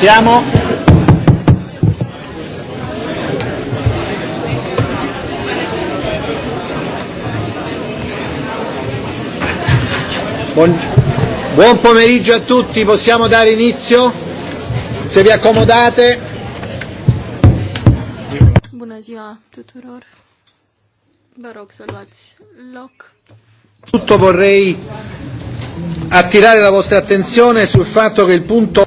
Iniziamo. Buon, buon pomeriggio a tutti, possiamo dare inizio? Se vi accomodate. Buonasera, a tutti. Vă rog să luați loc. Tutto vorrei attirare la vostra attenzione sul fatto che il punto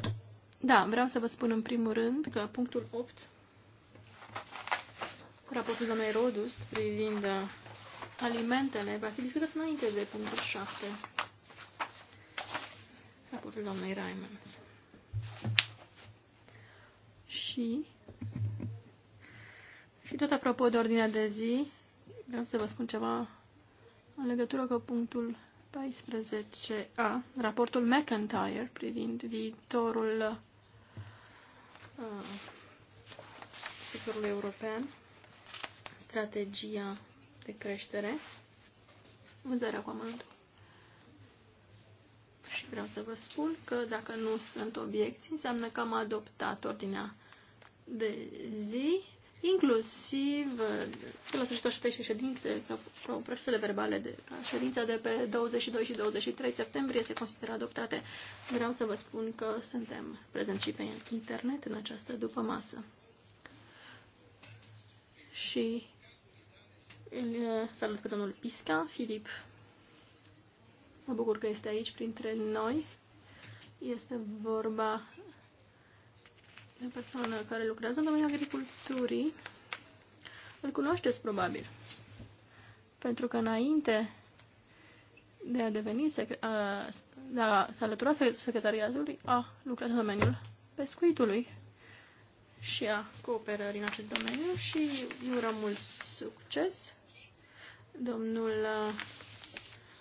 da, vreau să vă spun în primul rând că punctul 8, raportul doamnei Rodus privind uh, alimentele, va fi discutat înainte de punctul 7, raportul doamnei Raimans. Și, și tot apropo de ordinea de zi, vreau să vă spun ceva în legătură cu punctul 14a, raportul McIntyre privind viitorul sectorului european, strategia de creștere, vânzarea cu amănuntul. Și vreau să vă spun că dacă nu sunt obiecții, înseamnă că am adoptat ordinea de zi inclusiv uh, de la sfârșitul acestei ședințe, procesele verbale de ședința de pe 22 și 23 septembrie se consideră adoptate. Vreau să vă spun că suntem prezenți și pe internet în această după masă. Și îl uh, salut pe domnul Pisca, Filip. Mă bucur că este aici printre noi. Este vorba de persoană care lucrează în domeniul agriculturii, îl cunoașteți probabil. Pentru că înainte de a deveni de a se alătura secretariatului, a lucrat în domeniul pescuitului și a cooperării în acest domeniu și îi urăm mult succes. Domnul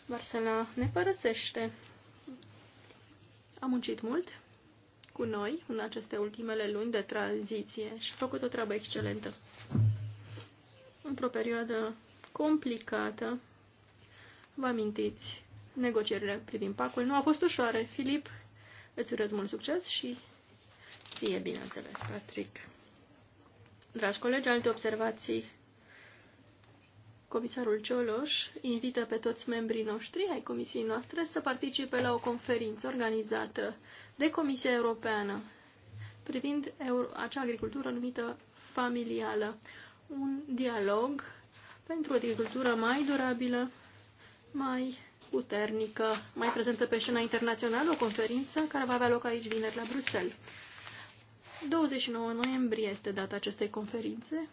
Barcelona ne părăsește. A muncit mult cu noi în aceste ultimele luni de tranziție și a făcut o treabă excelentă. Într-o perioadă complicată, vă amintiți, negocierile privind pacul nu au fost ușoare. Filip, îți urez mult succes și ție, bineînțeles, Patrick. Dragi colegi, alte observații comisarul Cioloș invită pe toți membrii noștri ai comisiei noastre să participe la o conferință organizată de Comisia Europeană privind acea agricultură numită familială, un dialog pentru o agricultură mai durabilă, mai puternică, mai prezentă pe scena internațională, o conferință care va avea loc aici vineri la Bruxelles. 29 noiembrie este data acestei conferințe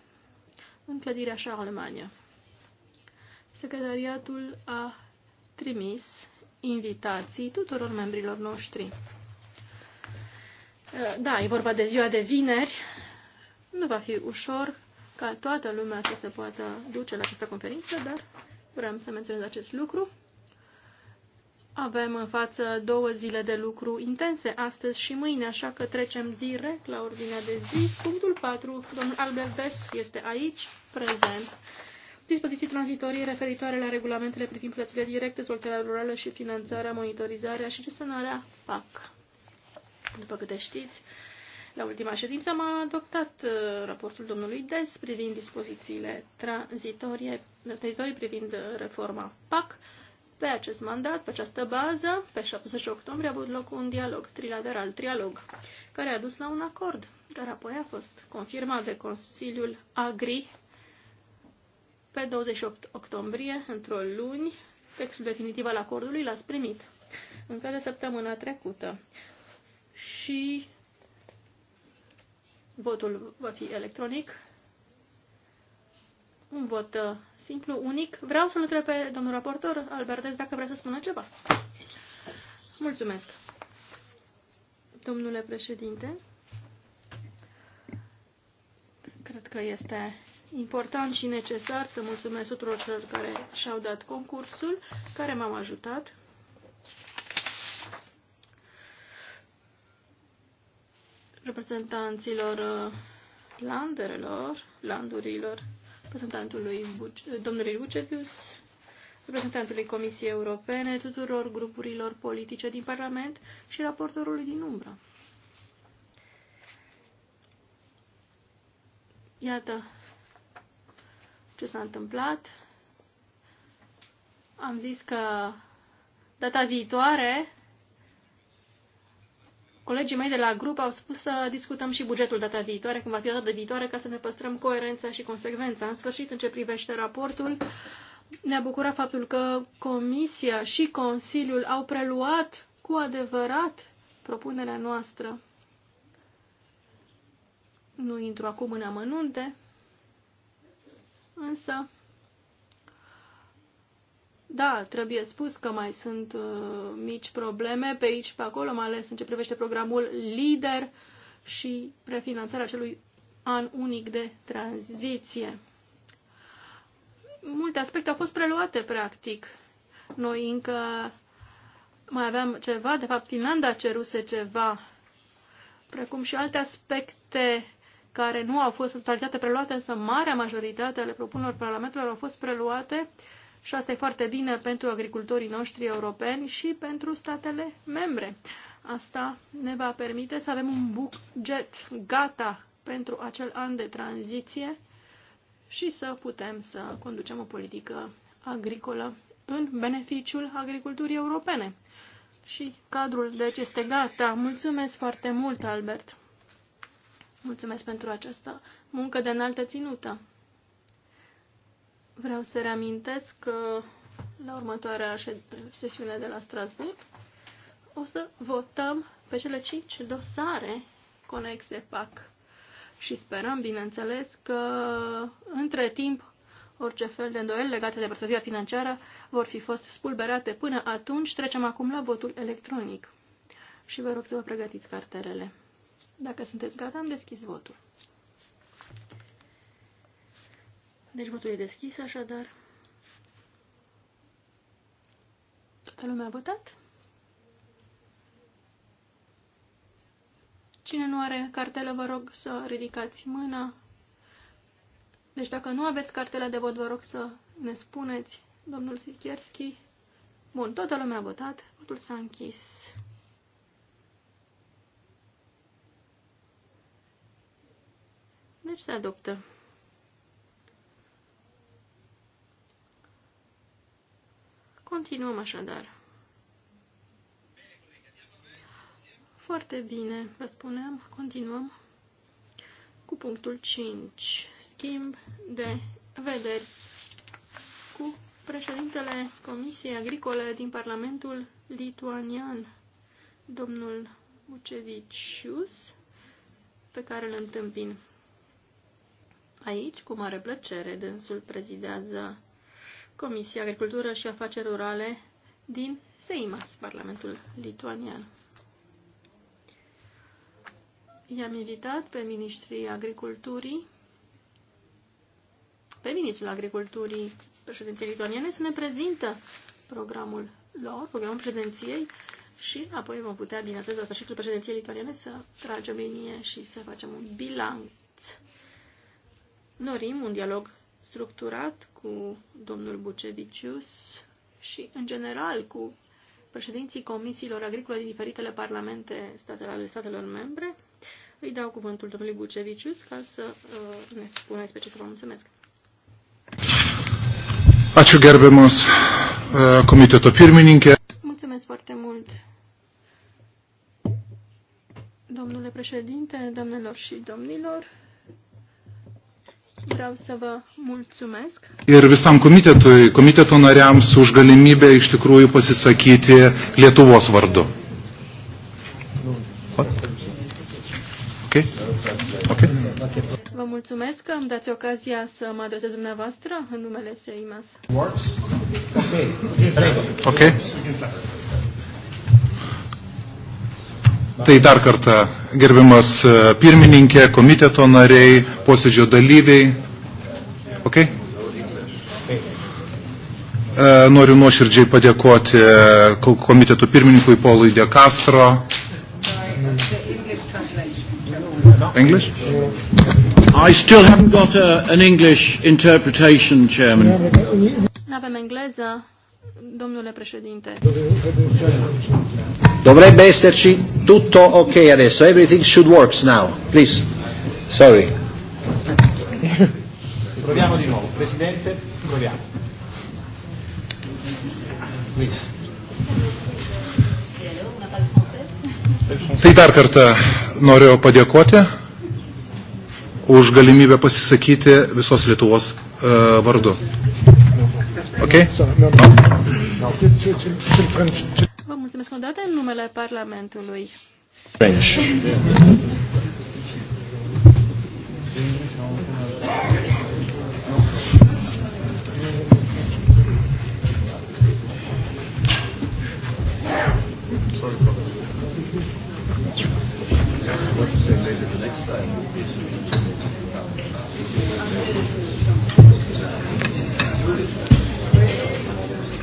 în clădirea Charlemagne. Secretariatul a trimis invitații tuturor membrilor noștri. Eh, da, e vorba de ziua de vineri. Nu va fi ușor ca toată lumea să se poată duce la această conferință, dar vreau să menționez acest lucru. Avem în față două zile de lucru intense astăzi și mâine, așa că trecem direct la ordinea de zi. Punctul 4. Domnul Albert Ves este aici, prezent dispoziții tranzitorii referitoare la regulamentele privind plățile directe, dezvoltarea rurală și finanțarea, monitorizarea și gestionarea PAC. După câte știți, la ultima ședință am adoptat uh, raportul domnului Des privind dispozițiile tranzitorie, tranzitorii privind uh, reforma PAC. Pe acest mandat, pe această bază, pe 70 octombrie a avut loc un dialog trilateral, trialog, care a dus la un acord, care apoi a fost confirmat de Consiliul Agri pe 28 octombrie, într-o luni, textul definitiv al acordului l-ați primit încă de săptămâna trecută și votul va fi electronic, un vot uh, simplu, unic. Vreau să-l întreb pe domnul raportor Albertes dacă vrea să spună ceva. Mulțumesc. Domnule președinte, cred că este important și necesar să mulțumesc tuturor celor care și-au dat concursul, care m-au ajutat. reprezentanților uh, landerelor, landurilor, reprezentantului domnului Bucetius, reprezentantului Comisiei Europene, tuturor grupurilor politice din Parlament și raportorului din umbră. Iată, ce s-a întâmplat. Am zis că data viitoare colegii mei de la grup au spus să discutăm și bugetul data viitoare, cum va fi data de viitoare, ca să ne păstrăm coerența și consecvența. În sfârșit, în ce privește raportul, ne-a bucurat faptul că Comisia și Consiliul au preluat cu adevărat propunerea noastră. Nu intru acum în amănunte, Însă, da, trebuie spus că mai sunt uh, mici probleme pe aici pe acolo, mai ales în ce privește programul LIDER și prefinanțarea acelui an unic de tranziție. Multe aspecte au fost preluate, practic. Noi încă mai aveam ceva, de fapt Finlanda ceruse ceva, precum și alte aspecte care nu au fost în totalitate preluate, însă marea majoritate ale propunerilor Parlamentului au fost preluate și asta e foarte bine pentru agricultorii noștri europeni și pentru statele membre. Asta ne va permite să avem un buget gata pentru acel an de tranziție și să putem să conducem o politică agricolă în beneficiul agriculturii europene. Și cadrul, deci, este gata. Mulțumesc foarte mult, Albert! Mulțumesc pentru această muncă de înaltă ținută. Vreau să reamintesc că la următoarea sesiune de la Strasburg o să votăm pe cele cinci dosare conexe PAC și sperăm, bineînțeles, că între timp orice fel de îndoieli legate de perspectiva financiară vor fi fost spulberate. Până atunci trecem acum la votul electronic. Și vă rog să vă pregătiți cartelele. Dacă sunteți gata, am deschis votul. Deci votul e deschis, așadar. Toată lumea a votat? Cine nu are cartelă, vă rog să ridicați mâna. Deci dacă nu aveți cartela de vot, vă rog să ne spuneți, domnul Sikierski. Bun, toată lumea a votat, votul s-a închis. Deci se adoptă. Continuăm așadar. Foarte bine, vă spuneam, continuăm cu punctul 5. Schimb de vederi cu președintele Comisiei Agricole din Parlamentul Lituanian, domnul Ucevicius, pe care îl întâmpin. Aici, cu mare plăcere, dânsul prezidează Comisia Agricultură și Afaceri Rurale din Seimas, Parlamentul Lituanian. I-am invitat pe ministrii agriculturii, pe ministrul agriculturii președinției lituaniene să ne prezintă programul lor, programul președinției și apoi vom putea, bineînțeles, la sfârșitul președinției lituaniene să tragem linie și să facem un bilanț Norim un dialog structurat cu domnul Bucevicius și, în general, cu președinții comisiilor agricole din diferitele parlamente statele, ale statelor membre. Îi dau cuvântul domnului Bucevicius ca să uh, ne spună despre ce să vă mulțumesc. Ačiū gerbiamas uh, komiteto pirmininkė. Mulțumesc foarte mult, domnule președinte, domnilor și domnilor. Vreau să vă mulțumesc. Ir visam komitetui, komiteto nariams už galimybę iš tikrųjų pasisakyti Lietuvos vardu. Vă mulțumesc că îmi dați ocazia să mă adresez dumneavoastră în numele SEIMAS. Ok. Okay. okay. Tai dar kartą gerbiamas uh, pirmininkė, komiteto nariai, posėdžio dalyviai. Okay? Uh, noriu nuoširdžiai padėkoti komiteto uh, pirmininkui Polui De Castro. English? I still haven't got a, an English interpretation, Chairman. N-avem engleză, Domnule președinte. Dovrebbe esserci tutto ok adesso. Everything should work now. Please. Sorry. Proviamo di nuovo. Presidente, proviamo. Please. Tai dar kartą noriu padėkoti už galimybę pasisakyti visos Lietuvos vardu. Ok? Da, da, da. Vă mulțumesc o dată în numele Parlamentului. French. What to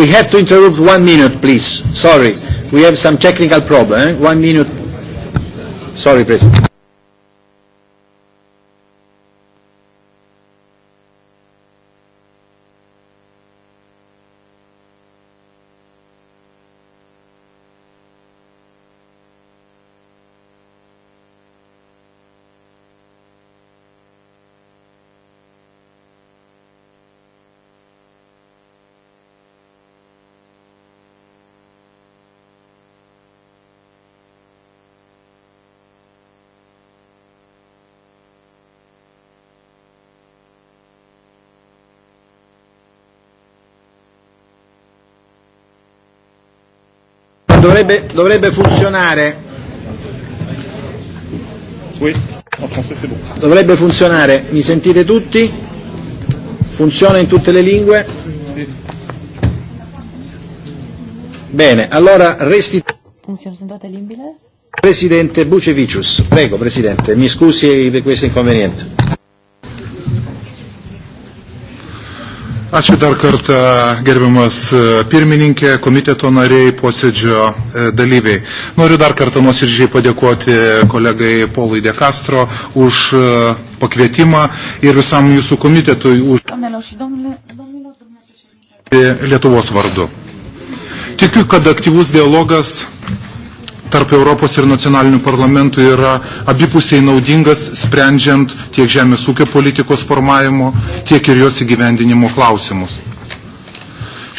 We have to interrupt one minute, please. Sorry, we have some technical problem. Eh? One minute. Sorry, President. dovrebbe, dovrebbe funzionare. Dovrebbe funzionare, mi sentite tutti? Funziona in tutte le lingue? Bene, allora resti. Funziona Presidente Bucevicius, prego Presidente, mi scusi per questo inconveniente. Ačiū dar kartą gerbiamas pirmininkė, komiteto nariai, posėdžio dalyviai. Noriu dar kartą nusiržiai padėkoti kolegai Polui De Castro už pakvietimą ir visam jūsų komitetui už Lietuvos vardu. Tikiu, kad aktyvus dialogas tarp Europos ir nacionalinių parlamentų yra abipusiai naudingas, sprendžiant tiek žemės ūkio politikos formavimo, tiek ir jos įgyvendinimo klausimus.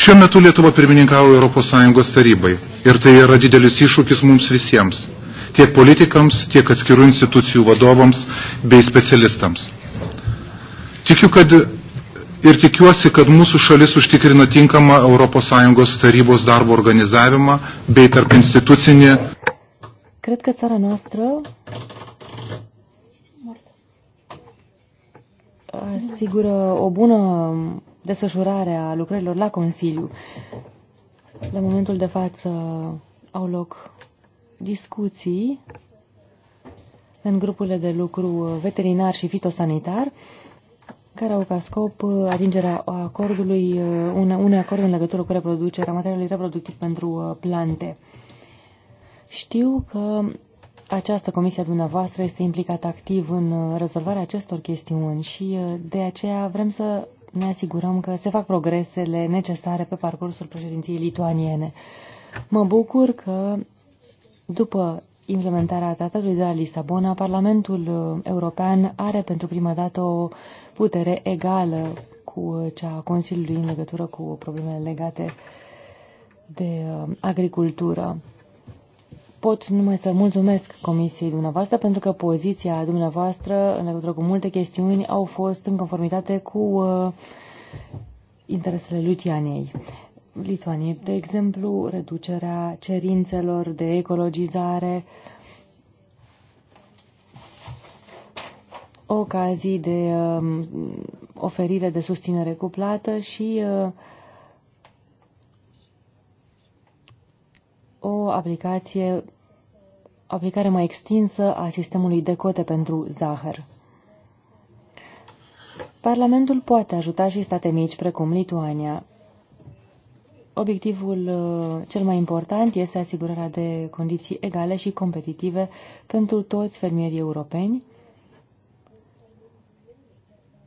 Šiuo metu Lietuva pirmininkavo Europos Sąjungos tarybai ir tai yra didelis iššūkis mums visiems, tiek politikams, tiek atskirų institucijų vadovams bei specialistams. Tikiu, kad ir tikiuosi, kad mūsų šalis užtikrina tinkamą ES tarybos darbo organizavimą bei tarp institucinį. Cred că țara noastră asigură o bună desfășurare a lucrărilor la Consiliu. La momentul de față au loc discuții în grupurile de lucru veterinar și fitosanitar care au ca scop uh, atingerea acordului, uh, unui acord în legătură cu reproducerea materialului reproductiv pentru uh, plante. Știu că această comisie a dumneavoastră este implicată activ în rezolvarea acestor chestiuni și de aceea vrem să ne asigurăm că se fac progresele necesare pe parcursul președinției lituaniene. Mă bucur că după implementarea tratatului de la Lisabona, Parlamentul uh, European are pentru prima dată o putere egală cu uh, cea a Consiliului în legătură cu problemele legate de uh, agricultură. Pot numai să mulțumesc Comisiei dumneavoastră pentru că poziția dumneavoastră în legătură cu multe chestiuni au fost în conformitate cu interesele Lutianiei. Lituaniei, de exemplu, reducerea cerințelor de ecologizare, ocazii de um, oferire de susținere cuplată și uh, o aplicație, aplicare mai extinsă a sistemului de cote pentru zahăr. Parlamentul poate ajuta și state mici precum Lituania Obiectivul uh, cel mai important este asigurarea de condiții egale și competitive pentru toți fermierii europeni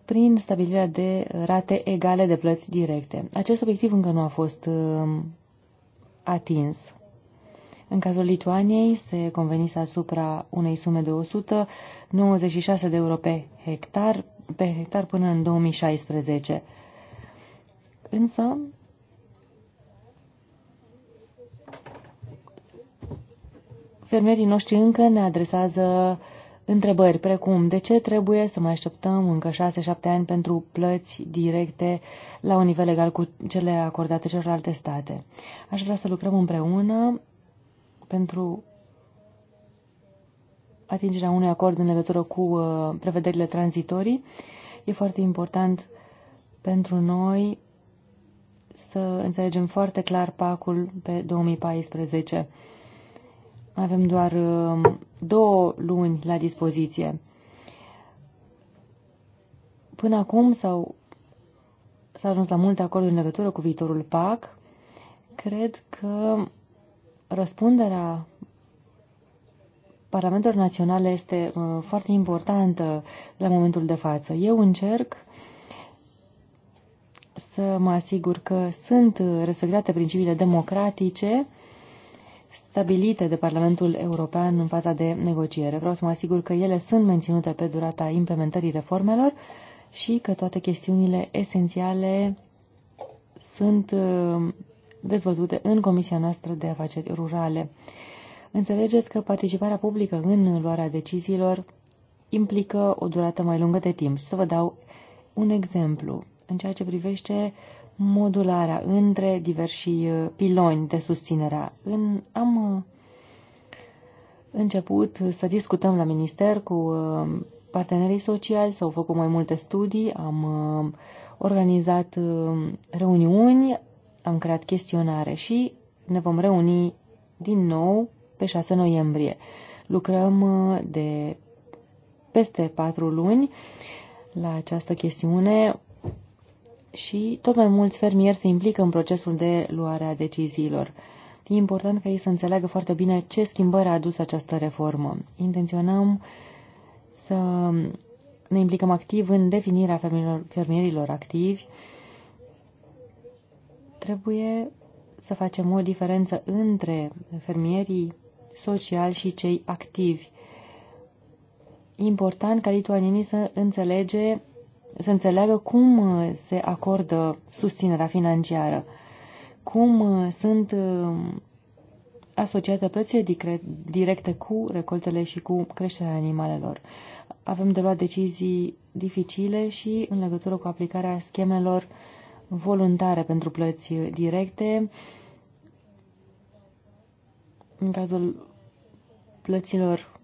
prin stabilirea de rate egale de plăți directe. Acest obiectiv încă nu a fost um, atins. În cazul Lituaniei se convenise asupra unei sume de 196 de euro pe hectar, pe hectar până în 2016. Însă, fermierii noștri încă ne adresează întrebări precum de ce trebuie să mai așteptăm încă 6-7 ani pentru plăți directe la un nivel egal cu cele acordate celorlalte state. Aș vrea să lucrăm împreună pentru atingerea unui acord în legătură cu uh, prevederile tranzitorii. E foarte important pentru noi să înțelegem foarte clar pacul pe 2014. Avem doar um, două luni la dispoziție. Până acum s-au, s-a ajuns la multe acorduri în legătură cu viitorul PAC. Cred că răspunderea Parlamentelor Naționale este uh, foarte importantă la momentul de față. Eu încerc să mă asigur că sunt uh, respectate principiile democratice stabilite de Parlamentul European în faza de negociere. Vreau să mă asigur că ele sunt menținute pe durata implementării reformelor și că toate chestiunile esențiale sunt uh, dezvăzute în Comisia noastră de afaceri rurale. Înțelegeți că participarea publică în luarea deciziilor implică o durată mai lungă de timp. Și să vă dau un exemplu în ceea ce privește modularea între diversi uh, piloni de susținere. În, am uh, început să discutăm la minister cu uh, partenerii sociali, s-au făcut mai multe studii, am organizat reuniuni, am creat chestionare și ne vom reuni din nou pe 6 noiembrie. Lucrăm de peste patru luni la această chestiune și tot mai mulți fermieri se implică în procesul de luare a deciziilor. E important ca ei să înțeleagă foarte bine ce schimbări a adus această reformă. Intenționăm să ne implicăm activ în definirea fermierilor, fermierilor activi. Trebuie să facem o diferență între fermierii sociali și cei activi. Important ca lituanienii să înțelege să înțeleagă cum uh, se acordă susținerea financiară, cum uh, sunt uh, asociate plățile directe cu recoltele și cu creșterea animalelor. Avem de luat decizii dificile și în legătură cu aplicarea schemelor voluntare pentru plăți directe, în cazul plăților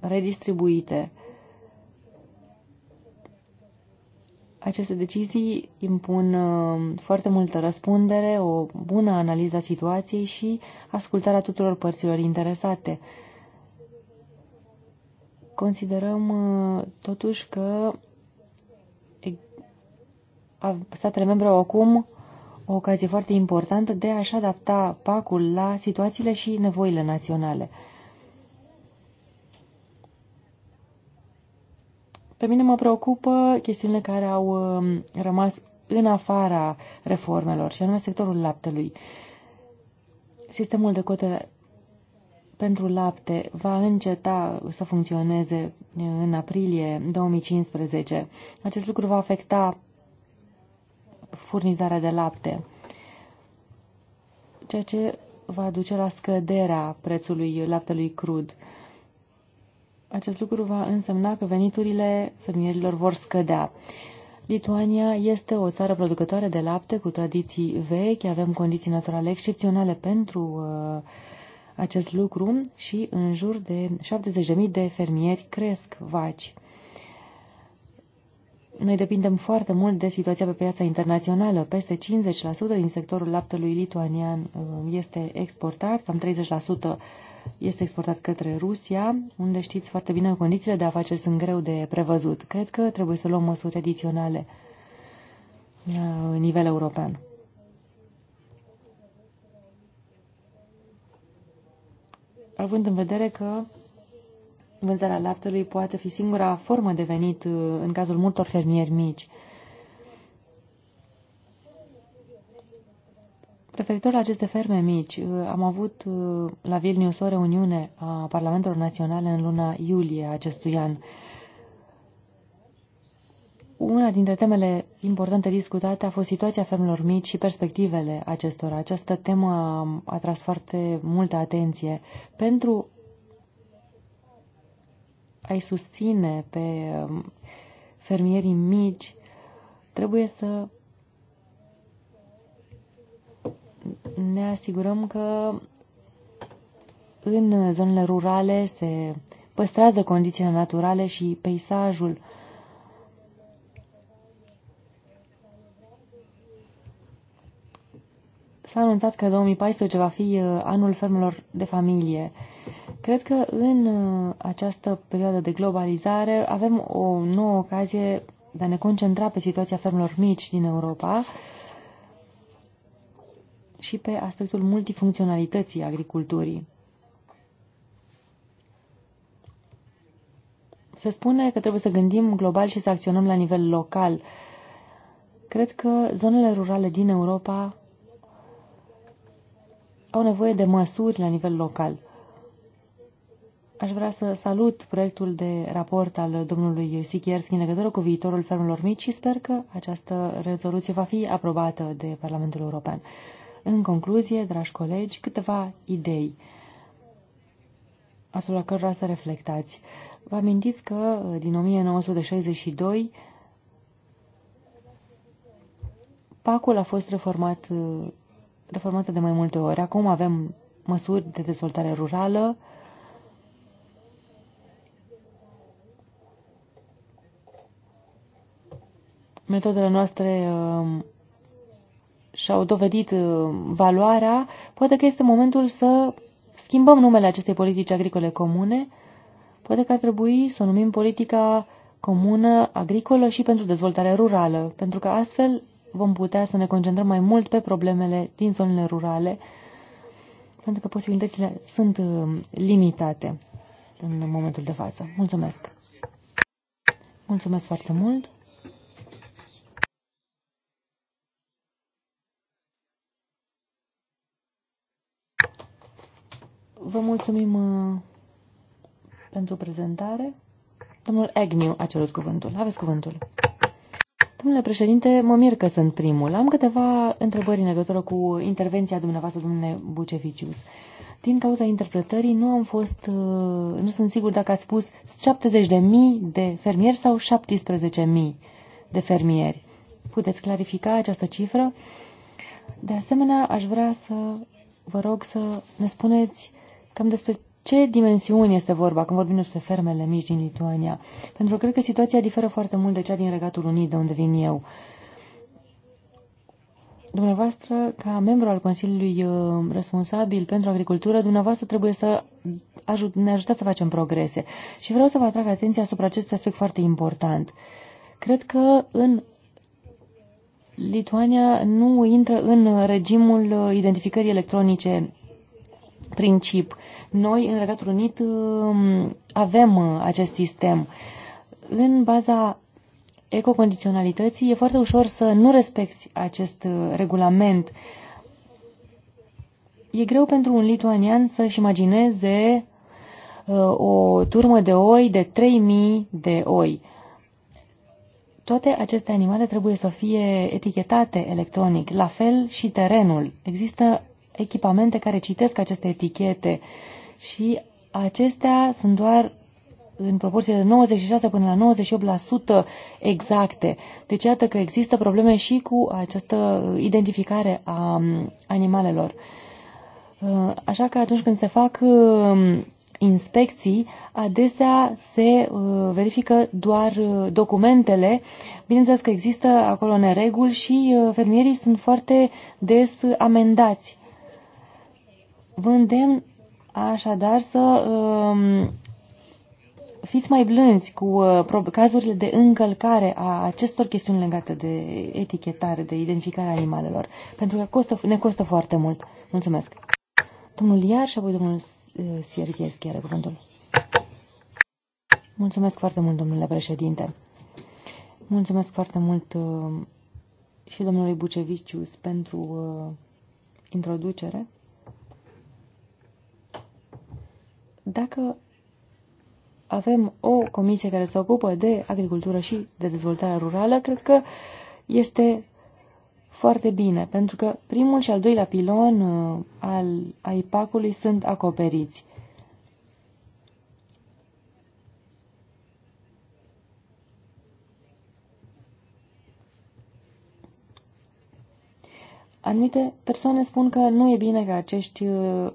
redistribuite Aceste decizii impun uh, foarte multă răspundere, o bună analiză a situației și ascultarea tuturor părților interesate. Considerăm uh, totuși că statele membre au acum o ocazie foarte importantă de a-și adapta pacul la situațiile și nevoile naționale. Pe mine mă preocupă chestiunile care au um, rămas în afara reformelor, și anume sectorul laptelui. Sistemul de cote pentru lapte va înceta să funcționeze uh, în aprilie 2015. Acest lucru va afecta furnizarea de lapte, ceea ce va duce la scăderea prețului laptelui crud. Acest lucru va însemna că veniturile fermierilor vor scădea. Lituania este o țară producătoare de lapte cu tradiții vechi, avem condiții naturale excepționale pentru uh, acest lucru și în jur de 70.000 de fermieri cresc vaci. Noi depindem foarte mult de situația pe piața internațională. Peste 50% din sectorul laptelui lituanian uh, este exportat, cam 30% este exportat către Rusia, unde știți foarte bine că condițiile de afaceri sunt greu de prevăzut. Cred că trebuie să luăm măsuri adiționale la nivel european. Având în vedere că vânzarea laptelui poate fi singura formă de venit uh, în cazul multor fermieri mici, Referitor la aceste ferme mici, uh, am avut uh, la Vilnius o reuniune a Parlamentelor Naționale în luna iulie acestui an. Una dintre temele importante discutate a fost situația fermelor mici și perspectivele acestora. Această temă a atras foarte multă atenție pentru a-i susține pe um, fermierii mici trebuie să ne asigurăm că în zonele rurale se păstrează condițiile naturale și peisajul. S-a anunțat că 2014 va fi uh, anul fermelor de familie. Cred că în uh, această perioadă de globalizare avem o nouă ocazie de a ne concentra pe situația fermelor mici din Europa și pe aspectul multifuncționalității agriculturii. Se spune că trebuie să gândim global și să acționăm la nivel local. Cred că zonele rurale din Europa au nevoie de măsuri la nivel local. Aș vrea să salut proiectul de raport al domnului Sikierski în legătură cu viitorul fermelor mici și sper că această rezoluție va fi aprobată de Parlamentul European. În concluzie, dragi colegi, câteva idei asupra cărora să reflectați. Vă amintiți că uh, din 1962 PAC-ul a fost reformat, uh, reformată de mai multe ori. Acum avem măsuri de dezvoltare rurală, metodele noastre uh, și-au dovedit uh, valoarea, poate că este momentul să schimbăm numele acestei politici agricole comune, poate că ar trebui să o numim politica comună agricolă și pentru dezvoltare rurală, pentru că astfel vom putea să ne concentrăm mai mult pe problemele din zonele rurale, pentru că posibilitățile sunt uh, limitate în momentul de față. Mulțumesc! Mulțumesc foarte mult! Vă mulțumim uh, pentru prezentare. Domnul Agnew a cerut cuvântul. Aveți cuvântul. Domnule președinte, mă mir că sunt primul. Am câteva întrebări în legătură cu intervenția dumneavoastră, domnule Buceficius. Din cauza interpretării, nu am fost, uh, nu sunt sigur dacă ați spus 70.000 de fermieri sau 17.000 de fermieri. Puteți clarifica această cifră? De asemenea, aș vrea să vă rog să ne spuneți cam despre ce dimensiuni este vorba când vorbim despre fermele mici din Lituania? Pentru că cred că situația diferă foarte mult de cea din Regatul Unit, de unde vin eu. Dumneavoastră, ca membru al Consiliului uh, responsabil pentru agricultură, dumneavoastră trebuie să ajut, ne ajutați să facem progrese. Și vreau să vă atrag atenția asupra acestui aspect foarte important. Cred că în Lituania nu intră în regimul uh, identificării electronice princip. Noi, în Regatul Unit, uh, avem uh, acest sistem. În baza ecocondiționalității e foarte ușor să nu respecti acest uh, regulament. E greu pentru un lituanian să-și imagineze o turmă de oi de 3000 de oi. Toate aceste animale trebuie să fie etichetate electronic, la fel și terenul. Există echipamente care citesc aceste etichete și acestea sunt doar în proporție de 96 până la 98% exacte. Deci iată că există probleme și cu această identificare a um, animalelor. Uh, așa că atunci când se fac um, inspecții, adesea se uh, verifică doar uh, documentele. Bineînțeles că există acolo nereguli și fermierii sunt foarte des amendați Vă îndemn așadar să um, fiți mai blânzi cu uh, cazurile de încălcare a acestor chestiuni legate de etichetare, de identificare a animalelor, pentru că costă, ne costă foarte mult. Mulțumesc. Domnul Iar și apoi domnul uh, chiar are cuvântul. Mulțumesc foarte mult, domnule președinte. Mulțumesc foarte mult uh, și domnului Bucevicius pentru uh, introducere. Dacă avem o comisie care se ocupă de agricultură și de dezvoltare rurală, cred că este foarte bine, pentru că primul și al doilea pilon uh, al AIPAC-ului sunt acoperiți. Anumite persoane spun că nu e bine ca acești uh,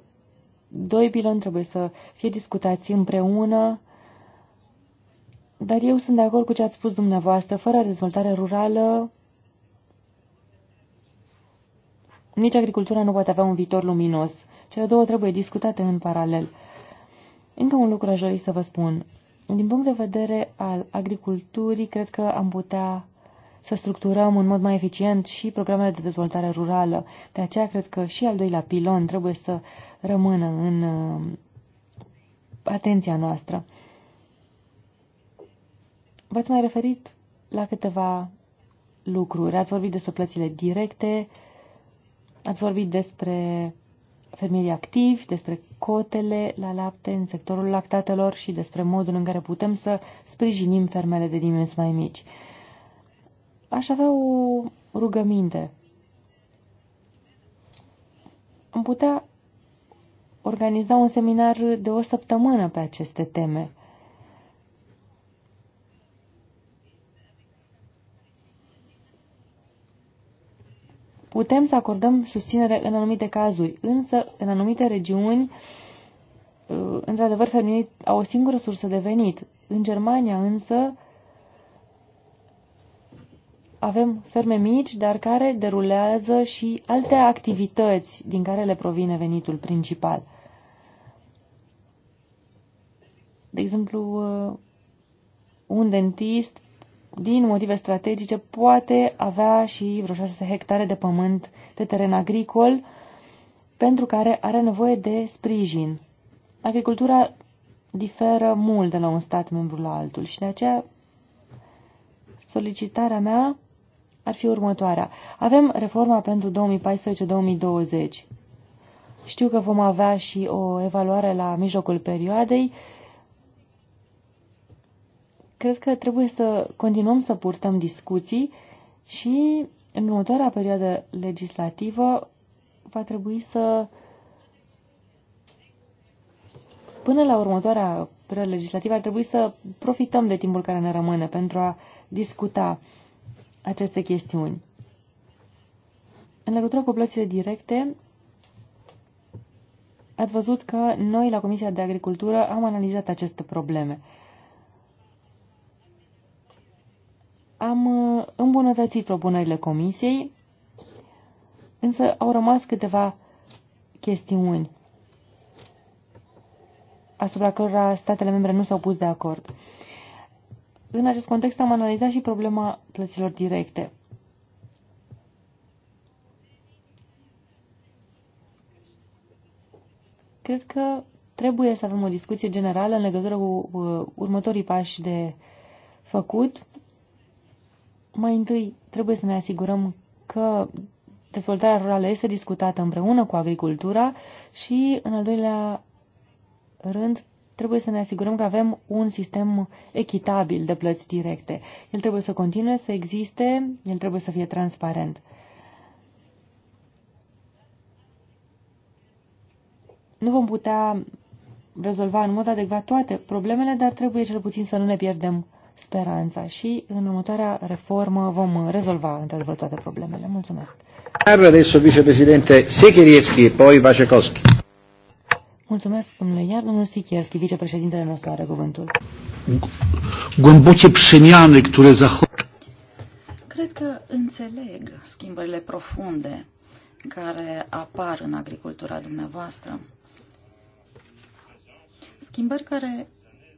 doi piloni trebuie să fie discutați împreună, dar eu sunt de acord cu ce ați spus dumneavoastră, fără dezvoltare rurală, nici agricultura nu poate avea un viitor luminos. Cele două trebuie discutate în paralel. Încă un lucru aș dori să vă spun. Din punct de vedere al agriculturii, cred că am putea să structurăm în mod mai eficient și programele de dezvoltare rurală. De aceea cred că și al doilea pilon trebuie să rămână în uh, atenția noastră. V-ați mai referit la câteva lucruri. Ați vorbit despre plățile directe, ați vorbit despre fermierii activi, despre cotele la lapte în sectorul lactatelor și despre modul în care putem să sprijinim fermele de dimensiuni mai mici. Aș avea o rugăminte. Am putea organiza un seminar de o săptămână pe aceste teme. Putem să acordăm susținere în anumite cazuri, însă în anumite regiuni, uh, într-adevăr, femeile au o singură sursă de venit. În Germania, însă, avem ferme mici, dar care derulează și alte activități din care le provine venitul principal. De exemplu, uh, un dentist, din motive strategice, poate avea și vreo 6 hectare de pământ de teren agricol pentru care are nevoie de sprijin. Agricultura diferă mult de la un stat membru la altul și de aceea solicitarea mea ar fi următoarea. Avem reforma pentru 2014-2020. Știu că vom avea și o evaluare la mijlocul perioadei. Cred că trebuie să continuăm să purtăm discuții și în următoarea perioadă legislativă va trebui să până la următoarea perioadă legislativă ar trebui să profităm de timpul care ne rămâne pentru a discuta aceste chestiuni. În legătură cu plățile directe, ați văzut că noi la Comisia de Agricultură am analizat aceste probleme. Am uh, îmbunătățit propunerile Comisiei, însă au rămas câteva chestiuni asupra cărora statele membre nu s-au pus de acord. În acest context am analizat și problema plăților directe. Cred că trebuie să avem o discuție generală în legătură cu următorii pași de făcut. Mai întâi trebuie să ne asigurăm că dezvoltarea rurală este discutată împreună cu agricultura și, în al doilea rând, trebuie să ne asigurăm că avem un sistem echitabil de plăți directe. El trebuie să continue să existe, el trebuie să fie transparent. Nu vom putea rezolva în mod adecvat toate problemele, dar trebuie cel puțin să nu ne pierdem speranța și în următoarea reformă vom rezolva într-adevăr toate problemele. Mulțumesc. Adesso vicepreședinte Secherieschi, poi Vacekowski. Mulțumesc, domnule Iar. Domnul Sikierski, vicepreședintele nostru, are cuvântul. Głębokie przemiany, które zachodzą. Cred că înțeleg schimbările profunde care apar în agricultura dumneavoastră. Schimbări care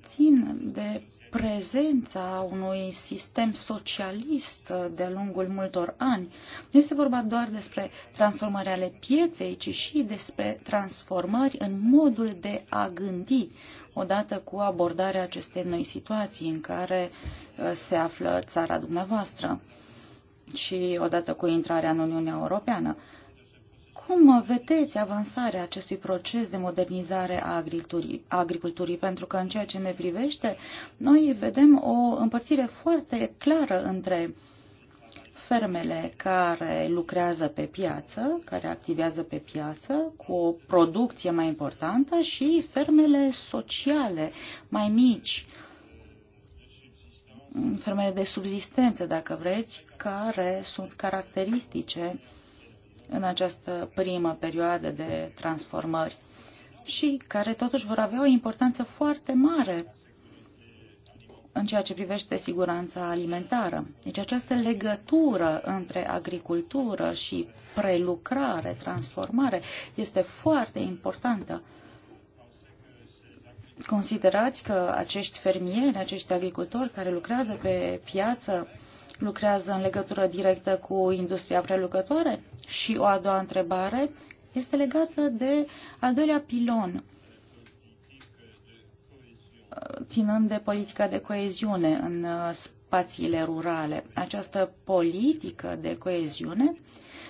țin de prezența unui sistem socialist de-a lungul multor ani. Nu este vorba doar despre transformări ale pieței, ci și despre transformări în modul de a gândi, odată cu abordarea acestei noi situații în care uh, se află țara dumneavoastră și odată cu intrarea în Uniunea Europeană. Cum vedeți avansarea acestui proces de modernizare a agriculturii, a agriculturii? Pentru că în ceea ce ne privește, noi vedem o împărțire foarte clară între fermele care lucrează pe piață, care activează pe piață cu o producție mai importantă și fermele sociale mai mici, fermele de subzistență, dacă vreți, care sunt caracteristice uh, în această primă perioadă de transformări și care totuși vor avea o importanță foarte mare în ceea ce privește siguranța alimentară. Deci această legătură între agricultură și prelucrare, transformare, este foarte importantă. Considerați că acești fermieri, acești agricultori care lucrează pe piață lucrează în legătură directă cu industria prelucătoare? Și o a doua întrebare este legată de al doilea pilon, ținând de politica de coeziune în uh, spațiile rurale. Această politică de coeziune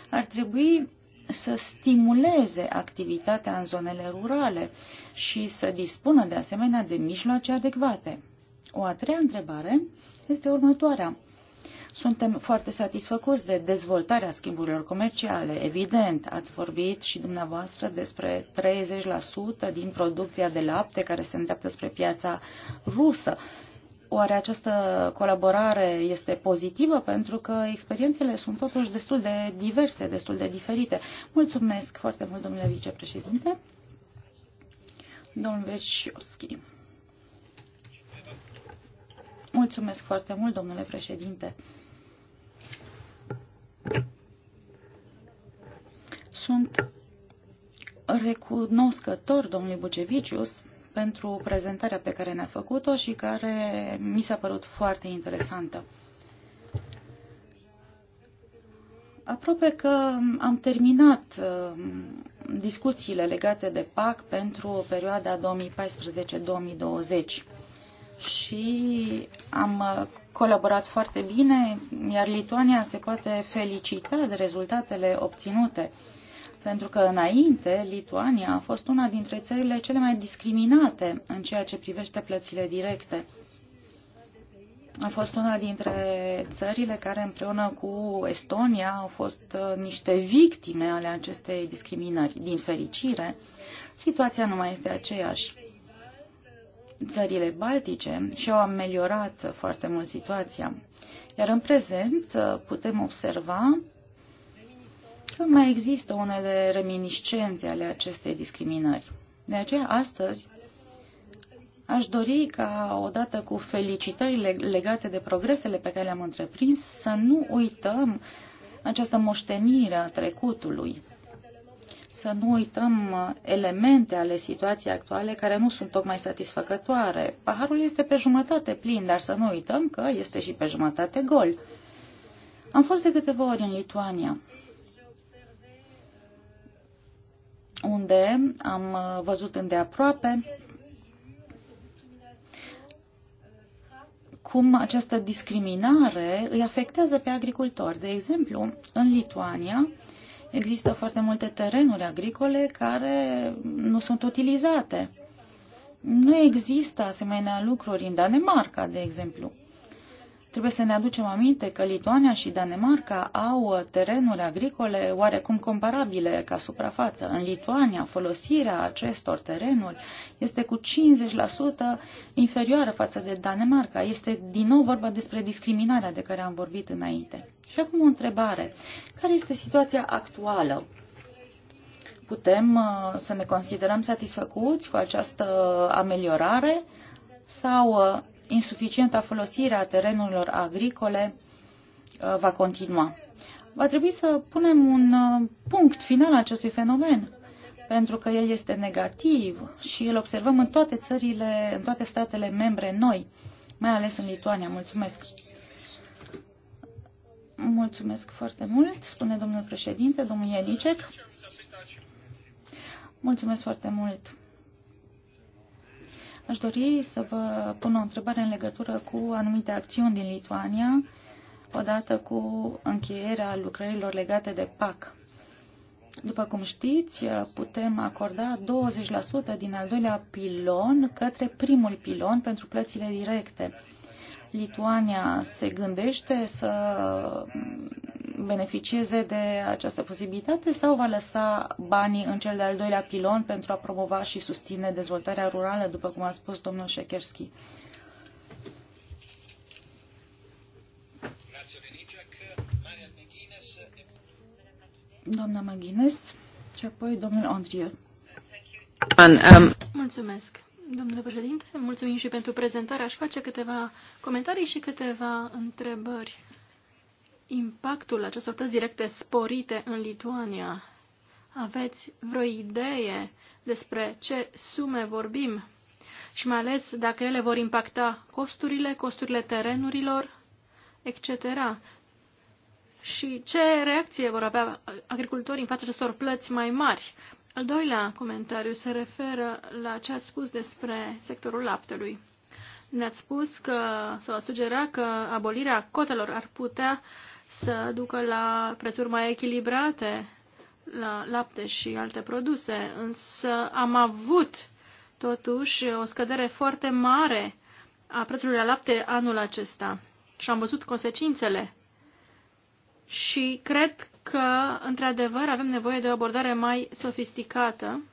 ar trebui să stimuleze activitatea în zonele rurale și să dispună de asemenea de mijloace adecvate. O a treia întrebare este următoarea. Suntem foarte satisfăcuți de dezvoltarea schimburilor comerciale. Evident, ați vorbit și dumneavoastră despre 30% din producția de lapte care se îndreaptă spre piața rusă. Oare această colaborare este pozitivă? Pentru că experiențele sunt totuși destul de diverse, destul de diferite. Mulțumesc foarte mult, domnule vicepreședinte. Domnul Veșioschi. Mulțumesc foarte mult, domnule președinte. Sunt recunoscător domnului Bucevicius pentru prezentarea pe care ne-a făcut-o și care mi s-a părut foarte interesantă. Aproape că am terminat uh, discuțiile legate de PAC pentru perioada 2014-2020 și am uh, colaborat foarte bine, iar Lituania se poate felicita de rezultatele obținute. Pentru că înainte, Lituania a fost una dintre țările cele mai discriminate în ceea ce privește plățile directe. A fost una dintre țările care împreună cu Estonia au fost uh, niște victime ale acestei discriminări. Din fericire, situația nu mai este aceeași țările baltice și au ameliorat foarte mult situația. Iar în prezent putem observa că mai există unele reminiscențe ale acestei discriminări. De aceea, astăzi, aș dori ca, odată cu felicitările legate de progresele pe care le-am întreprins, să nu uităm această moștenire a trecutului să nu uităm uh, elemente ale situației actuale care nu sunt tocmai satisfăcătoare. Paharul este pe jumătate plin, dar să nu uităm că este și pe jumătate gol. Am fost de câteva ori în Lituania, unde am uh, văzut îndeaproape cum această discriminare îi afectează pe agricultori. De exemplu, în Lituania, Există foarte multe terenuri agricole care nu sunt utilizate. Nu există asemenea lucruri în Danemarca, de exemplu. Trebuie să ne aducem aminte că Lituania și Danemarca au terenuri agricole oarecum comparabile ca suprafață. În Lituania, folosirea acestor terenuri este cu 50% inferioară față de Danemarca. Este din nou vorba despre discriminarea de care am vorbit înainte. Și acum o întrebare. Care este situația actuală? Putem uh, să ne considerăm satisfăcuți cu această ameliorare sau uh, insuficienta folosire a terenurilor agricole uh, va continua? Va trebui să punem un punct final acestui fenomen pentru că el este negativ și îl observăm în toate țările, în toate statele membre noi, mai ales în Lituania. Mulțumesc! Mulțumesc foarte mult, spune domnul președinte, domnul Ianicek. Mulțumesc foarte mult. Aș dori să vă pun o întrebare în legătură cu anumite acțiuni din Lituania, odată cu încheierea lucrărilor legate de PAC. După cum știți, putem acorda 20% din al doilea pilon către primul pilon pentru plățile directe. Lituania se gândește să beneficieze de această posibilitate sau va lăsa banii în cel de-al doilea pilon pentru a promova și susține dezvoltarea rurală, după cum a spus domnul Șecherski? Doamna Maghines și apoi domnul Andrie. Um, Mulțumesc. Domnule președinte, mulțumim și pentru prezentare. Aș face câteva comentarii și câteva întrebări. Impactul acestor plăți directe sporite în Lituania. Aveți vreo idee despre ce sume vorbim? Și mai ales dacă ele vor impacta costurile, costurile terenurilor, etc. Și ce reacție vor avea agricultorii în fața acestor plăți mai mari? Al doilea comentariu se referă la ce ați spus despre sectorul laptelui. Ne-ați spus că, sau ați sugera că abolirea cotelor ar putea să ducă la prețuri mai echilibrate la lapte și alte produse, însă am avut totuși o scădere foarte mare a prețului la lapte anul acesta și am văzut consecințele și cred că, într-adevăr, avem nevoie de o abordare mai sofisticată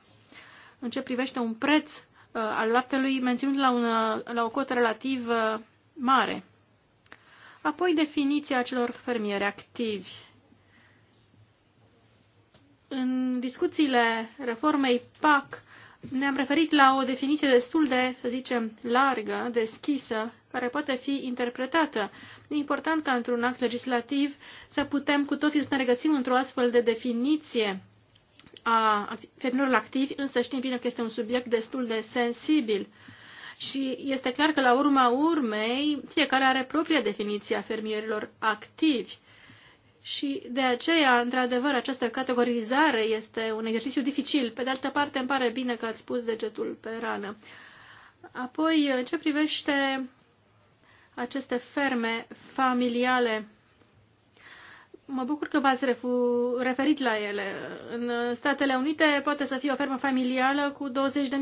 în ce privește un preț uh, al laptelui menținut la, una, la o cotă relativ uh, mare. Apoi, definiția celor fermieri activi. În discuțiile reformei PAC ne-am referit la o definiție destul de, să zicem, largă, deschisă care poate fi interpretată. E important ca într-un act legislativ să putem cu toții să ne regăsim într-o astfel de definiție a femeilor activi, însă știm bine că este un subiect destul de sensibil. Și este clar că, la urma urmei, fiecare are propria definiție a fermierilor activi. Și de aceea, într-adevăr, această categorizare este un exercițiu dificil. Pe de altă parte, îmi pare bine că ați pus degetul pe rană. Apoi, în ce privește aceste ferme familiale. Mă bucur că v-ați referit la ele. În Statele Unite poate să fie o fermă familială cu 20.000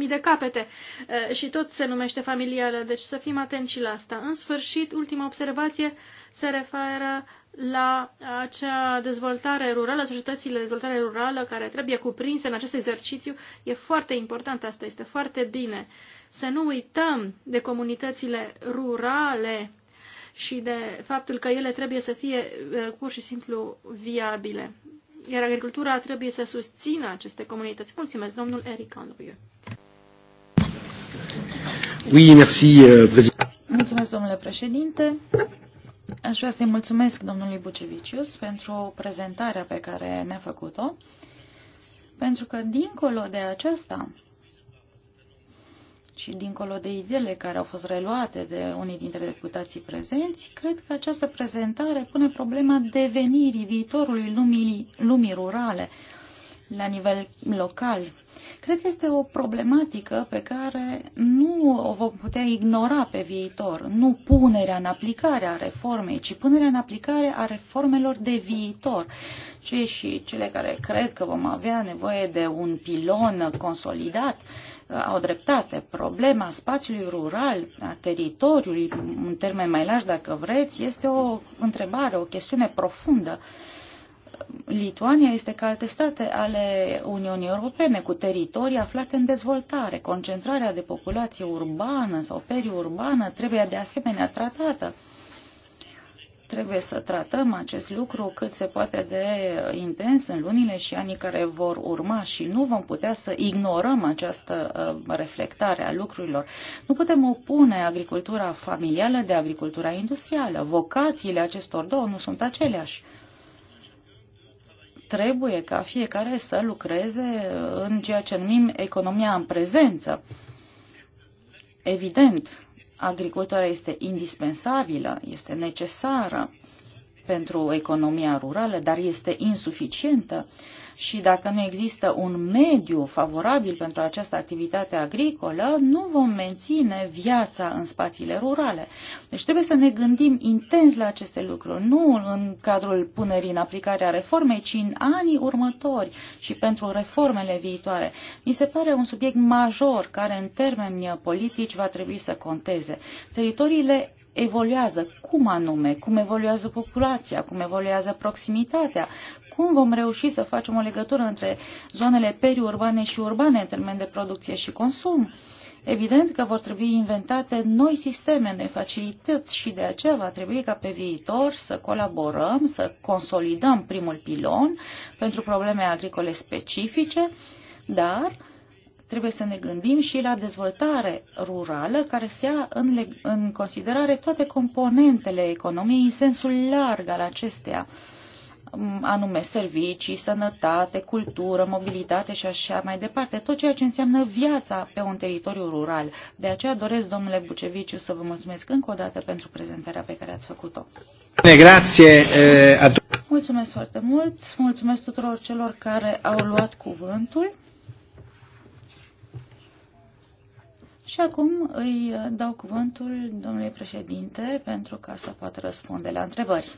de capete eh, și tot se numește familială, deci să fim atenți și la asta. În sfârșit, ultima observație se referă la acea dezvoltare rurală, societățile de dezvoltare rurală care trebuie cuprinse în acest exercițiu, e foarte important asta, este foarte bine. Să nu uităm de comunitățile rurale și de faptul că ele trebuie să fie eh, pur și simplu viabile. Iar agricultura trebuie să susțină aceste comunități. Mulțumesc, domnul Eric Andrieu. Oui, merci, euh, Mulțumesc, domnule președinte. Aș vrea să-i mulțumesc domnului Bucevicius pentru prezentarea pe care ne-a făcut-o, pentru că dincolo de aceasta și dincolo de ideile care au fost reluate de unii dintre deputații prezenți, cred că această prezentare pune problema devenirii viitorului lumii, lumii rurale la nivel local, Cred că este o problematică pe care nu o vom putea ignora pe viitor. Nu punerea în aplicare a reformei, ci punerea în aplicare a reformelor de viitor. Cei și cele care cred că vom avea nevoie de un pilon consolidat, uh, au dreptate. Problema spațiului rural, a teritoriului, în termen mai larg dacă vreți, este o întrebare, o chestiune profundă Lituania este ca alte state ale Uniunii Europene, cu teritorii aflate în dezvoltare. Concentrarea de populație urbană sau periurbană trebuie de asemenea tratată. Trebuie să tratăm acest lucru cât se poate de intens în lunile și anii care vor urma și nu vom putea să ignorăm această uh, reflectare a lucrurilor. Nu putem opune agricultura familială de agricultura industrială. Vocațiile acestor două nu sunt aceleași trebuie ca fiecare să lucreze în ceea ce numim economia în prezență. Evident, agricultura este indispensabilă, este necesară pentru economia rurală, dar este insuficientă și dacă nu există un mediu favorabil pentru această activitate agricolă, nu vom menține viața în spațiile rurale. Deci trebuie să ne gândim intens la aceste lucruri, nu în cadrul punerii în aplicare a reformei, ci în anii următori și pentru reformele viitoare. Mi se pare un subiect major care în termeni politici va trebui să conteze. Teritoriile evoluează, cum anume, cum evoluează populația, cum evoluează proximitatea, cum vom reuși să facem o legătură între zonele periurbane și urbane în termen de producție și consum. Evident că vor trebui inventate noi sisteme, noi facilități și de aceea va trebui ca pe viitor să colaborăm, să consolidăm primul pilon pentru probleme agricole specifice, dar Trebuie să ne gândim și la dezvoltare rurală care se ia în, în considerare toate componentele economiei în sensul larg al acesteia anume servicii, sănătate, cultură, mobilitate și așa mai departe, tot ceea ce înseamnă viața pe un teritoriu rural. De aceea doresc, domnule Buceviciu, să vă mulțumesc încă o dată pentru prezentarea pe care ați făcut-o. Eh, mulțumesc foarte mult, mulțumesc tuturor celor care au luat cuvântul. Și acum îi dau cuvântul domnului președinte pentru ca să poată răspunde la întrebări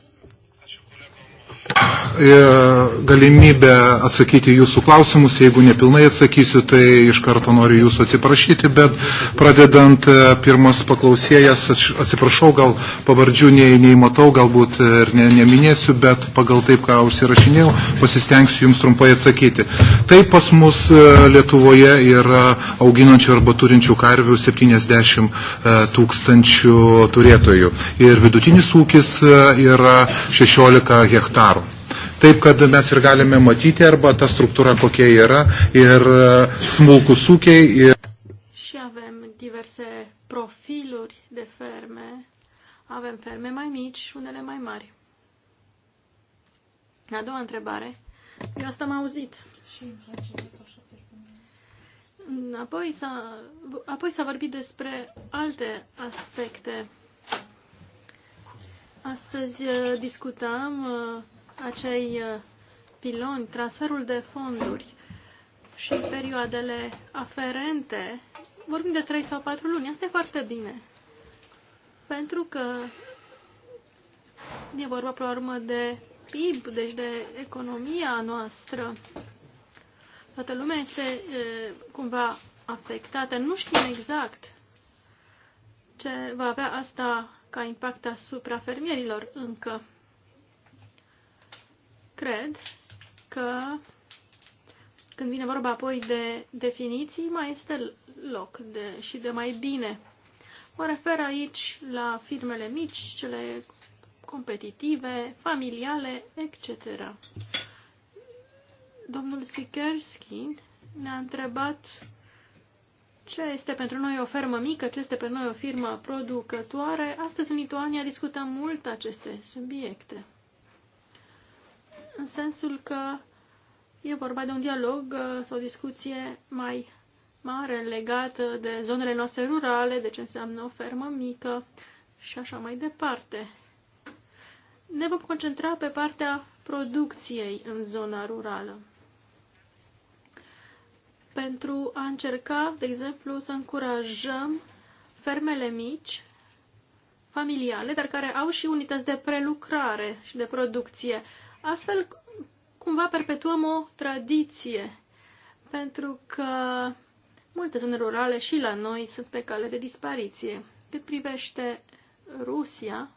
galimybę atsakyti jūsų klausimus. Jeigu nepilnai atsakysiu, tai iš karto noriu jūsų atsiprašyti, bet pradedant pirmas paklausėjas, atsiprašau, gal pavardžių nei, nei matau, galbūt ir ne, neminėsiu, bet pagal taip, ką užsirašinėjau, pasistengsiu jums trumpai atsakyti. Taip pas mus Lietuvoje yra auginančių arba turinčių karvių 70 tūkstančių turėtojų. Ir vidutinis ūkis yra 16 hektarų hektarų. Taip, kad mes ir galime matyti arba ta struktūra kokia yra ir smulkus ūkiai. Ir... Și avem diverse profiluri de ferme. Avem ferme mai mici și unele mai mari. A doua întrebare. Eu asta m-am auzit. Și Apoi s-a, apoi s-a vorbit despre alte aspecte Astăzi uh, discutăm uh, acei uh, piloni, transferul de fonduri și perioadele aferente. Vorbim de 3 sau 4 luni. Asta e foarte bine. Pentru că e vorba, pe urmă, de PIB, deci de economia noastră. Toată lumea este e, cumva afectată. Nu știm exact ce va avea asta ca impact asupra fermierilor încă. Cred că când vine vorba apoi de definiții, mai este loc de, și de mai bine. Mă refer aici la firmele mici, cele competitive, familiale, etc. Domnul Sikerski ne-a întrebat ce este pentru noi o fermă mică, ce este pentru noi o firmă producătoare. Astăzi în Lituania discutăm mult aceste subiecte. În sensul că e vorba de un dialog uh, sau o discuție mai mare legată de zonele noastre rurale, de ce înseamnă o fermă mică și așa mai departe. Ne vom concentra pe partea producției în zona rurală pentru a încerca, de exemplu, să încurajăm fermele mici, familiale, dar care au și unități de prelucrare și de producție. Astfel, cumva perpetuăm o tradiție, pentru că multe zone rurale și la noi sunt pe cale de dispariție. Cât privește Rusia,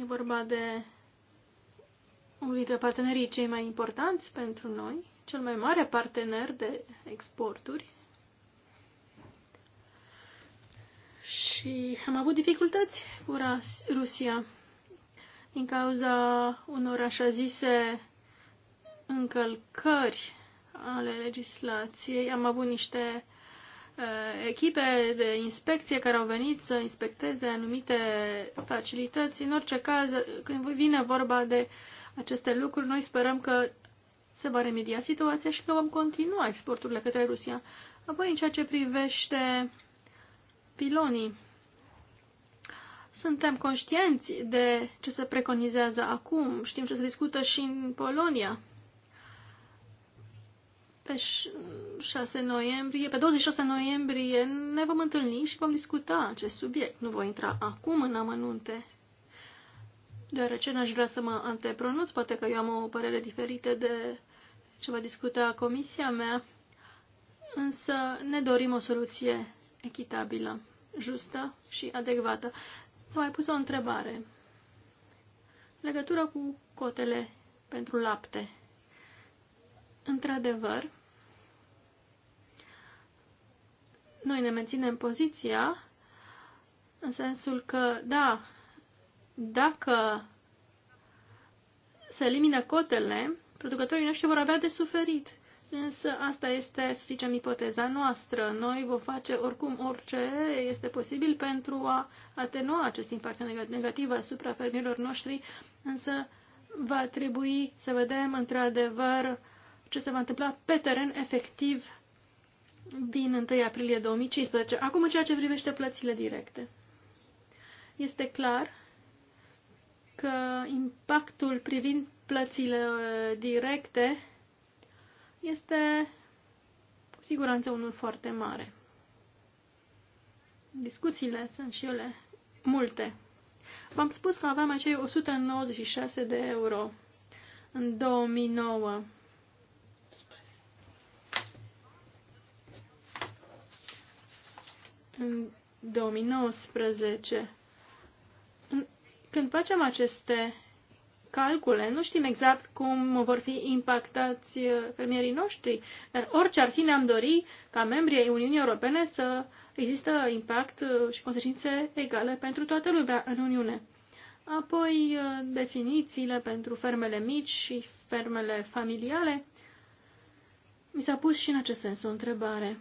e vorba de unul dintre partenerii cei mai importanți pentru noi, cel mai mare partener de exporturi. Și am avut dificultăți cu Rusia din cauza unor așa zise încălcări ale legislației. Am avut niște uh, echipe de inspecție care au venit să inspecteze anumite facilități. În orice caz, când vine vorba de uh, aceste lucruri. Noi sperăm că se va remedia situația și că vom continua exporturile către Rusia. Apoi, în ceea ce privește pilonii, suntem conștienți de ce se preconizează acum, știm ce se discută și în Polonia. Pe 6 noiembrie, pe 26 noiembrie ne vom întâlni și vom discuta acest subiect. Nu voi intra acum în amănunte deoarece n-aș vrea să mă antepronunț, poate că eu am o părere diferită de ce va discuta comisia mea, însă ne dorim o soluție echitabilă, justă și adecvată. S-a mai pus o întrebare în legătură cu cotele pentru lapte. Într-adevăr, noi ne menținem poziția în sensul că, da, dacă se elimină cotele, producătorii noștri vor avea de suferit. Însă asta este, să zicem, ipoteza noastră. Noi vom face oricum orice este posibil pentru a atenua acest impact negativ asupra fermierilor noștri, însă va trebui să vedem într-adevăr ce se va întâmpla pe teren efectiv din 1 aprilie 2015. Acum, în ceea ce privește plățile directe. Este clar că impactul privind plățile directe este cu siguranță unul foarte mare. Discuțiile sunt și ele multe. V-am spus că aveam acei 196 de euro în 2009. În 2019 când facem aceste calcule, nu știm exact cum vor fi impactați uh, fermierii noștri, dar orice ar fi ne-am dori ca membrii ai Uniunii Europene să există impact uh, și consecințe egale pentru toată lumea în Uniune. Apoi, uh, definițiile pentru fermele mici și fermele familiale. Mi s-a pus și în acest sens o întrebare.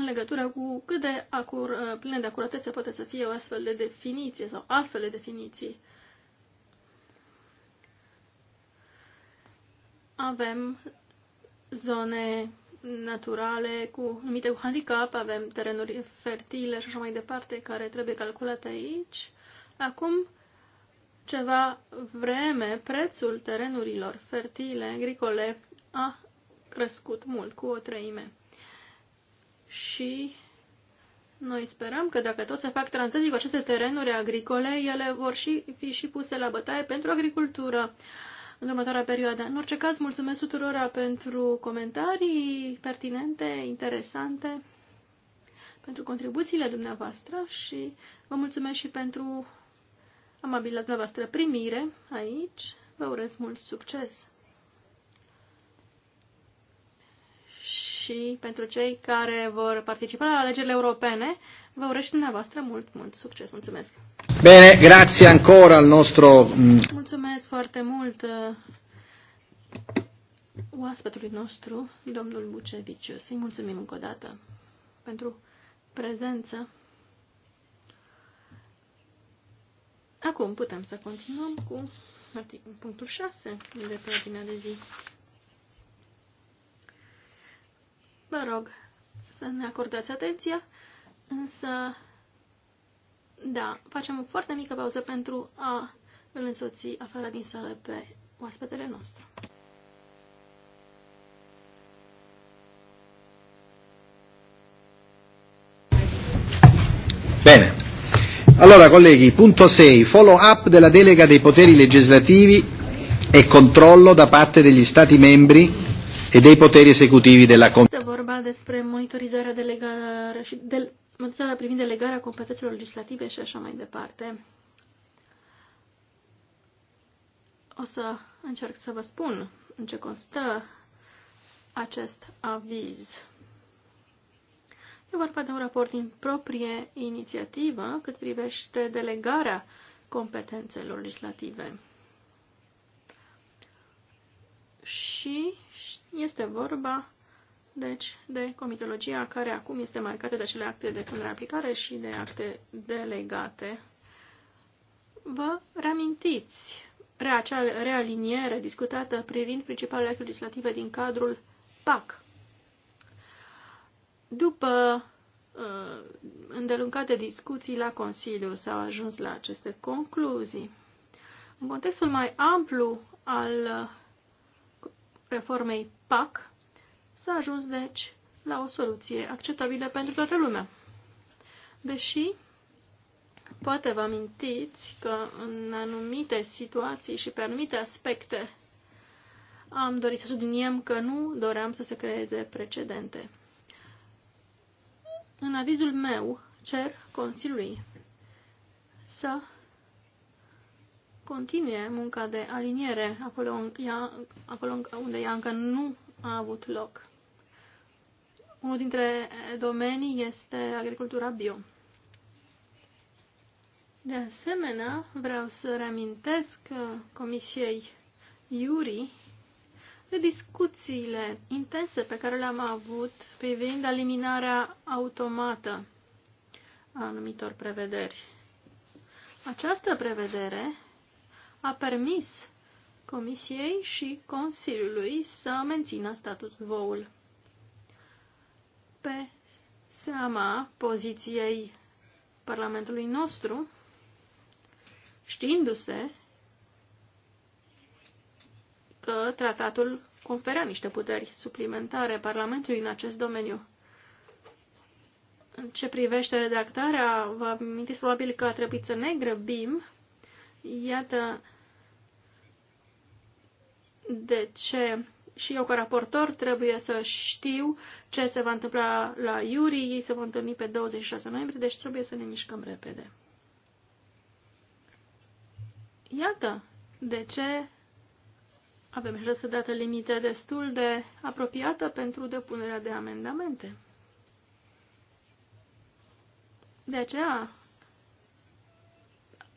în legătură cu cât de acur, uh, plină de acuratețe poate să fie o astfel de definiție sau astfel de definiții. Avem zone naturale cu numite cu handicap, avem terenuri fertile și așa mai departe care trebuie calculate aici. Acum ceva vreme prețul terenurilor fertile, agricole, a crescut mult, cu o treime și noi sperăm că dacă tot se fac tranzacții cu aceste terenuri agricole, ele vor și fi și puse la bătaie pentru agricultură în următoarea perioadă. În orice caz, mulțumesc tuturora pentru comentarii pertinente, interesante, pentru contribuțiile dumneavoastră și vă mulțumesc și pentru amabila dumneavoastră primire aici. Vă urez mult succes! și pentru cei care vor participa la alegerile europene. Vă urez și dumneavoastră mult, mult succes. Mulțumesc! Bine, grazie ancora al nostru... Mm, Mulțumesc foarte mult uh, oaspetului nostru, domnul Buceviciu. Să-i mulțumim încă o dată pentru prezență. Acum putem să continuăm cu punctul 6 de pe ordinea de zi. Vă rog să ne acordați atenția, însă, da, facem o foarte mică pauză pentru a îl însoți afară din sală pe oaspetele nostru. Bene. Allora, colleghi, punto 6, follow up della delega dei poteri legislativi e controllo da parte degli Stati membri e dei poteri esecutivi della Commissione despre monitorizarea delegarea și de, monitorizarea privind delegarea competențelor legislative și așa mai departe. O să încerc să vă spun în ce constă acest aviz. E vorba de un raport din proprie inițiativă cât privește delegarea competențelor legislative. Și este vorba deci, de comitologia care acum este marcată de acele acte de punere aplicare și de acte delegate. Vă reamintiți acea realiniere discutată privind principalele acte legislative din cadrul PAC. După uh, îndelungate discuții la Consiliu s-au ajuns la aceste concluzii. În contextul mai amplu al uh, reformei PAC, S-a ajuns, deci, la o soluție acceptabilă pentru toată lumea. Deși, poate vă amintiți că în anumite situații și pe anumite aspecte am dorit să subliniem că nu doream să se creeze precedente. În avizul meu cer Consiliului să continue munca de aliniere acolo, ea, acolo unde ea încă nu a avut loc. Unul dintre domenii este agricultura bio. De asemenea, vreau să reamintesc Comisiei Iuri de discuțiile intense pe care le-am avut privind eliminarea automată a anumitor prevederi. Această prevedere a permis Comisiei și Consiliului să mențină status quo-ul pe seama poziției Parlamentului nostru, știindu-se că tratatul conferea niște puteri suplimentare Parlamentului în acest domeniu. În ce privește redactarea, vă amintiți probabil că a trebuit să ne grăbim. Iată de ce și eu ca raportor trebuie să știu ce se va întâmpla la Iuri. Ei se vor întâlni pe 26 noiembrie, deci trebuie să ne mișcăm repede. Iată de ce avem această dată limită destul de apropiată pentru depunerea de amendamente. De aceea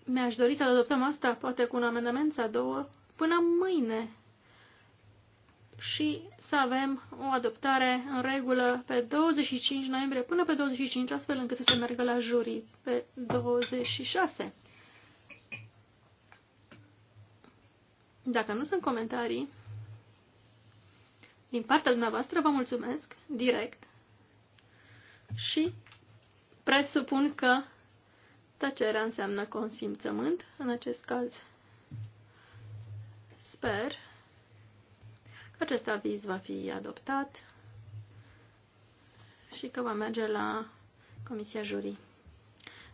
mi-aș dori să adoptăm asta, poate cu un amendament sau două, până mâine și să avem o adoptare în regulă pe 25 noiembrie până pe 25, astfel încât să se meargă la jurii pe 26. Dacă nu sunt comentarii, din partea dumneavoastră vă mulțumesc direct și presupun că tăcerea înseamnă consimțământ în acest caz. Sper acest aviz va fi adoptat și că va merge la Comisia Jurii.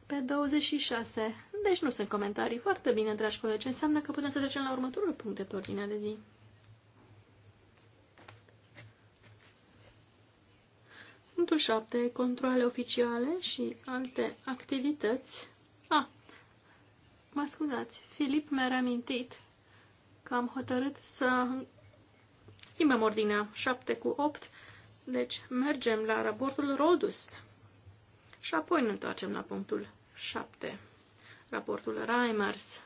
Pe 26. Deci nu sunt comentarii. Foarte bine, dragi colegi. Înseamnă că putem să trecem la următorul punct de pe ordinea de zi. Punctul 7. Controle oficiale și alte activități. A, ah, mă scuzați, Filip mi-a reamintit că am hotărât să Schimbăm ordinea 7 cu 8, deci mergem la raportul Rodust și apoi ne întoarcem la punctul 7, raportul Reimers.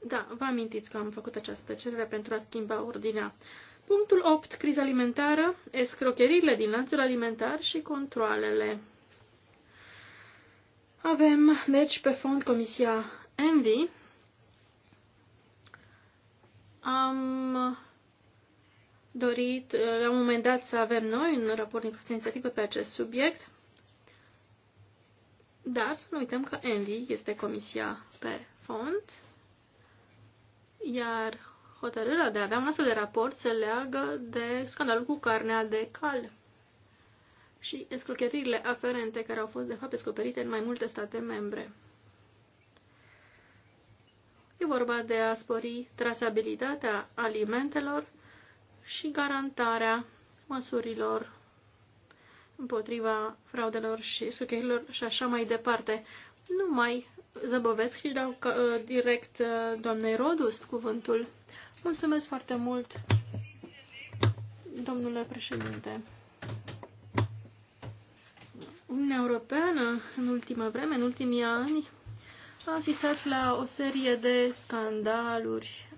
Da, vă amintiți că am făcut această cerere pentru a schimba ordinea. Punctul 8. Criza alimentară, escrocheriile din lanțul alimentar și controlele. Avem, deci, pe fond Comisia Envy. Am dorit uh, la un moment dat să avem noi un raport din propria inițiativă pe acest subiect, dar să nu uităm că ENVI este comisia pe fond, iar hotărârea de a avea un astfel de raport se leagă de scandalul cu carnea de cal și escrocheririle aferente care au fost de fapt descoperite în mai multe state membre. E vorba de a spori trasabilitatea alimentelor și garantarea măsurilor împotriva fraudelor și sucherilor și așa mai departe. Nu mai zăbovesc și dau uh, direct uh, doamnei Rodus cuvântul. Mulțumesc foarte mult, domnule președinte. Uniunea Europeană, în ultima vreme, în ultimii ani, a asistat la o serie de scandaluri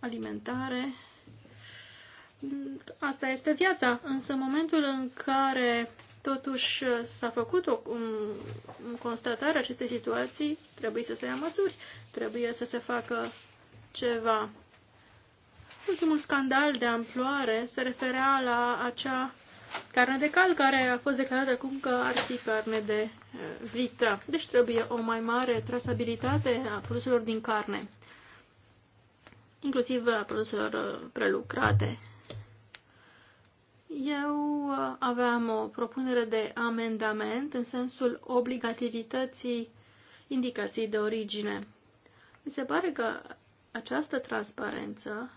alimentare asta este viața. Însă în momentul în care totuși s-a făcut o un constatare aceste situații, trebuie să se ia măsuri, trebuie să se facă ceva. Ultimul scandal de amploare se referea la acea carne de cal care a fost declarată acum că ar fi carne de eh, vită. Deci trebuie o mai mare trasabilitate a produselor din carne, inclusiv a produselor eh, prelucrate eu uh, aveam o propunere de amendament în sensul obligativității indicației de origine. Mi se pare că această transparență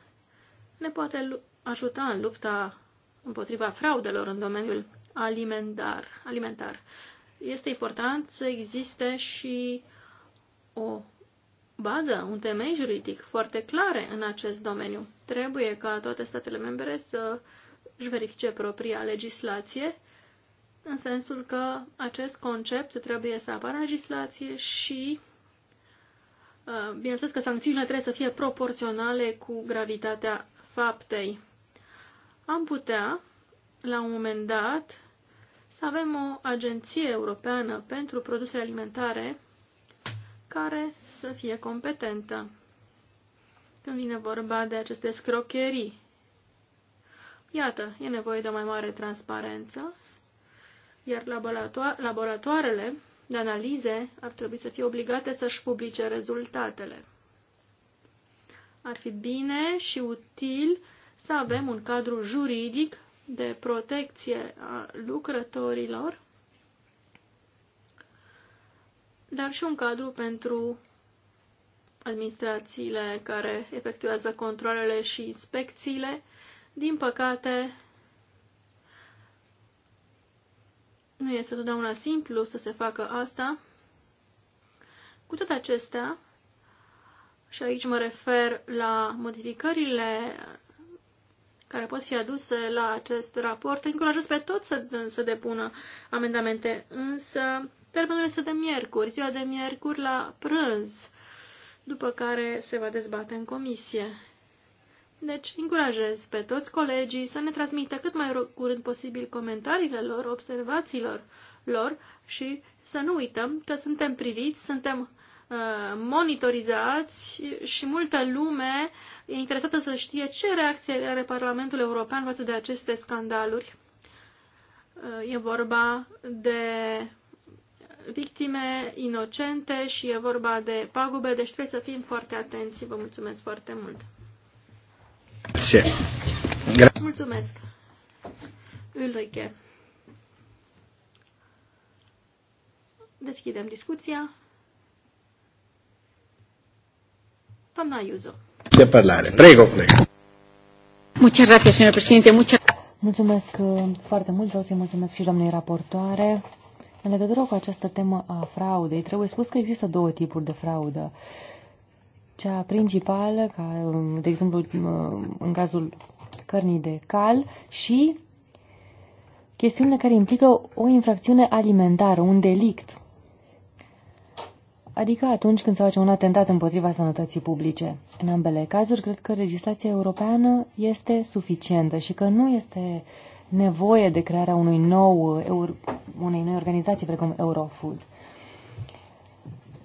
ne poate ajuta în lupta împotriva fraudelor în domeniul alimentar. alimentar. Este important să existe și o bază, un temei juridic foarte clare în acest domeniu. Trebuie ca toate statele membre să uh, își verifice propria legislație, în sensul că acest concept trebuie să apară în legislație și, uh, bineînțeles că sancțiunile trebuie să fie proporționale cu gravitatea faptei. Am putea, la un moment dat, să avem o agenție europeană pentru produse alimentare care să fie competentă când vine vorba de aceste scrocherii. Iată, e nevoie de o mai mare transparență, iar laboratoare, laboratoarele de analize ar trebui să fie obligate să-și publice rezultatele. Ar fi bine și util să avem un cadru juridic de protecție a lucrătorilor, dar și un cadru pentru administrațiile care efectuează controlele și inspecțiile din păcate, nu este totdeauna simplu să se facă asta. Cu toate acestea, și aici mă refer la modificările care pot fi aduse la acest raport, încurajez pe toți să, să depună amendamente, însă termenul este de miercuri, ziua de miercuri la prânz, după care se va dezbate în comisie. Deci, încurajez pe toți colegii să ne transmită cât mai curând posibil comentariile lor, observațiilor lor și să nu uităm că suntem priviți, suntem uh, monitorizați și multă lume e interesată să știe ce reacție are Parlamentul European față de aceste scandaluri. Uh, e vorba de victime inocente și e vorba de pagube, deci trebuie să fim foarte atenți. Vă mulțumesc foarte mult! Se. Mulțumesc. Ulrike. Deschidem discuția. Doamna Iuzo. De parlare. Prego, prego. Muchas gracias, señor presidente. Muchas... Mulțumesc uh, foarte mult. Vreau să-i mulțumesc și doamnei raportoare. În legătură cu această temă a fraudei, trebuie spus că există două tipuri de fraudă cea principală, ca, um, de exemplu um, în cazul cărnii de cal, și chestiunile care implică o infracțiune alimentară, un delict. Adică atunci când se face un atentat împotriva sănătății publice. În ambele cazuri, cred că legislația europeană este suficientă și că nu este nevoie de crearea unui nou, uh, unei noi organizații precum Eurofood.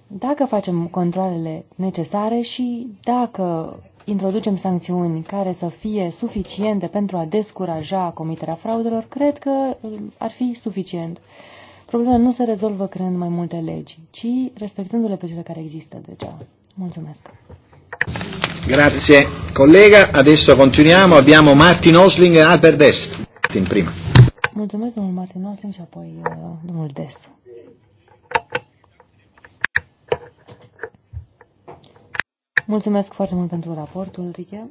Dacă facem controlele necesare și dacă introducem sancțiuni care să fie suficiente pentru a descuraja comiterea fraudelor, cred că ar fi suficient. Problema nu se rezolvă creând mai multe legi, ci respectându-le pe cele care există deja. Mulțumesc! Grazie collega, adesso continuiamo, abbiamo Martin Osling e Albert Dest. Martin prima. Mulțumesc domnul Martin Osling și apoi uh, domnul Dest. Mulțumesc foarte mult pentru raportul, Enrique.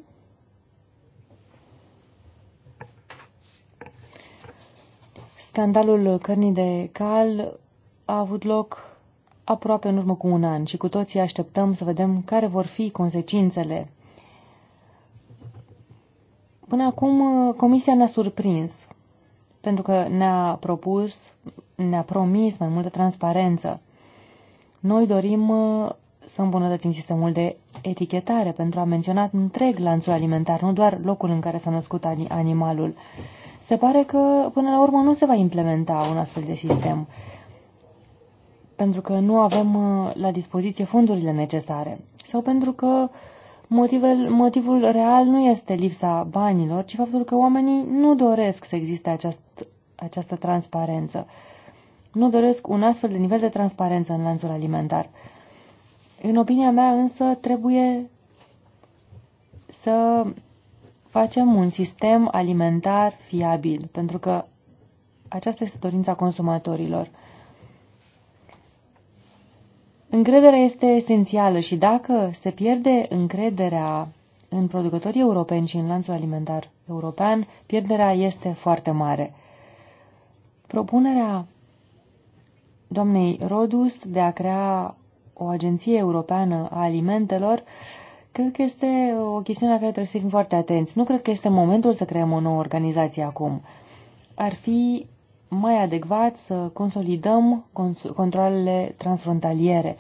Scandalul cărnii de cal a avut loc aproape în urmă cu un an și cu toții așteptăm să vedem care vor fi consecințele. Până acum, Comisia ne-a surprins pentru că ne-a propus, ne-a promis mai multă transparență. Noi dorim să îmbunătățim sistemul de etichetare pentru a menționa întreg lanțul alimentar, nu doar locul în care s-a născut animalul. Se pare că până la urmă nu se va implementa un astfel de sistem, pentru că nu avem uh, la dispoziție fondurile necesare sau pentru că motivul, motivul real nu este lipsa banilor, ci faptul că oamenii nu doresc să existe aceast, această transparență. Nu doresc un astfel de nivel de transparență în lanțul alimentar. În opinia mea însă trebuie să facem un sistem alimentar fiabil, pentru că aceasta este dorința consumatorilor. Încrederea este esențială și dacă se pierde încrederea în producătorii europeni și în lanțul alimentar european, pierderea este foarte mare. Propunerea doamnei Rodust de a crea o agenție europeană a alimentelor, cred că este o chestiune la care trebuie să fim foarte atenți. Nu cred că este momentul să creăm o nouă organizație acum. Ar fi mai adecvat să consolidăm controlele transfrontaliere.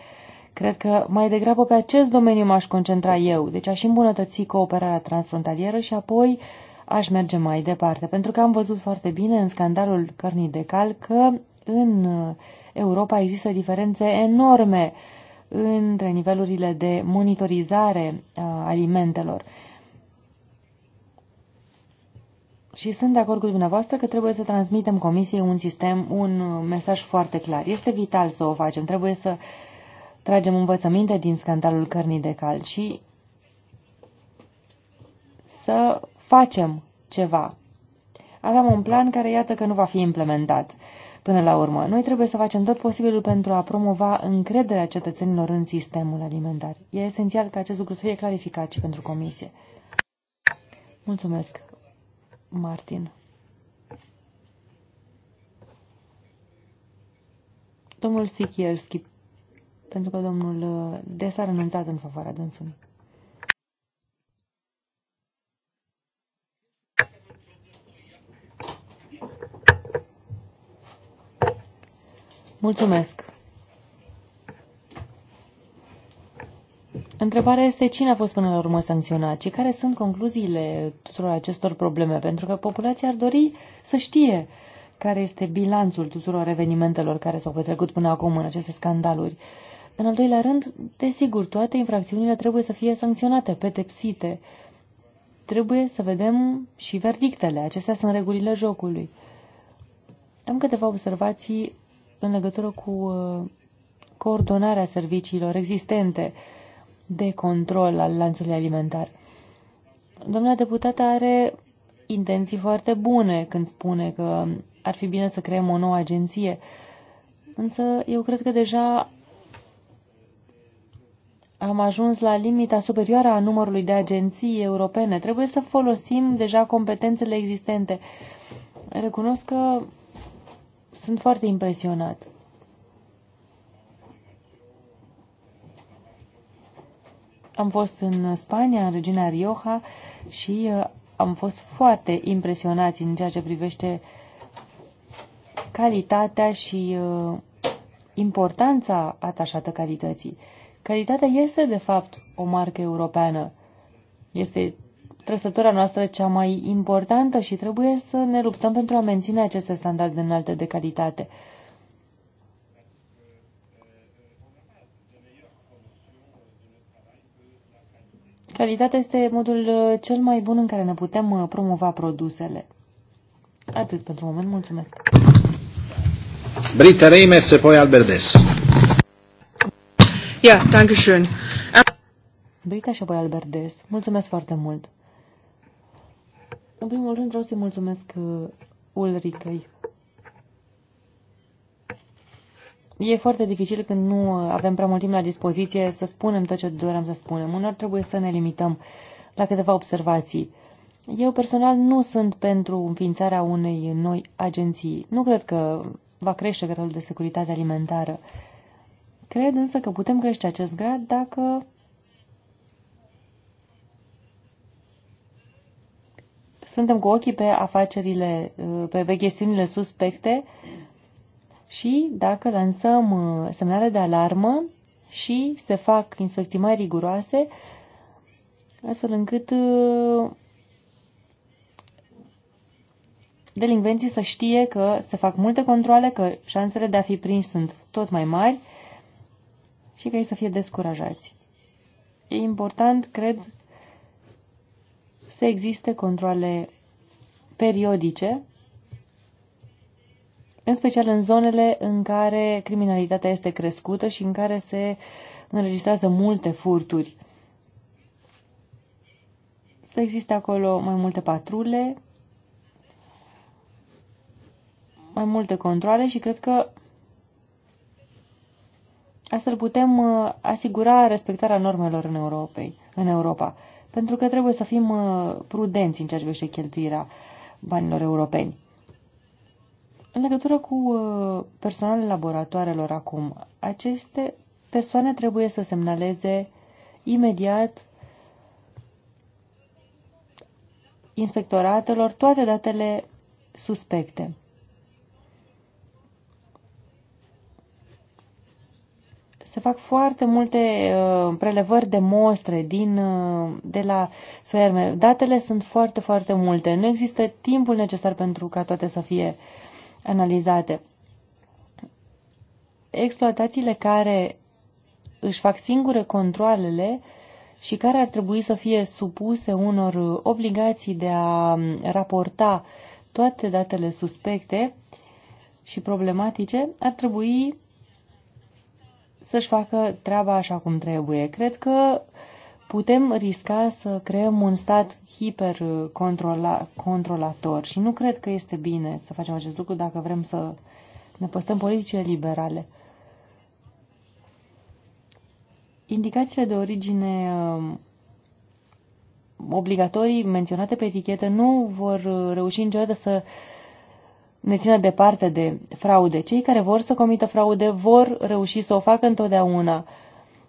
Cred că mai degrabă pe acest domeniu m-aș concentra eu, deci aș îmbunătăți cooperarea transfrontalieră și apoi aș merge mai departe, pentru că am văzut foarte bine în scandalul cărnii de cal că în Europa există diferențe enorme uh, între nivelurile de monitorizare a uh, alimentelor. Și sunt de acord cu dumneavoastră că trebuie să transmitem Comisiei un sistem, un uh, mesaj foarte clar. Este vital să o facem. Trebuie să tragem învățăminte din scandalul cărnii de cal și să facem ceva. Aveam un plan care, iată că nu va fi implementat. Până la urmă, noi trebuie să facem tot posibilul pentru a promova încrederea cetățenilor în sistemul alimentar. E esențial ca acest lucru să fie clarificat și pentru comisie. Mulțumesc, Martin. Domnul Sikierski, pentru că domnul Des a renunțat în favoarea dânsului. Mulțumesc. Întrebarea este cine a fost până la urmă sancționat și care sunt concluziile tuturor acestor probleme, pentru că populația ar dori să știe care este bilanțul tuturor evenimentelor care s-au petrecut până acum în aceste scandaluri. În al doilea rând, desigur, toate infracțiunile trebuie să fie sancționate, pedepsite. Trebuie să vedem și verdictele. Acestea sunt regulile jocului. Am câteva observații în legătură cu uh, coordonarea serviciilor existente de control al lanțului alimentar. Domnula deputată are intenții foarte bune când spune că ar fi bine să creăm o nouă agenție, însă eu cred că deja am ajuns la limita superioară a numărului de agenții europene. Trebuie să folosim deja competențele existente. Recunosc că sunt foarte impresionat. Am fost în Spania, în regiunea Rioja, și uh, am fost foarte impresionați în ceea ce privește calitatea și uh, importanța atașată calității. Calitatea este, de fapt, o marcă europeană. Este trăsătura noastră cea mai importantă și trebuie să ne luptăm pentru a menține aceste standarde înalte de calitate. Calitatea este modul uh, cel mai bun în care ne putem uh, promova produsele. Atât pentru moment, mulțumesc. Brita Reimers apoi Albert Des. Ja, danke schön. Brita și apoi Albert Des. Mulțumesc foarte mult. În primul rând vreau să-i mulțumesc uh, Ulricăi. E foarte dificil când nu avem prea mult timp la dispoziție să spunem tot ce dorem să spunem. Unor trebuie să ne limităm la câteva observații. Eu personal nu sunt pentru înființarea unei noi agenții. Nu cred că va crește gradul de securitate alimentară. Cred însă că putem crește acest grad dacă suntem cu ochii pe afacerile, uh, pe, pe chestiunile suspecte și dacă lansăm uh, semnale de alarmă și se fac inspecții mai riguroase, astfel încât uh, delinvenții să știe că se fac multe controle, că șansele de a fi prinși sunt tot mai mari și că ei să fie descurajați. E important, cred, să existe controle periodice, în special în zonele în care criminalitatea este crescută și în care se înregistrează multe furturi. Să existe acolo mai multe patrule, mai multe controle și cred că astfel putem uh, asigura respectarea normelor în, Europei, în Europa pentru că trebuie să fim uh, prudenți în ceea ce privește cheltuirea banilor europeni. În legătură cu uh, personalul laboratoarelor acum, aceste persoane trebuie să semnaleze imediat inspectoratelor toate datele suspecte. Se fac foarte multe uh, prelevări de mostre din, uh, de la ferme. Datele sunt foarte, foarte multe. Nu există timpul necesar pentru ca toate să fie analizate. Exploatațiile care își fac singure controlele și care ar trebui să fie supuse unor obligații de a um, raporta toate datele suspecte și problematice, ar trebui să-și facă treaba așa cum trebuie. Cred că putem risca să creăm un stat hipercontrolator și nu cred că este bine să facem acest lucru dacă vrem să ne păstăm politice liberale. Indicațiile de origine um, obligatorii menționate pe etichetă nu vor reuși niciodată să uh, ne țină departe de fraude. Cei care vor să comită fraude vor reuși să o facă întotdeauna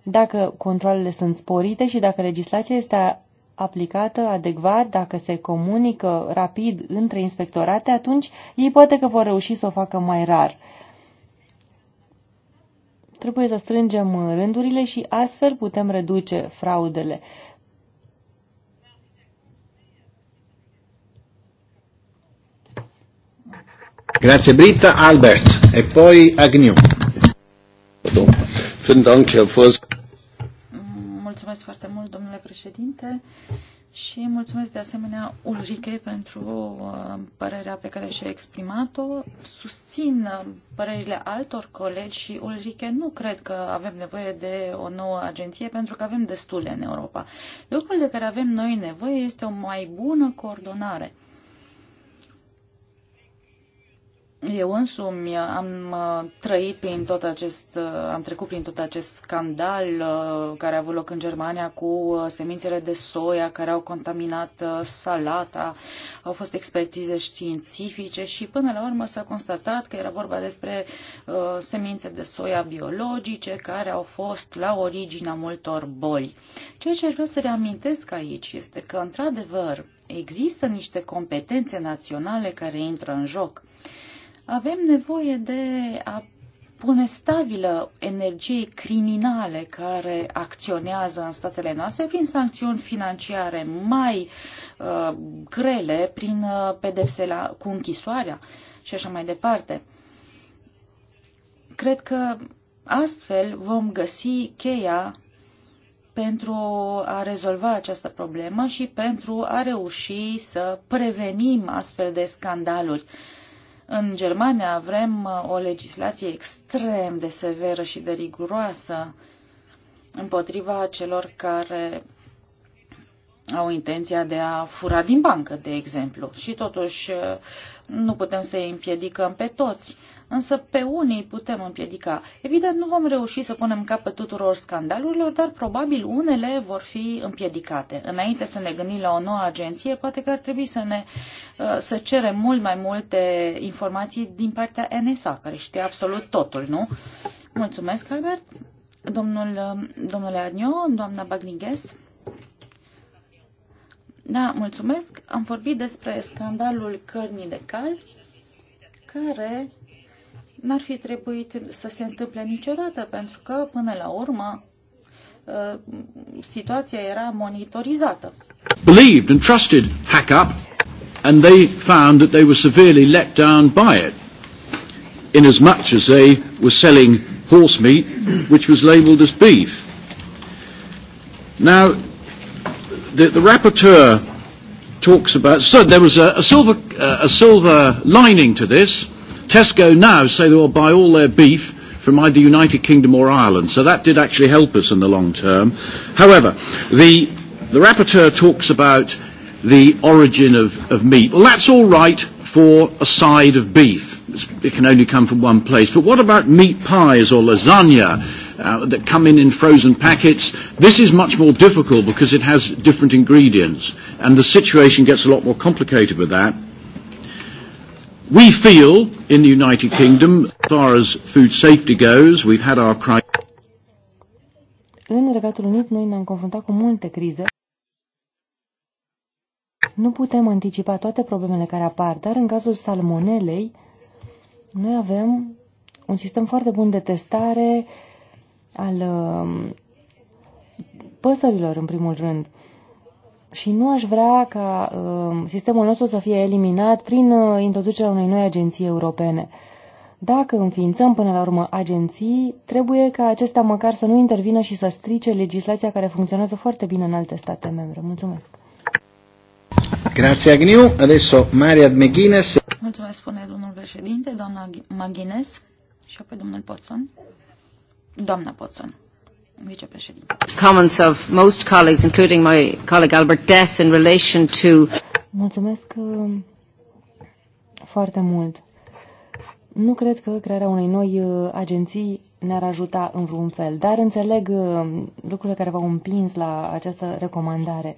dacă controlele sunt sporite și dacă legislația este aplicată adecvat, dacă se comunică rapid între inspectorate, atunci ei poate că vor reuși să o facă mai rar. Trebuie să strângem rândurile și astfel putem reduce fraudele. Grazie Britta, Albert e poi Agnew. Mulțumesc foarte mult, domnule președinte, și mulțumesc de asemenea Ulrike pentru uh, părerea pe care și-a exprimat-o. Susțin uh, părerile altor colegi și Ulrike nu cred că avem nevoie de o nouă agenție pentru că avem destule în Europa. Lucrul de care avem noi nevoie este o mai bună coordonare Eu însumi am uh, trăit prin tot acest, uh, am trecut prin tot acest scandal uh, care a avut loc în Germania cu semințele de soia care au contaminat salata, au fost expertize științifice și până la urmă s-a constatat că era vorba despre semințe de soia biologice care au fost la originea multor boli. Ceea ce aș vrea să reamintesc aici este că, într-adevăr, există niște competențe naționale care intră în joc. Avem nevoie de a pune stabilă energiei criminale care acționează în statele noastre prin sancțiuni financiare mai uh, grele, prin uh, pedepse la, cu închisoarea și așa mai departe. Cred că astfel vom găsi cheia pentru a rezolva această problemă și pentru a reuși să prevenim astfel de scandaluri. Uh, în Germania avem uh, o legislație extrem de severă și de riguroasă împotriva celor care au intenția de a fura din bancă, de exemplu. Și totuși eh, nu putem să îi împiedicăm pe toți, însă pe unii putem împiedica. Evident, nu vom reuși să punem capăt tuturor scandalurilor, dar probabil unele vor fi împiedicate. Înainte să ne gândim la o nouă agenție, poate că ar trebui să, ne, eh, să cerem mult mai multe informații din partea NSA, care știe absolut totul, nu? Mulțumesc, Albert. Domnul, eh, domnule Agnio, doamna Bagninghest. Da, mulțumesc. Am vorbit despre scandalul cărnii de cal, care n-ar fi trebuit să se întâmple niciodată, pentru că, până la urmă, uh, situația era monitorizată. Believed and trusted hack up and they found that they were severely let down by it in as much as they were selling horse meat which was labelled as beef. Now the, the rapporteur talks about, so there was a, a, silver, uh, a silver lining to this. Tesco now say they will buy all their beef from either United Kingdom or Ireland, so that did actually help us in the long term. However, the, the rapporteur talks about the origin of, of meat. Well, that's all right for a side of beef. it can only come from one place. But what about meat pies or lasagna? uh, that come in in frozen packets. This is much more difficult because it has different ingredients, and the situation gets a lot more complicated with that. We feel in the United Kingdom, as far as food safety goes, we've had our crisis. În Regatul Unit noi ne-am confruntat cu multe crize. Nu putem anticipa toate problemele care apar, dar în cazul salmonelei noi avem un sistem foarte bun de testare al um, păsărilor, în primul rând. Și nu aș vrea ca um, sistemul nostru să fie eliminat prin uh, introducerea unei noi agenții europene. Dacă înființăm până la urmă agenții, trebuie ca acestea măcar să nu intervină și să strice legislația care funcționează foarte bine în alte state membre. Mulțumesc! Grazie Agniu. Adesso Maria Meghines. Mulțumesc, spune domnul președinte, doamna Maghines și apoi domnul Poțon. Doamna Potson, vicepreședinte. Comments of most colleagues, including my colleague Albert Death, in relation to... Mulțumesc uh, foarte mult. Nu cred că crearea unei noi uh, agenții ne-ar ajuta în vreun fel, dar înțeleg uh, lucrurile care v-au împins la această recomandare.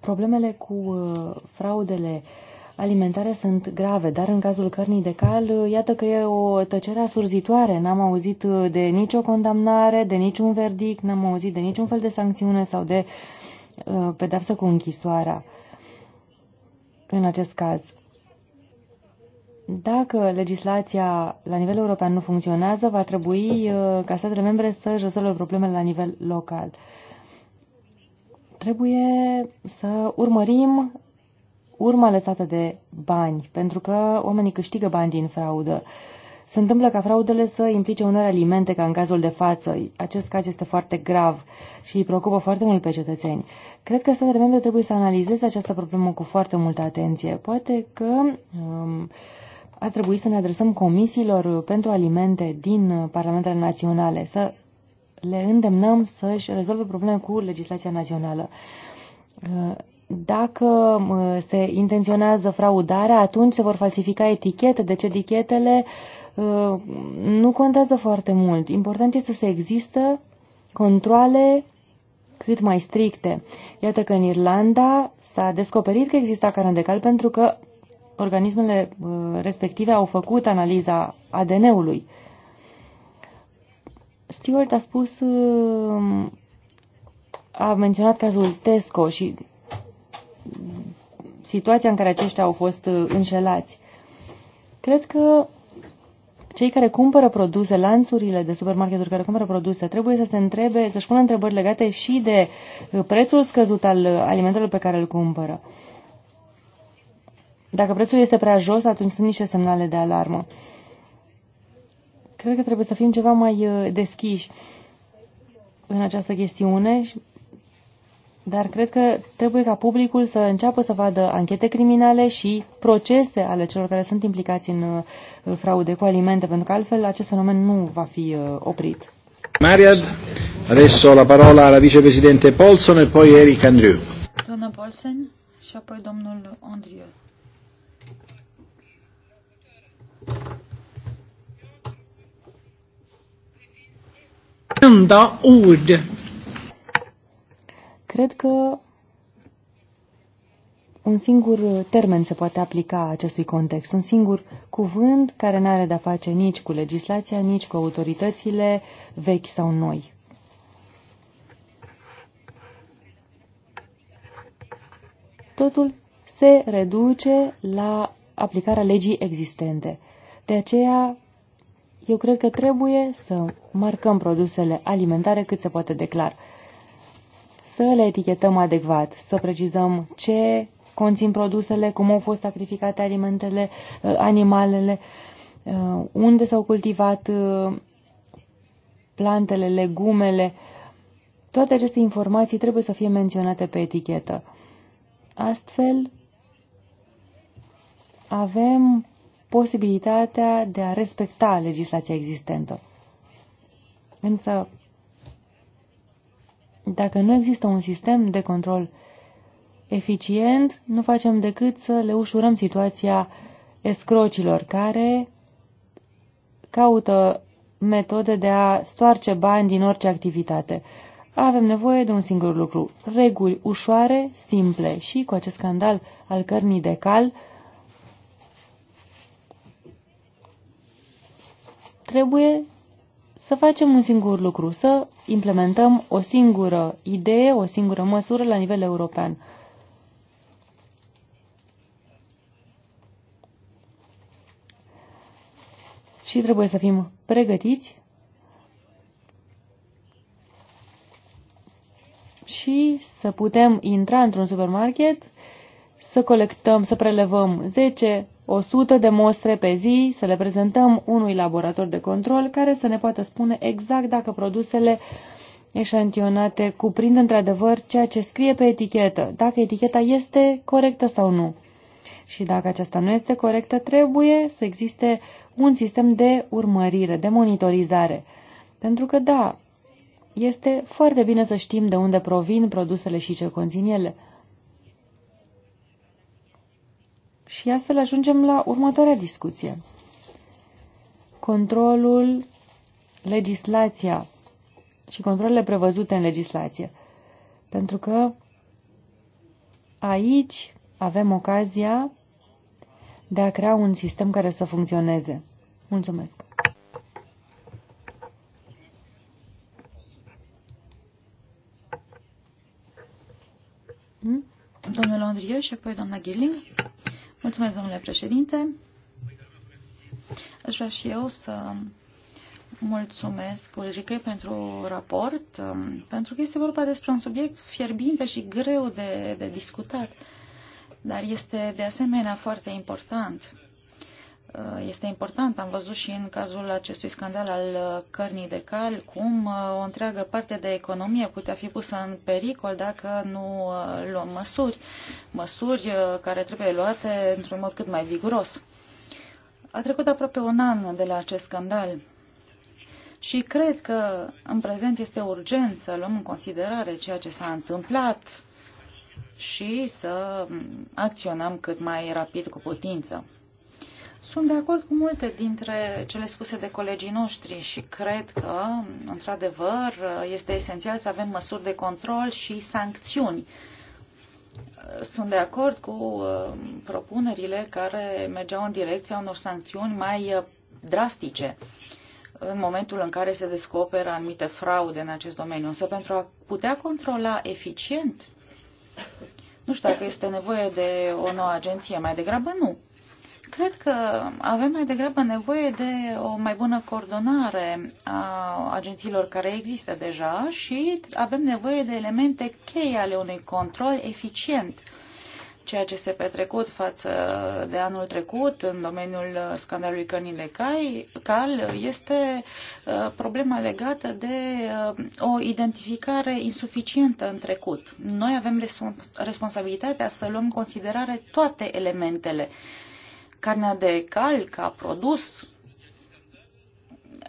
Problemele cu fraudele uh, alimentare sunt grave, dar în cazul cărnii de cal, iată că e o tăcere asurzitoare. N-am auzit uh, de nicio condamnare, de niciun verdict, n-am auzit de niciun fel de sancțiune sau de uh, pedapsă cu închisoarea în acest caz. Dacă legislația la nivel european nu funcționează, va trebui uh, ca statele membre să-și rezolve problemele la nivel local trebuie să urmărim urma lăsată de bani, pentru că oamenii câștigă bani din fraudă. Se întâmplă ca fraudele să implice unor alimente, ca în cazul de față. Acest caz este foarte grav și îi preocupă foarte mult pe cetățeni. Cred că statele membre trebuie să analizeze această problemă cu foarte multă atenție. Poate că um, ar trebui să ne adresăm comisiilor pentru alimente din Parlamentele Naționale, să le îndemnăm să-și rezolve probleme cu legislația națională. Uh, dacă se intenționează fraudarea, atunci se vor falsifica etichete, De deci etichetele ă, nu contează foarte mult. Important este să există controle cât mai stricte. Iată că în Irlanda s-a descoperit că exista carne de cal pentru că organismele ă, respective au făcut analiza ADN-ului. Stewart a spus, ă, a menționat cazul Tesco și situația în care aceștia au fost uh, înșelați. Cred că cei care cumpără produse, lanțurile de supermarketuri care cumpără produse, trebuie să se întrebe, să-și pună întrebări legate și de uh, prețul scăzut al uh, alimentelor pe care îl cumpără. Dacă prețul este prea jos, atunci sunt niște semnale de alarmă. Cred că trebuie să fim ceva mai deschiși în această chestiune și dar cred că trebuie ca publicul să înceapă să vadă anchete criminale și procese ale celor care sunt implicați în uh, fraude cu alimente, pentru că altfel acest fenomen nu va fi uh, oprit. Mariad, adesso la parola la vicepresidente Polson e poi Eric Andrew. Doamna Polson și apoi domnul Andrew. Enda ord Cred că un singur termen se poate aplica acestui context, un singur cuvânt care nu are de-a face nici cu legislația, nici cu autoritățile vechi sau noi. Totul se reduce la aplicarea legii existente. De aceea, eu cred că trebuie să marcăm produsele alimentare cât se poate declara. clar să le etichetăm adecvat, să precizăm ce conțin produsele, cum au fost sacrificate alimentele, uh, animalele, uh, unde s-au cultivat uh, plantele, legumele. Toate aceste informații trebuie să fie menționate pe etichetă. Astfel, avem posibilitatea de a respecta legislația existentă. Însă, dacă nu există un sistem de control eficient, nu facem decât să le ușurăm situația escrocilor care caută metode de a stoarce bani din orice activitate. Avem nevoie de un singur lucru, reguli ușoare, simple și cu acest scandal al cărnii de cal trebuie să facem un singur lucru, să implementăm o singură idee, o singură măsură la nivel european. Și trebuie să fim pregătiți și să putem intra într-un supermarket să colectăm, să prelevăm 10 100 de mostre pe zi, să le prezentăm unui laborator de control care să ne poată spune exact dacă produsele eșantionate cuprind într-adevăr ceea ce scrie pe etichetă, dacă eticheta este corectă sau nu. Și dacă aceasta nu este corectă, trebuie să existe un sistem de urmărire, de monitorizare. Pentru că, da, este foarte bine să știm de unde provin produsele și ce conțin ele. Și astfel ajungem la următoarea discuție. Controlul, legislația și controlele prevăzute în legislație. Pentru că aici avem ocazia de a crea un sistem care să funcționeze. Mulțumesc! Domnul Andrieu și apoi doamna Ghirling. Mulțumesc, domnule președinte. Aș vrea și eu să mulțumesc Ulrike pentru raport, um, pentru că este vorba despre un subiect fierbinte și greu de, de discutat, dar este de asemenea foarte important. Uh, este important. Am văzut și în cazul acestui scandal al uh, cărnii de cal cum uh, o întreagă parte de economie putea fi pusă în pericol dacă nu luăm măsuri, măsuri care trebuie luate într-un mod cât mai viguros. A trecut aproape un an de la acest scandal și cred că în prezent este urgent să luăm în considerare ceea ce s-a întâmplat și să mm, acționăm cât mai rapid cu putință. Sunt de acord cu multe dintre cele spuse de colegii noștri și cred că, într-adevăr, este esențial să avem măsuri de control și sancțiuni. Sunt de acord cu uh, propunerile care mergeau în direcția unor sancțiuni mai uh, drastice în momentul în care se descoperă anumite fraude în acest domeniu. Însă pentru a putea controla eficient, nu știu dacă este nevoie de o nouă agenție, mai degrabă nu Cred că avem mai degrabă nevoie de o mai bună coordonare a agențiilor care există deja și avem nevoie de elemente cheie ale unui control eficient. Ceea ce s-a petrecut față de anul trecut în domeniul scandalului cănile cal este uh, problema legată de uh, o identificare insuficientă în trecut. Noi avem responsabilitatea să luăm în considerare toate elementele Carnea de cal ca produs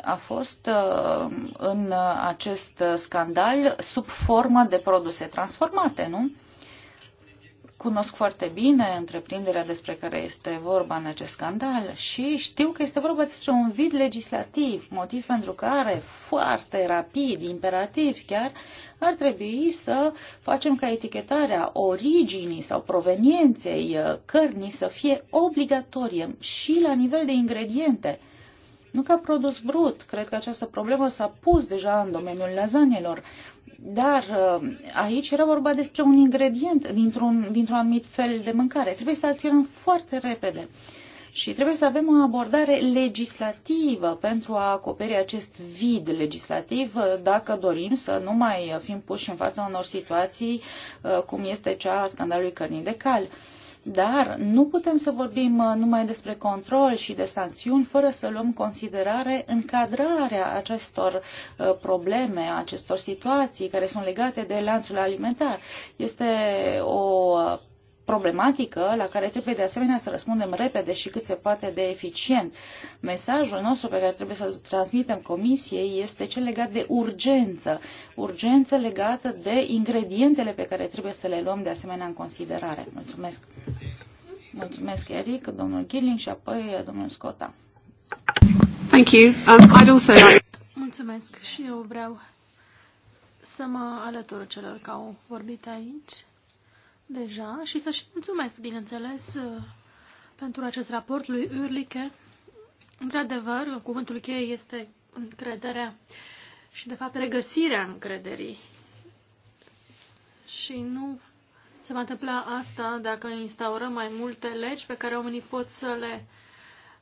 a fost uh, în uh, acest uh, scandal sub formă de produse transformate, nu? cunosc foarte bine întreprinderea despre care este vorba în acest scandal și știu că este vorba despre un vid legislativ, motiv pentru care foarte rapid, imperativ chiar, ar trebui să facem ca etichetarea originii sau provenienței uh, cărnii să fie obligatorie și la nivel de ingrediente nu ca produs brut. Cred că această problemă s-a pus deja în domeniul lasagnelor. Dar uh, aici era vorba despre un ingredient dintr-un, dintr-un anumit fel de mâncare. Trebuie să acționăm foarte repede și trebuie să avem o abordare legislativă pentru a acoperi acest vid legislativ uh, dacă dorim să nu mai fim puși în fața unor situații uh, cum este cea a scandalului cărnii de cal. Dar nu putem să vorbim uh, numai despre control și de sancțiuni fără să luăm considerare încadrarea acestor uh, probleme, acestor situații care sunt legate de lanțul alimentar. Este o uh, problematică la care trebuie de asemenea să răspundem repede și cât se poate de eficient. Mesajul nostru pe care trebuie să-l transmitem comisiei este cel legat de urgență, urgență legată de ingredientele pe care trebuie să le luăm de asemenea în considerare. Mulțumesc! Mulțumesc, Eric, domnul Gilling și apoi domnul Scota. Thank you. Um, I'd also like... Mulțumesc și eu vreau să mă alătur celor care au vorbit aici deja și să-și mulțumesc, bineînțeles, uh, pentru acest raport lui Urliche. Într-adevăr, cuvântul cheie este încrederea și, de fapt, regăsirea încrederii. Și nu se va întâmpla asta dacă instaurăm mai multe legi pe care oamenii pot să le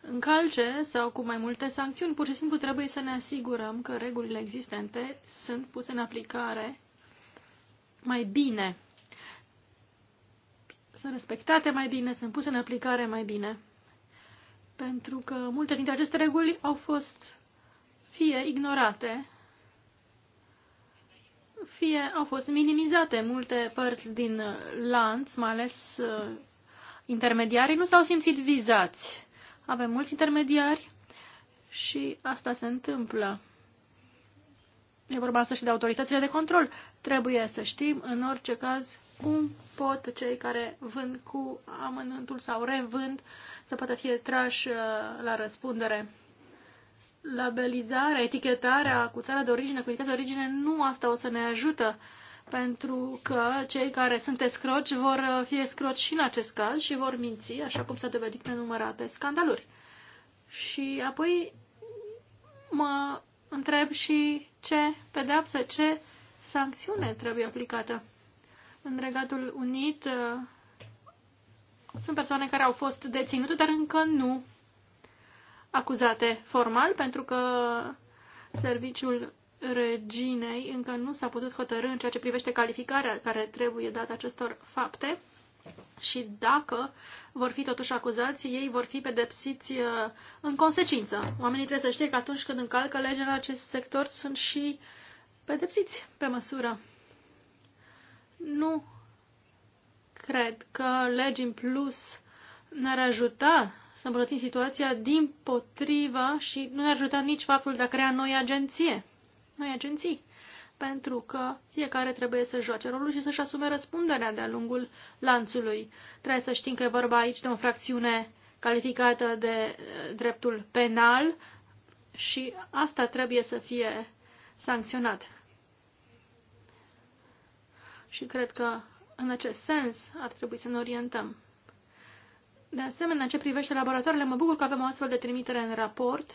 încalce sau cu mai multe sancțiuni. Pur și simplu trebuie să ne asigurăm că regulile existente sunt puse în aplicare mai bine sunt respectate mai bine, sunt puse în aplicare mai bine. Pentru că multe dintre aceste reguli au fost fie ignorate, fie au fost minimizate multe părți din lanț, mai ales uh, intermediarii, nu s-au simțit vizați. Avem mulți intermediari și asta se întâmplă. E vorba asta și de autoritățile de control. Trebuie să știm, în orice caz, cum pot cei care vând cu amănântul sau revând să poată fi trași uh, la răspundere. Labelizarea, etichetarea cu țara de origine, cu etichetarea de origine, nu asta o să ne ajută, pentru că cei care sunt escroci vor uh, fi escroci și în acest caz și vor minți, așa cum s-a dovedit pe numărate scandaluri. Și apoi mă întreb și ce pedeapsă, ce sancțiune trebuie aplicată în Regatul Unit uh, sunt persoane care au fost deținute, dar încă nu acuzate formal, pentru că serviciul reginei încă nu s-a putut hotărâ în ceea ce privește calificarea care trebuie dată acestor fapte și dacă vor fi totuși acuzați, ei vor fi pedepsiți uh, în consecință. Oamenii trebuie să știe că atunci când încalcă legea în acest sector sunt și pedepsiți pe măsură nu cred că legi în plus ne-ar ajuta să îmbunătățim situația din potrivă și nu ne-ar ajuta nici faptul de a crea noi agenție, noi agenții, pentru că fiecare trebuie să joace rolul și să-și asume răspunderea de-a lungul lanțului. Trebuie să știm că e vorba aici de o fracțiune calificată de eh, dreptul penal și asta trebuie să fie sancționat și cred că în acest sens ar trebui să ne orientăm. De asemenea, în ce privește laboratoarele, mă bucur că avem o astfel de trimitere în raport.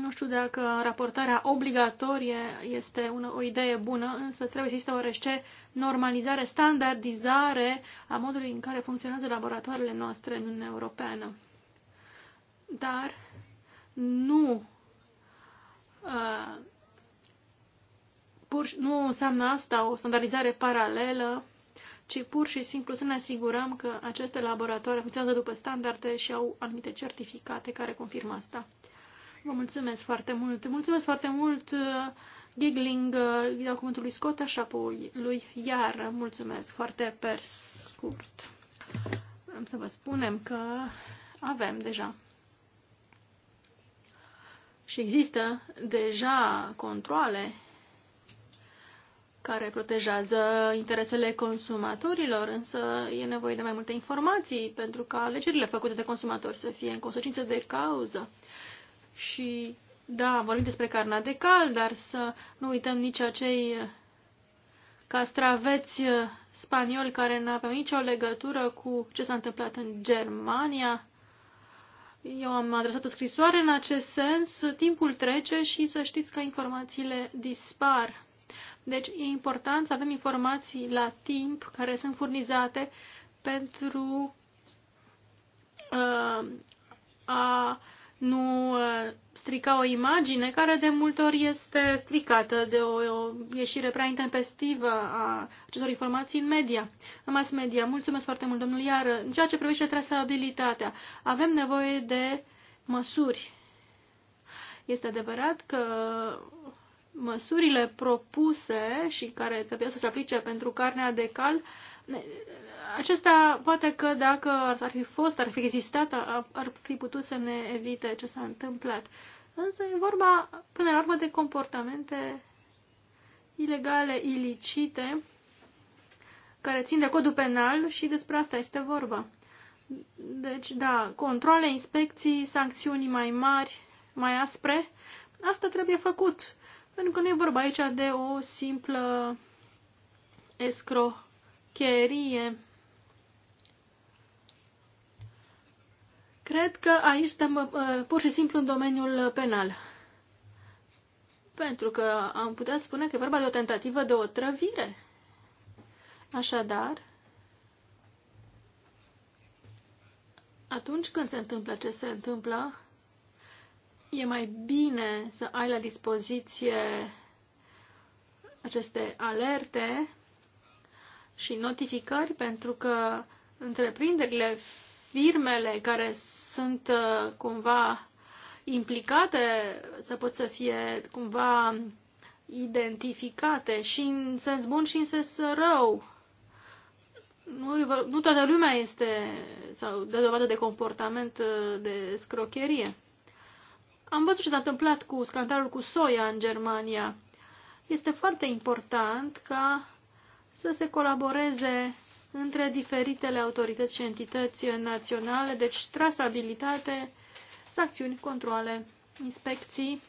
Nu știu dacă raportarea obligatorie este una, o idee bună, însă trebuie să existe oarește normalizare, standardizare a modului în care funcționează laboratoarele noastre în Uniunea Europeană. Dar nu uh, pur, nu înseamnă asta o standardizare paralelă, ci pur și simplu să ne asigurăm că aceste laboratoare funcționează după standarde și au anumite certificate care confirmă asta. Vă mulțumesc foarte mult. Mulțumesc foarte mult Gigling, îi dau cuvântul lui Scott, așa apoi lui Iar. Mulțumesc foarte pe scurt. Am să vă spunem că avem deja. Și există deja controle care protejează interesele consumatorilor, însă e nevoie de mai multe informații pentru ca alegerile făcute de consumatori să fie în consecință de cauză. Și, da, vorbim despre carnea de cal, dar să nu uităm nici acei castraveți spanioli care nu aveau nicio legătură cu ce s-a întâmplat în Germania. Eu am adresat o scrisoare în acest sens, timpul trece și să știți că informațiile dispar. Deci e important să avem informații la timp care sunt furnizate pentru uh, a nu uh, strica o imagine care de multe ori este stricată de o, o ieșire prea intempestivă a acestor informații în media, în mass media. Mulțumesc foarte mult, domnul Iar. În ceea ce privește trasabilitatea, avem nevoie de măsuri. Este adevărat că măsurile propuse și care trebuie să se aplice pentru carnea de cal, acesta poate că dacă ar fi fost, ar fi existat, ar fi putut să ne evite ce s-a întâmplat. Însă e vorba, până la urmă, de comportamente ilegale, ilicite, care țin de codul penal și despre asta este vorba. Deci, da, controle, inspecții, sancțiuni mai mari, mai aspre, asta trebuie făcut pentru că nu e vorba aici de o simplă escrocherie. Cred că aici suntem uh, pur și simplu în domeniul penal. Pentru că am putea spune că e vorba de o tentativă de otrăvire. Așadar, atunci când se întâmplă ce se întâmplă, e mai bine să ai la dispoziție aceste alerte și notificări pentru că întreprinderile, firmele care sunt uh, cumva implicate să pot să fie cumva identificate și în sens bun și în sens rău. Nu, nu toată lumea este sau dă dovadă de comportament uh, de scrocherie. Am văzut ce s-a întâmplat cu scandalul cu soia în Germania. Este foarte important ca să se colaboreze între diferitele autorități și entități naționale, deci trasabilitate, sancțiuni, controle, inspecții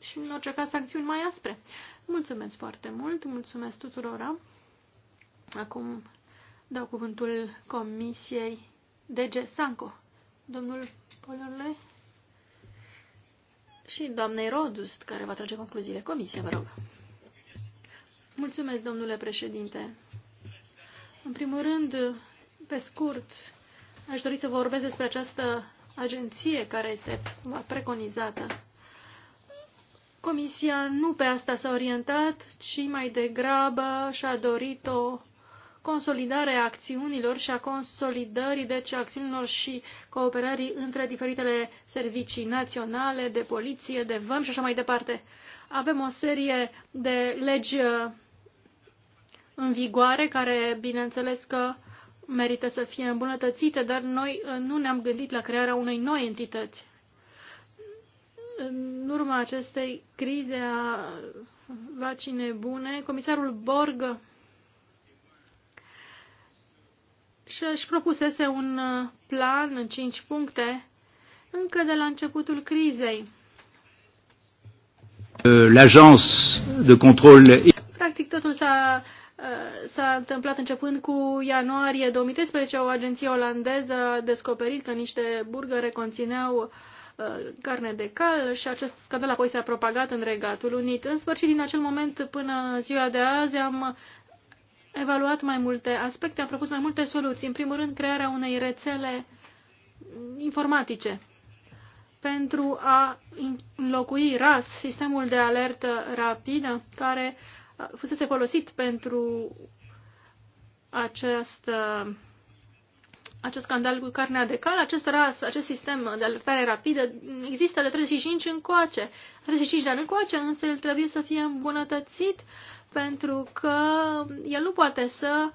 și, în orice caz, sancțiuni mai aspre. Mulțumesc foarte mult, mulțumesc tuturor. Acum dau cuvântul Comisiei DG Sanco. Domnul Polorle, și doamnei Rodus, care va trage concluziile. Comisia, vă rog. Mulțumesc, domnule președinte. În primul rând, pe scurt, aș dori să vorbesc despre această agenție care este preconizată. Comisia nu pe asta s-a orientat, ci mai degrabă și-a dorit o consolidarea acțiunilor și a consolidării, deci, acțiunilor și cooperării între diferitele servicii naționale, de poliție, de văm și așa mai departe. Avem o serie de legi uh, în vigoare care, bineînțeles că merită să fie îmbunătățite, dar noi uh, nu ne-am gândit la crearea unei noi entități. În urma acestei crize a vaccinei bune, comisarul Borg și își propusese un uh, plan în cinci puncte încă de la începutul crizei. Euh, l'agence de control. Practic totul s-a uh, s-a întâmplat începând cu ianuarie 2013. O agenție olandeză a descoperit că niște burgere conțineau uh, carne de cal și acest scandal apoi s-a propagat în Regatul Unit. În sfârșit, din acel moment până ziua de azi, am evaluat mai multe aspecte, am propus mai multe soluții. În primul rând, crearea unei rețele informatice pentru a înlocui RAS, sistemul de alertă rapidă, care fusese folosit pentru această acest scandal cu carnea de cal, acest ras, acest sistem de alertare rapidă există de 35 încoace, 35 de ani încoace, însă el trebuie să fie îmbunătățit pentru că el nu poate să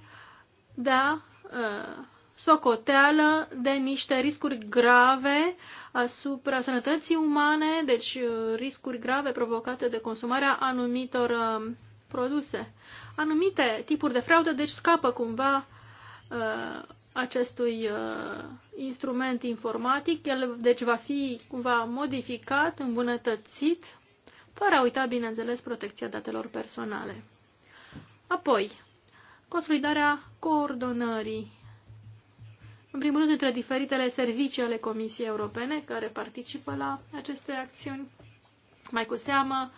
dea uh, socoteală de niște riscuri grave asupra sănătății umane, deci uh, riscuri grave provocate de consumarea anumitor uh, produse. Anumite tipuri de fraudă, deci scapă cumva uh, acestui uh, instrument informatic. El, deci, va fi cumva modificat, îmbunătățit, fără a uita, bineînțeles, protecția datelor personale. Apoi, consolidarea coordonării. În primul rând, între diferitele servicii ale Comisiei Europene care participă la aceste acțiuni, mai cu seamă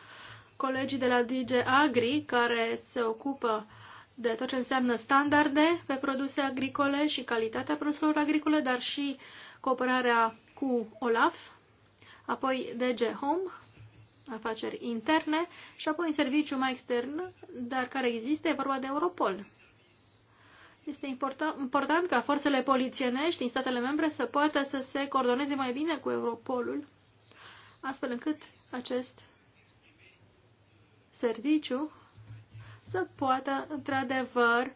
colegii de la DG Agri care se ocupă uh, de tot ce înseamnă standarde pe produse agricole și calitatea produselor agricole, dar și cooperarea cu OLAF, apoi DG Home, afaceri interne, și apoi un serviciu mai extern, dar care există, e vorba de Europol. Este important, important ca forțele polițienești din statele membre să poată să se coordoneze mai bine cu Europolul, astfel încât acest serviciu să poată, într-adevăr,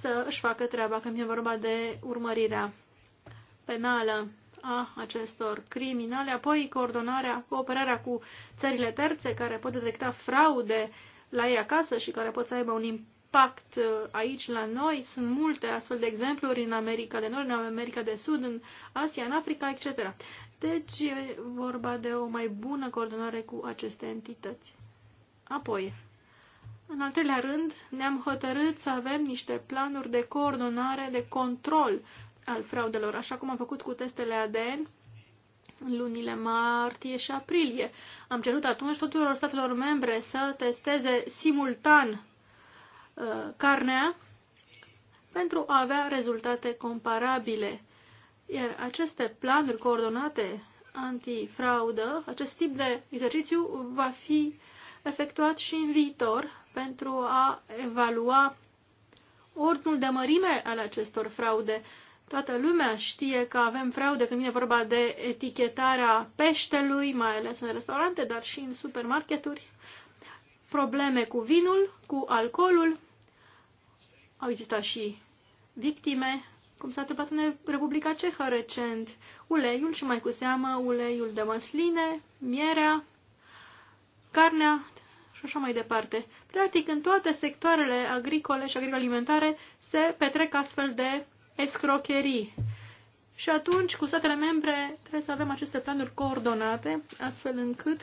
să își facă treaba când e vorba de urmărirea penală a acestor criminale, apoi coordonarea, cooperarea cu țările terțe care pot detecta fraude la ei acasă și care pot să aibă un impact uh, aici la noi. Sunt multe astfel de exempluri în America de Nord, în America de Sud, în Asia, în Africa, etc. Deci e vorba de o mai bună coordonare cu aceste entități. Apoi, în al treilea rând, ne-am hotărât să avem niște planuri de coordonare, de control al fraudelor, așa cum am făcut cu testele ADN în lunile martie și aprilie. Am cerut atunci tuturor statelor membre să testeze simultan uh, carnea pentru a avea rezultate comparabile. Iar aceste planuri coordonate antifraudă, acest tip de exercițiu va fi uh, efectuat și în viitor pentru a evalua ordinul de mărime al acestor fraude. Toată lumea știe că avem fraude când vine vorba de etichetarea peștelui, mai ales în restaurante, dar și în supermarketuri. Probleme cu vinul, cu alcoolul. Au existat și victime, cum s-a întâmplat în Republica Cehă recent. Uleiul și mai cu seamă uleiul de măsline, mierea, carnea și așa mai departe. Practic, în toate sectoarele agricole și agroalimentare se petrec astfel de escrocherii. Și atunci, cu statele membre, trebuie să avem aceste planuri coordonate, astfel încât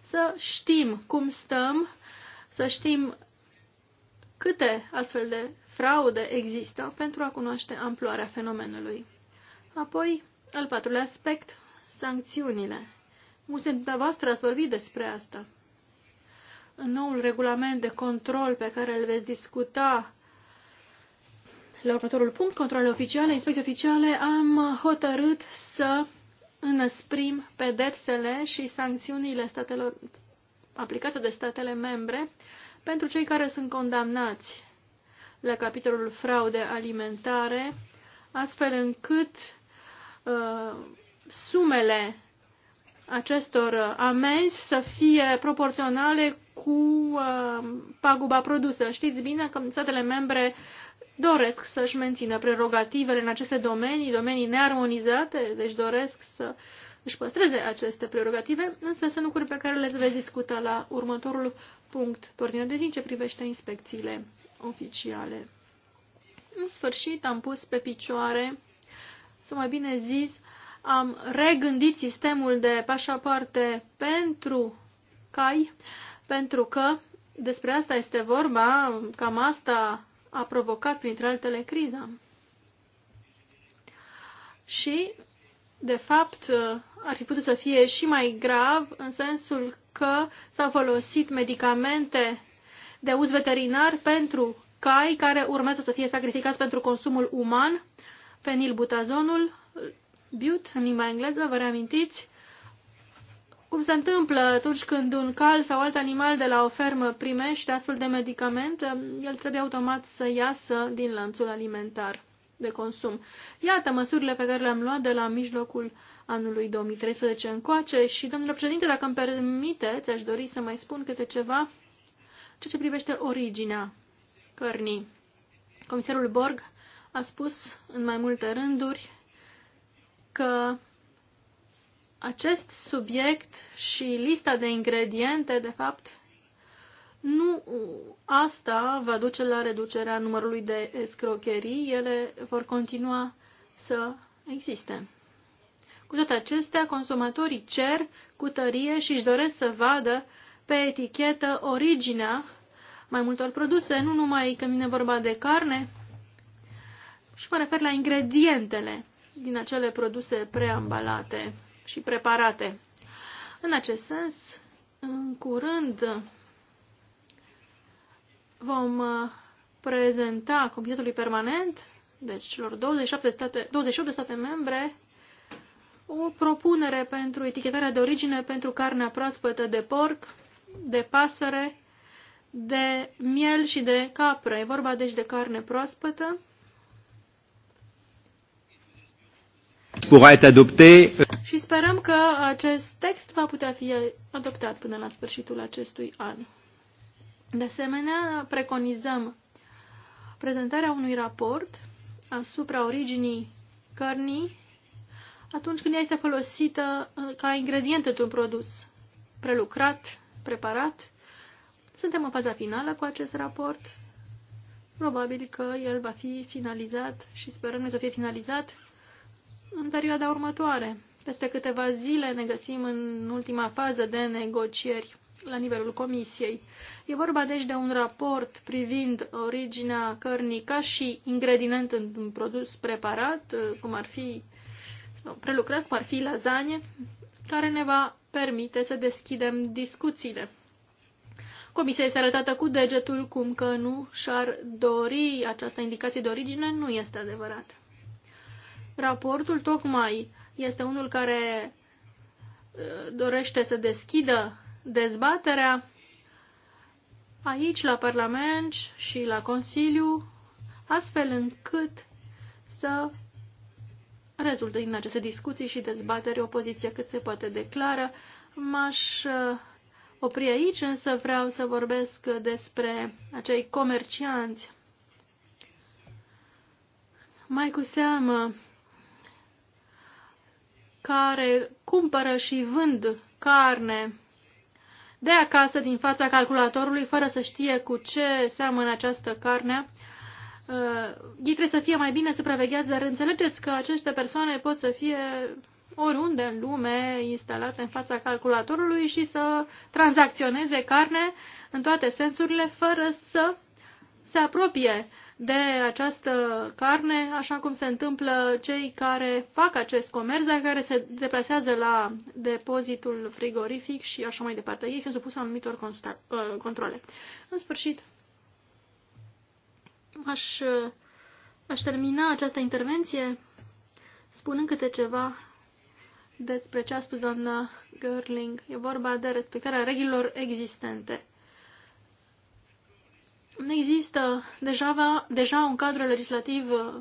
să știm cum stăm, să știm câte astfel de fraude există pentru a cunoaște amploarea fenomenului. Apoi, al patrulea aspect, sancțiunile. Mulți dintre voastre ați vorbit despre asta în noul regulament de control pe care îl veți discuta la următorul punct, controle oficiale, inspecții oficiale, am hotărât să înăsprim pedepsele și sancțiunile statelor aplicate de statele membre pentru cei care sunt condamnați la capitolul fraude alimentare, astfel încât uh, sumele acestor amenzi să fie proporționale cu um, paguba produsă. Știți bine că statele membre doresc să-și mențină prerogativele în aceste domenii, domenii nearmonizate, deci doresc să își păstreze aceste prerogative, însă sunt lucruri pe care le veți discuta la următorul punct pe ordine de zi ce privește inspecțiile oficiale. În sfârșit am pus pe picioare, să mai bine zis, am regândit sistemul de pașapoarte pentru cai, uh, pentru că despre asta este vorba, cam asta a provocat, printre altele, criza. Și, de fapt, ar fi putut să fie și mai grav în sensul că s-au folosit medicamente de uz veterinar pentru cai care urmează să fie sacrificați pentru consumul uman, fenilbutazonul, but, în limba engleză, vă reamintiți, cum se întâmplă atunci când un cal sau alt animal de la o fermă primește astfel de medicament, el trebuie automat să iasă din lanțul alimentar de consum. Iată măsurile pe care le-am luat de la mijlocul anului 2013 încoace și, domnule președinte, dacă îmi permiteți, aș dori să mai spun câte ceva ceea ce privește originea cărnii. Comisarul Borg a spus în mai multe rânduri că acest subiect și lista de ingrediente, de fapt, nu asta va duce la reducerea numărului de escrocherii, ele vor continua să existe. Cu toate acestea, consumatorii cer cu tărie și își doresc să vadă pe etichetă originea mai multor produse, nu numai când vine vorba de carne, și mă refer la ingredientele din acele produse preambalate și preparate. În acest sens, în curând vom uh, prezenta Comitetului Permanent, deci celor 27 state, 28 de state membre, o propunere pentru etichetarea de origine pentru carnea proaspătă de porc, de pasăre, de miel și de capră. E vorba deci de carne proaspătă pourra être adopté. Și sperăm că acest text va putea fi adoptat până la sfârșitul acestui an. De asemenea, preconizăm prezentarea unui raport asupra originii cărnii atunci când ea este folosită uh, ca ingredient într-un produs prelucrat, preparat. Suntem în faza finală cu acest raport. Probabil că el va fi finalizat și sperăm să fie finalizat în perioada următoare. Peste câteva zile ne găsim în ultima fază de negocieri la nivelul comisiei. E vorba deci de un raport privind originea cărnii ca și ingredient în un produs preparat, cum ar fi prelucrat, cum ar fi lasagne, care ne va permite să deschidem discuțiile. Comisia este arătată cu degetul cum că nu și-ar dori această indicație de origine, nu este adevărat. Raportul tocmai este unul care uh, dorește să deschidă dezbaterea aici la Parlament și la Consiliu, astfel încât să rezultă din aceste discuții și dezbateri o poziție cât se poate declară. M-aș uh, opri aici, însă vreau să vorbesc despre acei comercianți. Mai cu seamă care cumpără și vând carne de acasă din fața calculatorului fără să știe cu ce seamănă această carne. Uh, ei trebuie să fie mai bine supravegheați, dar înțelegeți că aceste persoane pot să fie oriunde în lume instalate în fața calculatorului și să tranzacționeze carne în toate sensurile fără să se apropie de această carne, așa cum se întâmplă cei care fac acest comerț, dar care se deplasează la depozitul frigorific și așa mai departe. Ei sunt supuse anumitor uh, controle. În sfârșit, aș, aș termina această intervenție spunând câte ceva despre ce a spus doamna Gerling. E vorba de respectarea regulilor existente există deja, deja un cadru legislativ uh,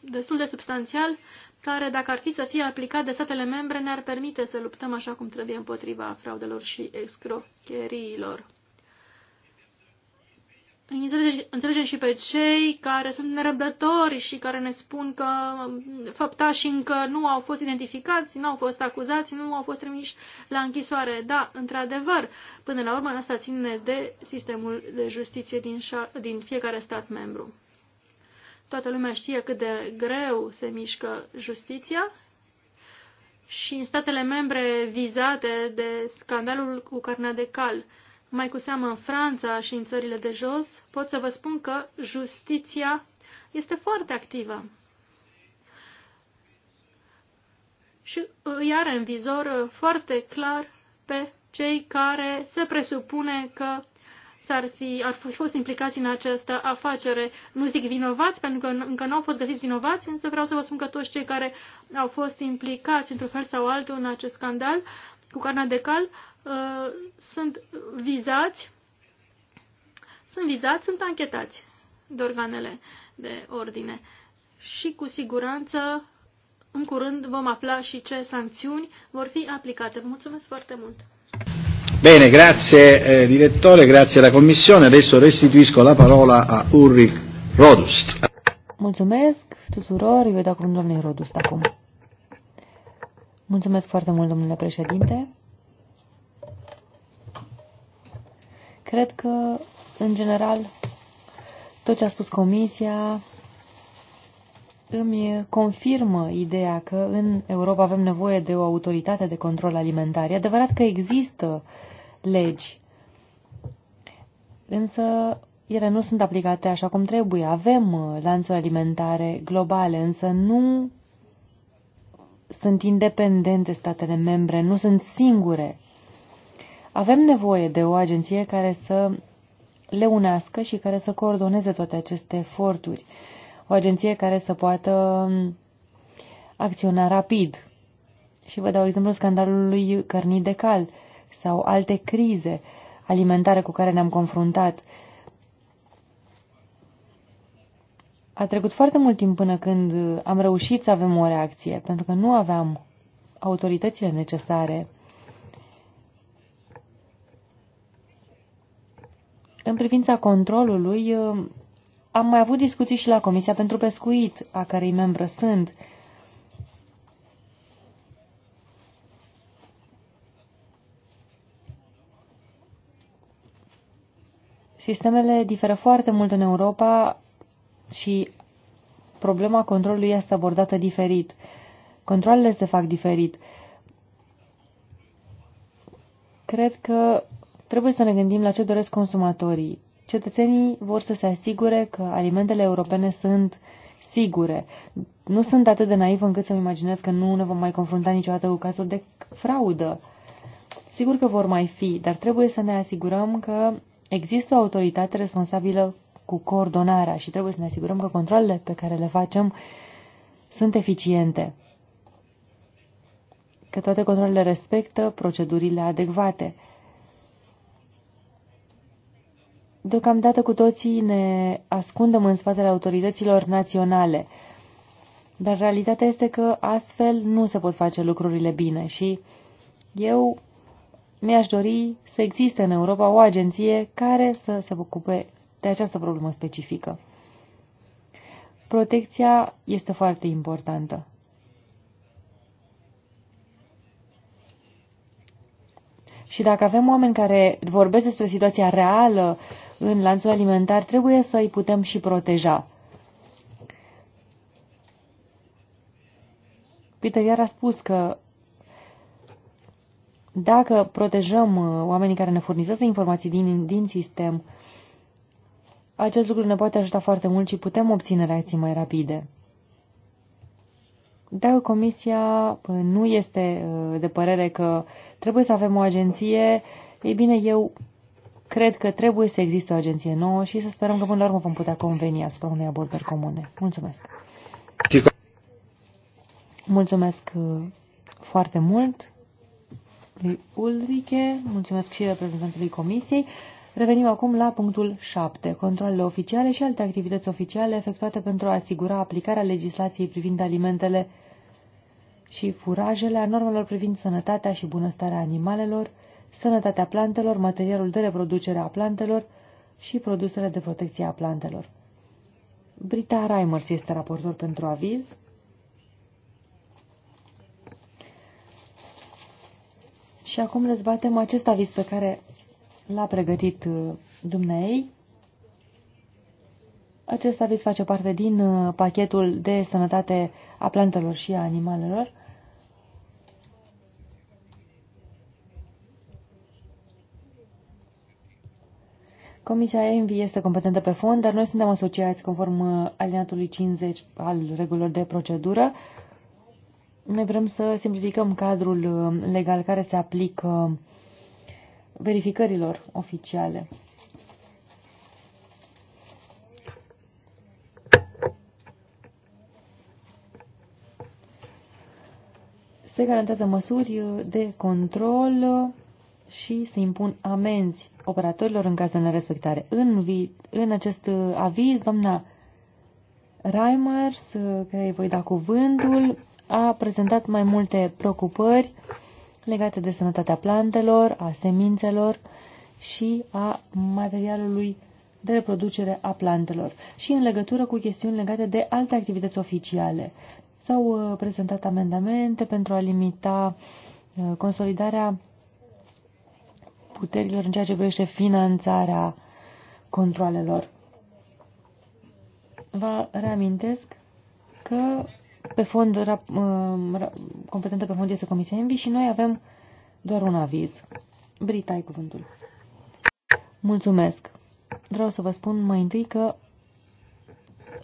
destul de substanțial care, dacă ar fi să fie aplicat de statele membre, ne-ar permite să luptăm așa cum trebuie împotriva fraudelor și escrocheriilor înțelegem și pe cei care sunt nerăbdători și care ne spun că um, făptașii încă nu au fost identificați, nu au fost acuzați, nu au fost trimiși la închisoare. Da, într-adevăr, până la urmă asta ține de sistemul de justiție din, din fiecare stat membru. Toată lumea știe cât de greu se mișcă justiția și în statele membre vizate de scandalul cu carnea de cal mai cu seamă în Franța și în țările de jos, pot să vă spun că justiția este foarte activă. Și îi are în vizor uh, foarte clar pe cei care se presupune că s-ar fi, ar fi fost implicați în această afacere. Nu zic vinovați, pentru că încă nu au fost găsiți vinovați, însă vreau să vă spun că toți cei care au fost implicați într-un fel sau altul în acest scandal cu carnea de cal uh, sunt vizați, sunt vizați, sunt anchetați de organele de ordine. Și cu siguranță, în curând, vom afla și ce sancțiuni vor fi aplicate. Vă mulțumesc foarte mult! Bene, grazie eh, direttore, grazie alla Commissione. Adesso restituisco la parola a Ulrich Rodust. Mulțumesc tuturor, eu dau cu domnul Rodust acum. Mulțumesc foarte mult, domnule președinte. Cred că, în general, tot ce a spus Comisia îmi confirmă ideea că în Europa avem nevoie de o autoritate de control alimentar. E adevărat că există legi, însă ele nu sunt aplicate așa cum trebuie. Avem lanțuri alimentare globale, însă nu sunt independente statele membre, nu sunt singure. Avem nevoie de o agenție care să le unească și care să coordoneze toate aceste eforturi. O agenție care să poată acționa rapid. Și vă dau exemplu scandalului Cărnii de Cal sau alte crize alimentare cu care ne-am confruntat. A trecut foarte mult timp până când am reușit să avem o reacție, pentru că nu aveam autoritățile necesare. În privința controlului, am mai avut discuții și la Comisia pentru Pescuit, a cărei membră sunt. Sistemele diferă foarte mult în Europa, și problema controlului este abordată diferit. Controlele se fac diferit. Cred că trebuie să ne gândim la ce doresc consumatorii. Cetățenii vor să se asigure că alimentele europene sunt sigure. Nu sunt atât de naiv încât să-mi imaginez că nu ne vom mai confrunta niciodată cu cazuri de fraudă. Sigur că vor mai fi, dar trebuie să ne asigurăm că există o autoritate responsabilă cu coordonarea și trebuie să ne asigurăm că controlele pe care le facem sunt eficiente, că toate controlele respectă procedurile adecvate. Deocamdată cu toții ne ascundem în spatele autorităților naționale, dar realitatea este că astfel nu se pot face lucrurile bine și eu mi-aș dori să existe în Europa o agenție care să se ocupe de această problemă specifică. Protecția este foarte importantă. Și dacă avem oameni care vorbesc despre situația reală în lanțul alimentar, trebuie să îi putem și proteja. Peter iar a spus că dacă protejăm uh, oamenii care ne furnizează informații din, din sistem, uh, acest lucru ne poate ajuta foarte mult și putem obține reacții mai rapide. Dacă Comisia nu este uh, de părere că trebuie să avem o agenție, ei bine, eu cred că trebuie să existe o agenție nouă și să sperăm că până la urmă vom putea conveni asupra unei abordări comune. Mulțumesc! Mulțumesc uh, foarte mult lui Ulrike, mulțumesc și reprezentantului Comisiei. Revenim acum la punctul 7. Controlele oficiale și alte activități oficiale efectuate pentru a asigura aplicarea legislației privind alimentele și furajele a normelor privind sănătatea și bunăstarea animalelor, sănătatea plantelor, materialul de reproducere a plantelor și produsele de protecție a plantelor. Brita Reimers este raportor pentru aviz. Și acum răzbatem acest aviz pe care l-a pregătit uh, dumnei. Acesta vis face parte din uh, pachetul de sănătate a plantelor și a animalelor. Comisia ENVI este competentă pe fond, dar noi suntem asociați conform uh, alineatului 50 al regulilor de procedură. Noi vrem să simplificăm cadrul legal care se aplică verificărilor oficiale. Se garantează măsuri de control și se impun amenzi operatorilor în caz de nerespectare. În, vi în acest aviz, doamna Reimers, care îi voi da cuvântul, a prezentat mai multe preocupări legate de sănătatea plantelor, a semințelor și a materialului de reproducere a plantelor și în legătură cu chestiuni legate de alte activități oficiale. S-au uh, prezentat amendamente pentru a limita uh, consolidarea puterilor în ceea ce privește finanțarea controlelor. Vă reamintesc că pe fond, rap, uh, competentă pe fond este Comisia Envi și noi avem doar un aviz. Brita, ai cuvântul. Mulțumesc. Vreau să vă spun mai întâi că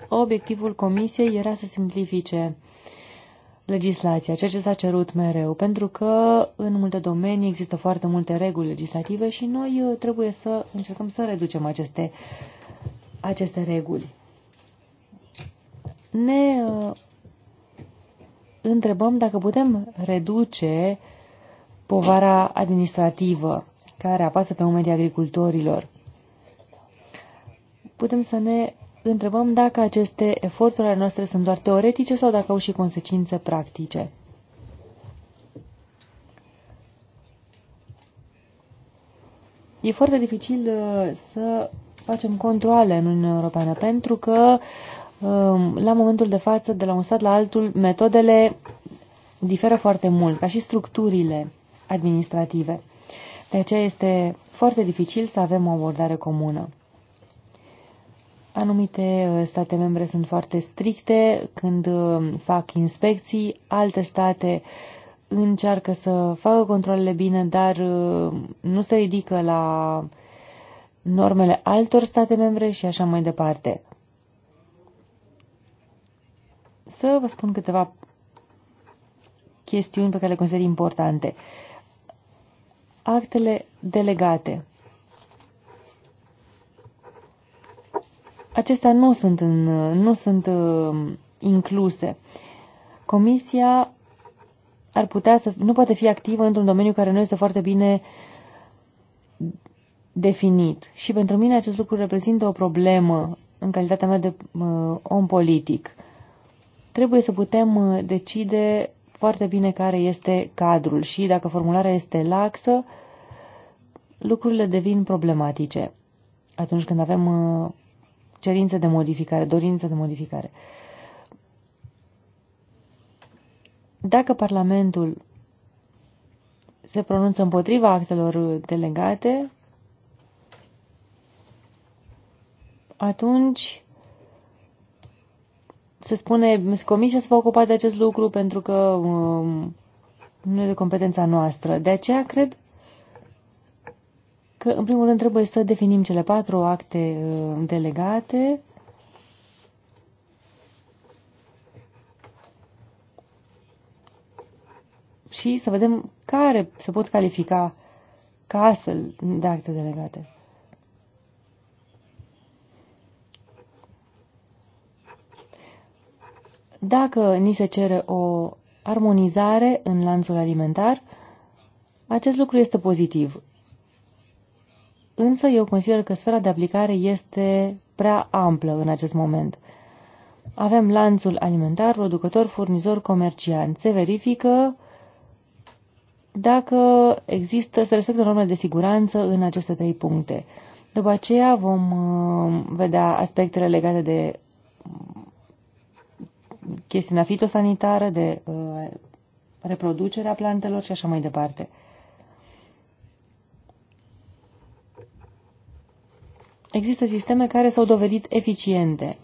obiectivul Comisiei era să simplifice legislația, ceea ce s-a cerut mereu, pentru că în multe domenii există foarte multe reguli legislative și noi uh, trebuie să încercăm să reducem aceste, aceste reguli. Ne uh, întrebăm dacă putem reduce povara administrativă care apasă pe umerii agricultorilor. Putem să ne întrebăm dacă aceste eforturi ale noastre sunt doar teoretice sau dacă au și consecințe practice. E foarte dificil uh, să facem controle în Uniunea Europeană pentru că Um, la momentul de față, de la un stat la altul, metodele diferă foarte mult, ca și structurile administrative. De aceea este foarte dificil să avem o abordare comună. Anumite uh, state membre sunt foarte stricte când uh, fac inspecții, alte state încearcă să facă controlele bine, dar uh, nu se ridică la normele altor state membre și așa mai departe să vă spun câteva chestiuni pe care le consider importante. Actele delegate. Acestea nu sunt, în, nu sunt uh, incluse. Comisia ar putea să nu poate fi activă într-un domeniu care nu este foarte bine definit. Și pentru mine acest lucru reprezintă o problemă în calitatea mea de uh, om politic. Uh, Trebuie să putem uh, decide foarte bine care este cadrul și dacă formularea este laxă, lucrurile devin problematice atunci când avem uh, cerință de modificare, dorință de modificare. Dacă Parlamentul se pronunță împotriva actelor delegate, atunci se spune, comisia se va ocupa de acest lucru pentru că um, nu e de competența noastră. De aceea cred că, în primul rând, trebuie să definim cele patru acte uh, delegate și să vedem care se pot califica ca astfel de acte delegate. Dacă ni se cere o armonizare în lanțul alimentar, acest lucru este pozitiv. Însă eu consider că sfera de aplicare este prea amplă în acest moment. Avem lanțul alimentar, producător, furnizor, comerciant. Se verifică dacă există, se respectă normele de siguranță în aceste trei puncte. După aceea vom uh, vedea aspectele legate de chestiunea fitosanitară, de uh, reproducerea plantelor și așa mai departe. Există sisteme care s-au dovedit eficiente.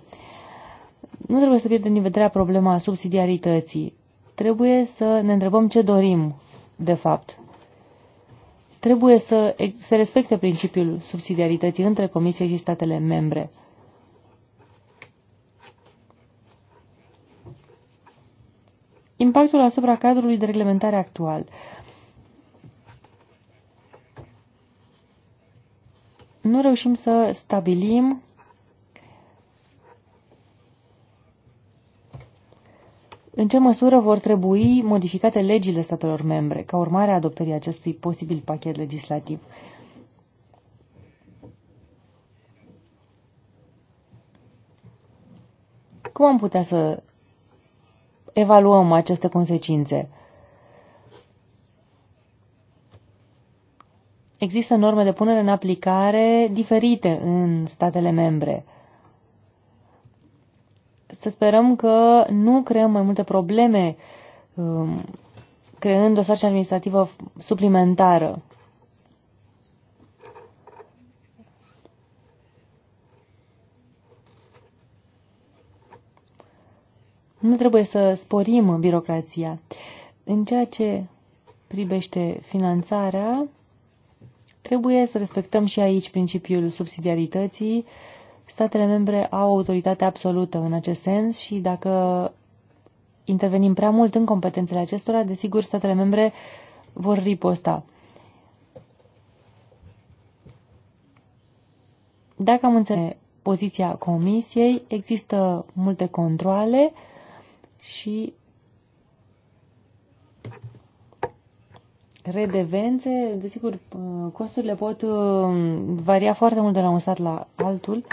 Nu trebuie să pierdem din vedere problema subsidiarității. Trebuie să ne întrebăm ce dorim, de fapt. Trebuie să se respecte principiul subsidiarității între Comisie și statele membre. impactul asupra cadrului de reglementare actual. Nu reușim să stabilim în ce măsură vor trebui modificate legile statelor membre ca urmare a adoptării acestui posibil pachet legislativ. Cum am putea să evaluăm aceste consecințe. Există norme de punere în aplicare diferite în statele membre. Să sperăm că nu creăm mai multe probleme um, creând o sarcină administrativă suplimentară Nu trebuie să sporim birocrația. În ceea ce privește finanțarea, trebuie să respectăm și aici principiul subsidiarității. Statele membre au autoritate absolută în acest sens și dacă intervenim prea mult în competențele acestora, desigur, statele membre vor riposta. Dacă am înțeles poziția Comisiei, există multe controle și redevențe, desigur, costurile pot uh, varia foarte mult de la un stat la altul.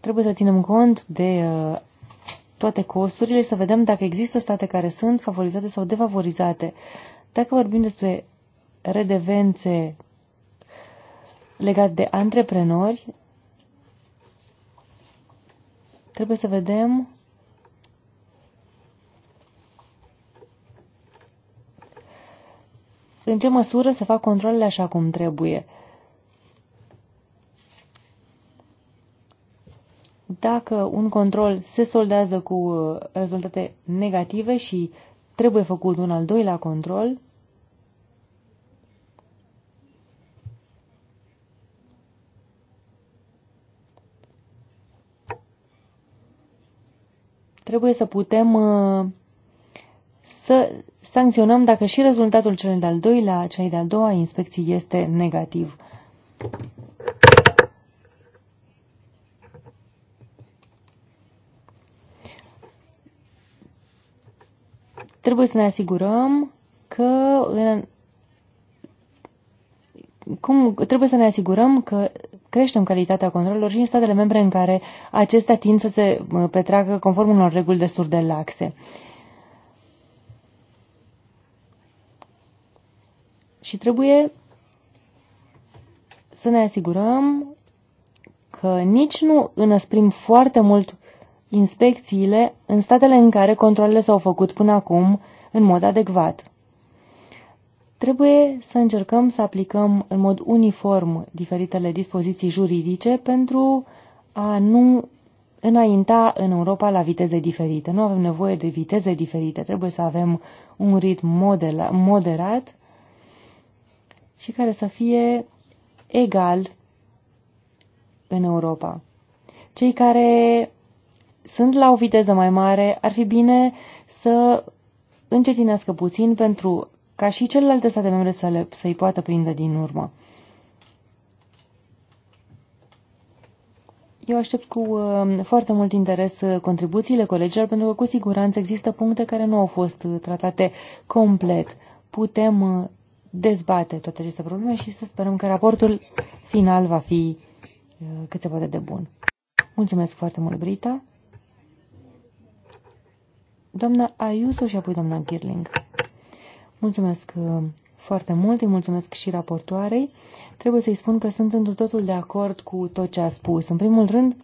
Trebuie să ținem cont de uh, toate costurile și să vedem dacă există state care sunt favorizate sau defavorizate. Dacă vorbim despre redevențe legat de antreprenori, trebuie să vedem în ce măsură se fac controlele așa cum trebuie. Dacă un control se soldează cu rezultate negative și trebuie făcut un al doilea control, Trebuie să putem uh, să sancționăm dacă și rezultatul celui de-al doilea, cel de al doua inspecții este negativ. Trebuie să ne asigurăm că în, cum, trebuie să ne asigurăm că creștem calitatea controlelor și în statele membre în care acestea tind să se petreacă conform unor reguli destul de laxe. Și trebuie să ne asigurăm că nici nu înăsprim foarte mult inspecțiile în statele în care controlele s-au făcut până acum în mod adecvat. Trebuie să încercăm să aplicăm în mod uniform diferitele dispoziții juridice pentru a nu înainta în Europa la viteze diferite. Nu avem nevoie de viteze diferite, trebuie să avem un ritm moderat și care să fie egal în Europa. Cei care sunt la o viteză mai mare ar fi bine să încetinească puțin pentru ca și celelalte state membre să le, să-i poată prinde din urmă. Eu aștept cu uh, foarte mult interes uh, contribuțiile colegilor, pentru că cu siguranță există puncte care nu au fost uh, tratate complet. Putem uh, dezbate toate aceste probleme și să sperăm că raportul final va fi uh, cât se poate de bun. Mulțumesc foarte mult, Brita. Doamna Ayuso și apoi doamna Girling. Mulțumesc uh, foarte mult, îi mulțumesc și raportoarei. Trebuie să-i spun că sunt într totul de acord cu tot ce a spus. În primul rând,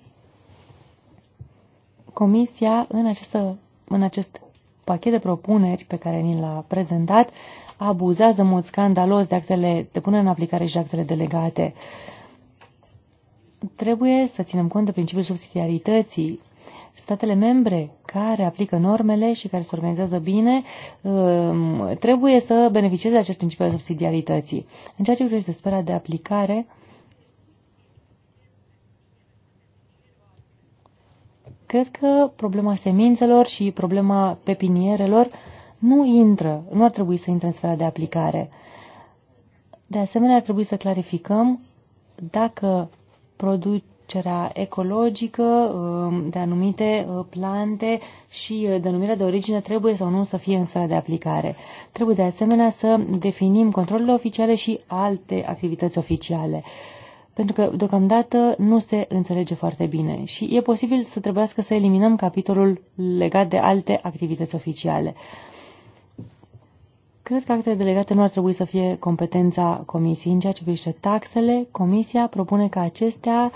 Comisia în, această, în acest pachet de propuneri pe care ni l-a prezentat abuzează în mod scandalos de actele de punere în aplicare și de actele delegate. Trebuie să ținem cont de principiul subsidiarității statele membre care aplică normele și care se organizează bine um, trebuie să beneficieze de acest principiu al subsidiarității. În ceea ce privește sfera de aplicare, cred că problema semințelor și problema pepinierelor nu intră, nu ar trebui să intre în sfera de aplicare. De asemenea, ar trebui să clarificăm dacă produ- cerea ecologică um, de anumite uh, plante și uh, denumirea de origine trebuie sau nu să fie în sala de aplicare. Trebuie de asemenea să definim controlele oficiale și alte activități oficiale pentru că deocamdată nu se înțelege foarte bine și e posibil să trebuiască să eliminăm capitolul legat de alte activități oficiale. Cred că actele delegate nu ar trebui să fie competența comisiei. În ceea ce privește taxele, comisia propune ca acestea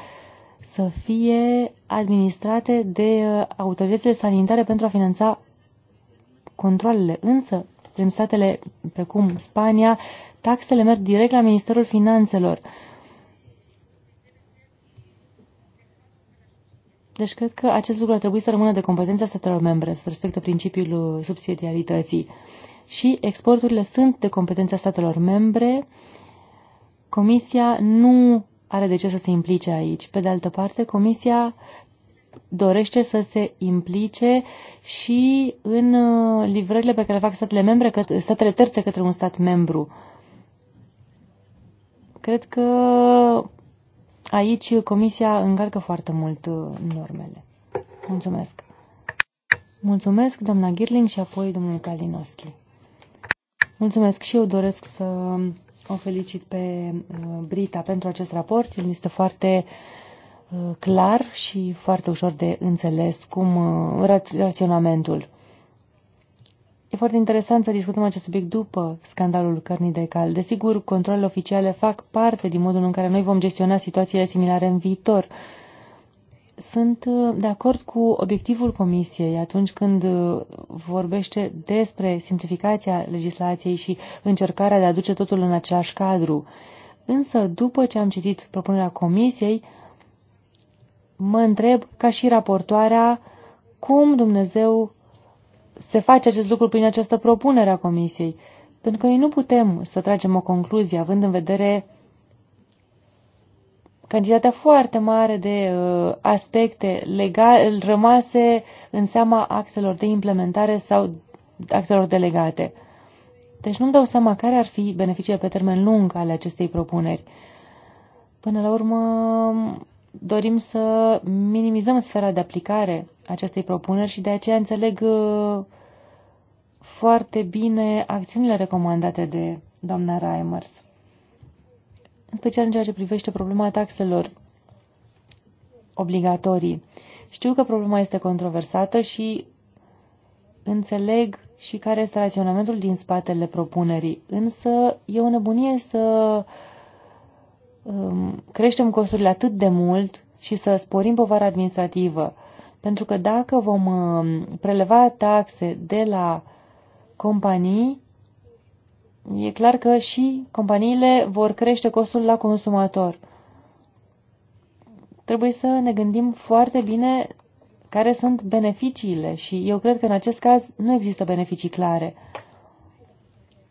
să fie administrate de uh, autoritățile sanitare pentru a finanța controlele. Însă, în statele precum Spania, taxele merg direct la Ministerul Finanțelor. Deci cred că acest lucru ar trebui să rămână de competența statelor membre, să respectă principiul subsidiarității. Și exporturile sunt de competența statelor membre. Comisia nu are de ce să se implice aici. Pe de altă parte, Comisia dorește să se implice și în uh, livrările pe care le fac statele, membre, statele terțe către un stat membru. Cred că aici Comisia încarcă foarte mult uh, normele. Mulțumesc. Mulțumesc, doamna Girling și apoi domnul Kalinowski. Mulțumesc și eu doresc să o felicit pe uh, Brita pentru acest raport. El este foarte uh, clar și foarte ușor de înțeles cum uh, raționamentul. E foarte interesant să discutăm acest subiect după scandalul cărnii de cal. Desigur, controlele oficiale fac parte din modul în care noi vom gestiona situațiile similare în viitor. Sunt uh, de acord cu obiectivul Comisiei atunci când uh, vorbește despre simplificația legislației și încercarea de a aduce totul în același cadru. Însă, după ce am citit propunerea Comisiei, mă întreb, ca și raportoarea, cum Dumnezeu se face acest lucru prin această propunere a Comisiei. Pentru că noi nu putem să tragem o concluzie, având în vedere cantitatea foarte mare de uh, aspecte legale rămase în seama actelor de implementare sau actelor delegate. Deci nu-mi dau seama care ar fi beneficiile pe termen lung ale acestei propuneri. Până la urmă, dorim să minimizăm sfera de aplicare acestei propuneri și de aceea înțeleg uh, foarte bine acțiunile recomandate de doamna Reimers în special în ceea ce privește problema taxelor obligatorii. Știu că problema este controversată și înțeleg și care este raționamentul din spatele propunerii, însă e o nebunie să um, creștem costurile atât de mult și să sporim povara administrativă. Pentru că dacă vom um, preleva taxe de la companii, e clar că și companiile vor crește costul la consumator. Trebuie să ne gândim foarte bine care sunt beneficiile și eu cred că în acest caz nu există beneficii clare.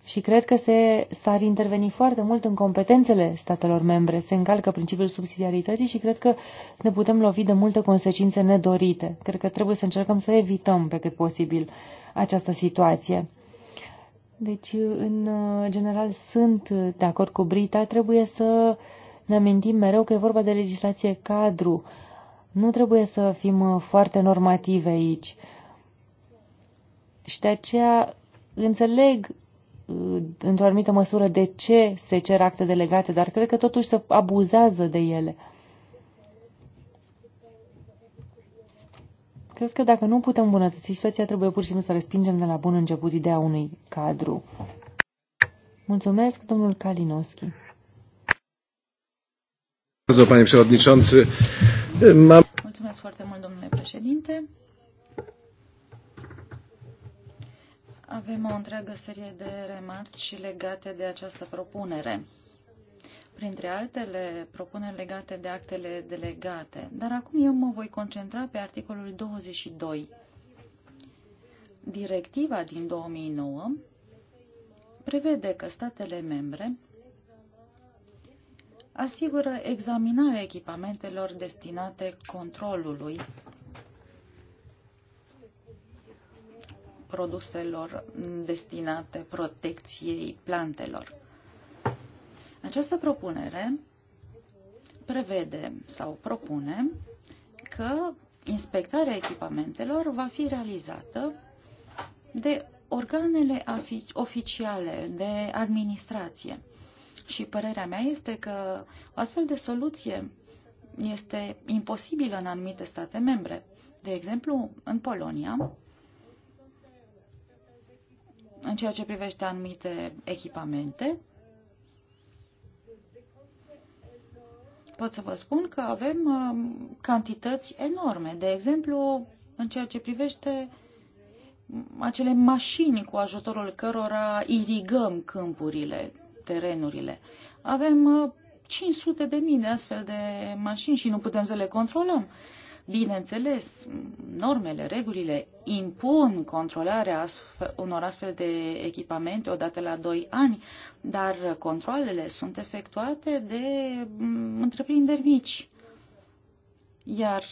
Și cred că se, s-ar interveni foarte mult în competențele statelor membre, se încalcă principiul subsidiarității și cred că ne putem lovi de multe consecințe nedorite. Cred că trebuie să încercăm să evităm pe cât posibil această situație. Deci, în uh, general, sunt de acord cu Brita. Trebuie să ne amintim mereu că e vorba de legislație cadru. Nu trebuie să fim uh, foarte normative aici. Și de aceea înțeleg uh, într-o anumită măsură de ce se cer acte delegate, dar cred că totuși se abuzează de ele. Cred că dacă nu putem îmbunătăți situația, trebuie pur și simplu să respingem de la bun început ideea unui cadru. Mulțumesc, domnul Kalinowski. Mulțumesc foarte mult, domnule președinte. Avem o întreagă serie de remarci legate de această propunere printre altele, propuneri legate de actele delegate. Dar acum eu mă voi concentra pe articolul 22. Directiva din 2009 prevede că statele membre asigură examinarea echipamentelor destinate controlului produselor destinate protecției plantelor. Această propunere prevede sau propune că inspectarea echipamentelor va fi realizată de organele oficiale de administrație. Și părerea mea este că o astfel de soluție este imposibilă în anumite state membre. De exemplu, în Polonia, în ceea ce privește anumite echipamente, pot să vă spun că avem um, cantități enorme. De exemplu, în ceea ce privește acele mașini cu ajutorul cărora irigăm câmpurile, terenurile. Avem 500 uh, de mii de astfel de mașini și nu putem să le controlăm. Bineînțeles, normele, regulile impun controlarea unor astfel de echipamente odată la 2 ani, dar controlele sunt efectuate de mm, întreprinderi mici. Iar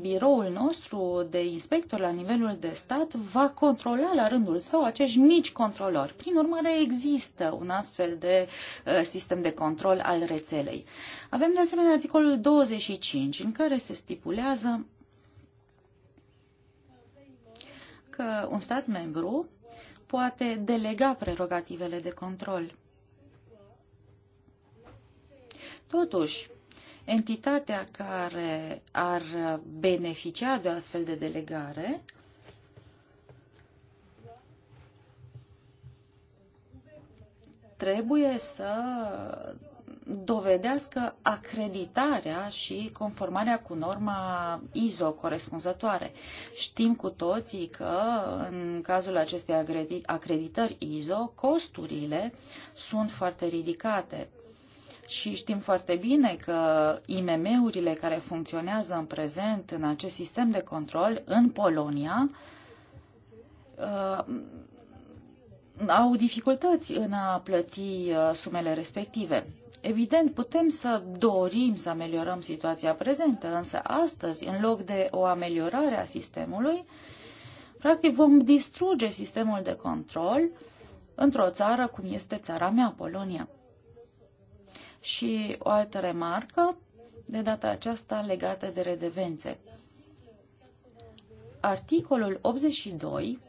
biroul nostru de inspector la nivelul de stat va controla la rândul său acești mici controlori. Prin urmare, există un astfel de uh, sistem de control al rețelei. Avem de asemenea articolul 25, în care se stipulează că un stat membru poate delega prerogativele de control. Totuși, Entitatea care ar beneficia de astfel de delegare trebuie să dovedească acreditarea și conformarea cu norma ISO corespunzătoare. Știm cu toții că în cazul acestei acreditări ISO, costurile sunt foarte ridicate. Și știm foarte bine că IMM-urile care funcționează în prezent în acest sistem de control în Polonia uh, au dificultăți în a plăti uh, sumele respective. Evident, putem să dorim să ameliorăm situația prezentă, însă astăzi, în loc de o ameliorare a sistemului, practic vom distruge sistemul de control într-o țară cum este țara mea, Polonia. Și o altă remarcă, de data aceasta legată de redevențe. Articolul 82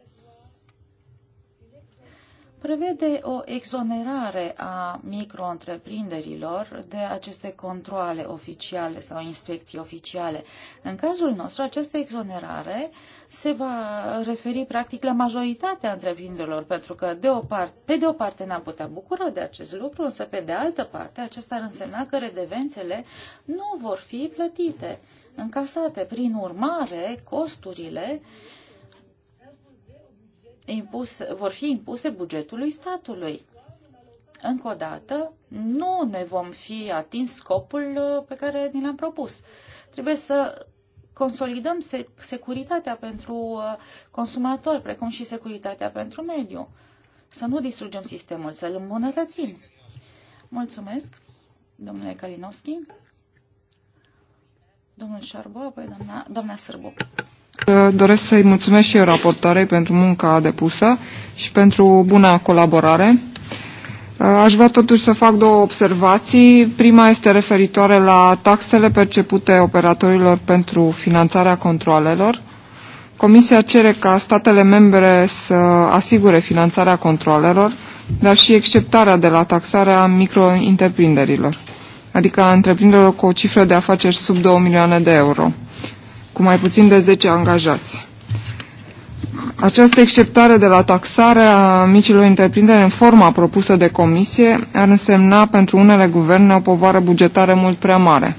prevede o exonerare a micro-întreprinderilor de aceste controle oficiale sau inspecții oficiale. În cazul nostru, această exonerare se va referi practic la majoritatea întreprinderilor, pentru că de o part, pe de o parte n am putea bucura de acest lucru, însă pe de altă parte acesta ar însemna că redevențele nu vor fi plătite, încasate. Prin urmare, costurile uh, impus, vor fi impuse bugetului statului. Încă o dată, nu ne vom fi atins scopul uh, pe care ni l-am propus. Trebuie să consolidăm securitatea pentru uh, consumatori, precum și securitatea pentru mediu. Să nu distrugem sistemul, să-l îmbunătățim. Mulțumesc, domnule Kalinowski. Domnul Șarbo, apoi doamna, doamna Sârbu. Doresc să-i mulțumesc și eu raportoarei pentru munca depusă și pentru buna colaborare. Uh, aș vrea totuși să fac două observații. Prima este referitoare la taxele percepute operatorilor pentru finanțarea controalelor. Comisia cere ca statele membre să asigure finanțarea controalelor, dar și exceptarea de la taxarea micro-întreprinderilor, adică a întreprinderilor cu o cifră de afaceri sub 2 milioane de euro cu mai puțin de 10 angajați. Această exceptare de la taxare a micilor întreprinderi în forma propusă de comisie ar însemna pentru unele guverne o povară bugetară mult prea mare.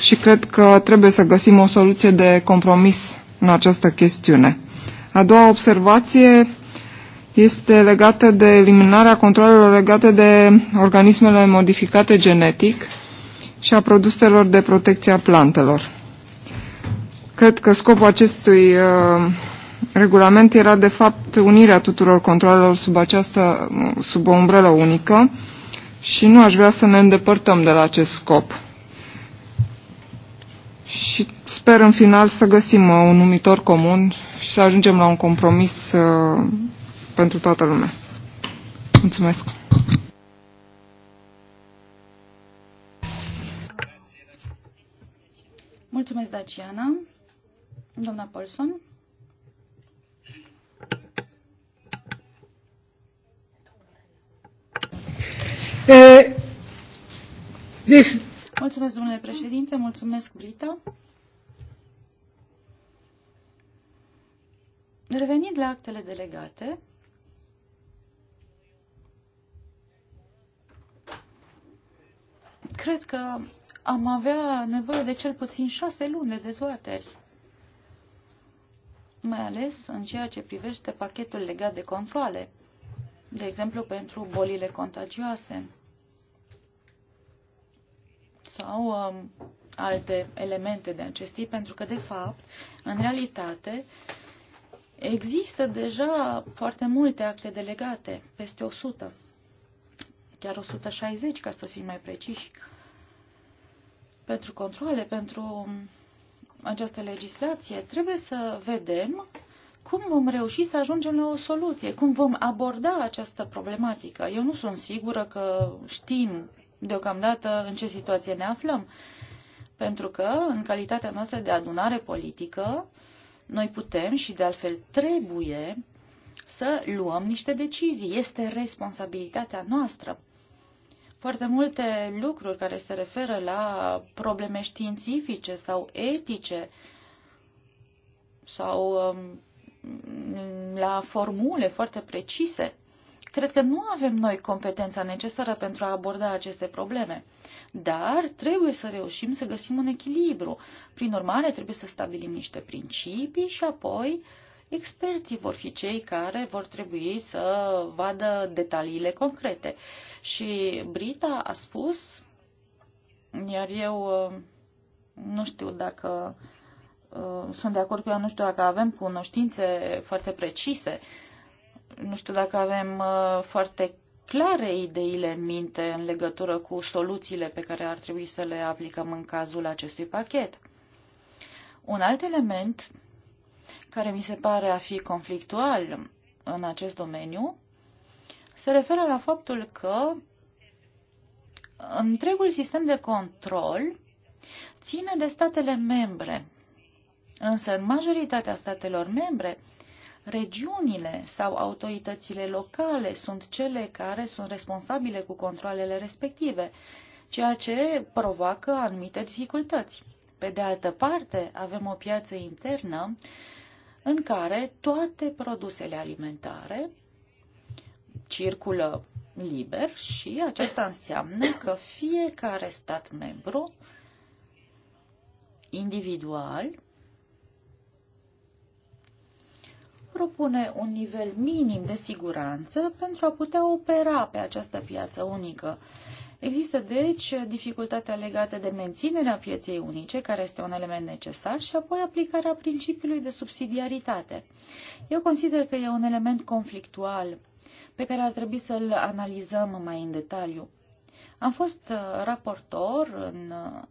Și cred că trebuie să găsim o soluție de compromis în această chestiune. A doua observație este legată de eliminarea controlelor legate de organismele modificate genetic și a produselor de protecție a plantelor. Cred că scopul acestui uh, regulament era de fapt unirea tuturor controlelor sub, această, uh, sub o umbrelă unică și nu aș vrea să ne îndepărtăm de la acest scop. Și sper în final să găsim uh, un numitor comun și să ajungem la un compromis uh, pentru toată lumea. Mulțumesc! Mulțumesc, Daciana! Doamna Paulson. Eh, mulțumesc, domnule președinte, mulțumesc, Brita. Revenind la actele delegate, cred că am avea nevoie de cel puțin șase luni de dezbateri mai ales în ceea ce privește pachetul legat de controle, de exemplu pentru bolile contagioase sau um, alte elemente de acest tip, pentru că, de fapt, în realitate, există deja foarte multe acte delegate, peste 100, chiar 160, ca să fim mai preciși, pentru controle, pentru um, această legislație, trebuie să vedem cum vom reuși să ajungem la o soluție, cum vom aborda această problematică. Eu nu sunt sigură că știm deocamdată în ce situație ne aflăm, pentru că, în calitatea noastră de adunare politică, noi putem și, de altfel, trebuie să luăm niște decizii. Este responsabilitatea noastră foarte multe lucruri care se referă la probleme științifice sau etice sau um, la formule foarte precise. Cred că nu avem noi competența necesară pentru a aborda aceste probleme, dar trebuie să reușim să găsim un echilibru. Prin urmare, trebuie să stabilim niște principii și apoi uh, Experții vor fi cei care vor trebui să vadă detaliile concrete. Și Brita a spus, iar eu uh, nu știu dacă uh, sunt de acord cu ea, nu știu dacă avem cunoștințe foarte precise, nu știu dacă avem uh, foarte clare ideile în minte în legătură cu soluțiile pe care ar trebui să le aplicăm în cazul acestui pachet. Un alt element care mi se pare a fi conflictual în acest domeniu, se referă la faptul că întregul sistem de control ține de statele membre. Însă, în majoritatea statelor membre, regiunile sau autoritățile locale sunt cele care sunt responsabile cu controlele respective, ceea ce provoacă anumite dificultăți. Pe de altă parte, avem o piață internă în care toate produsele alimentare circulă liber și aceasta înseamnă că fiecare stat membru individual propune un nivel minim de siguranță pentru a putea opera pe această piață unică Există, deci, dificultatea legată de menținerea pieței unice, care este un element necesar, și apoi aplicarea principiului de subsidiaritate. Eu consider că e un element conflictual pe care ar trebui să-l analizăm mai în detaliu. Am fost uh, raportor în, uh,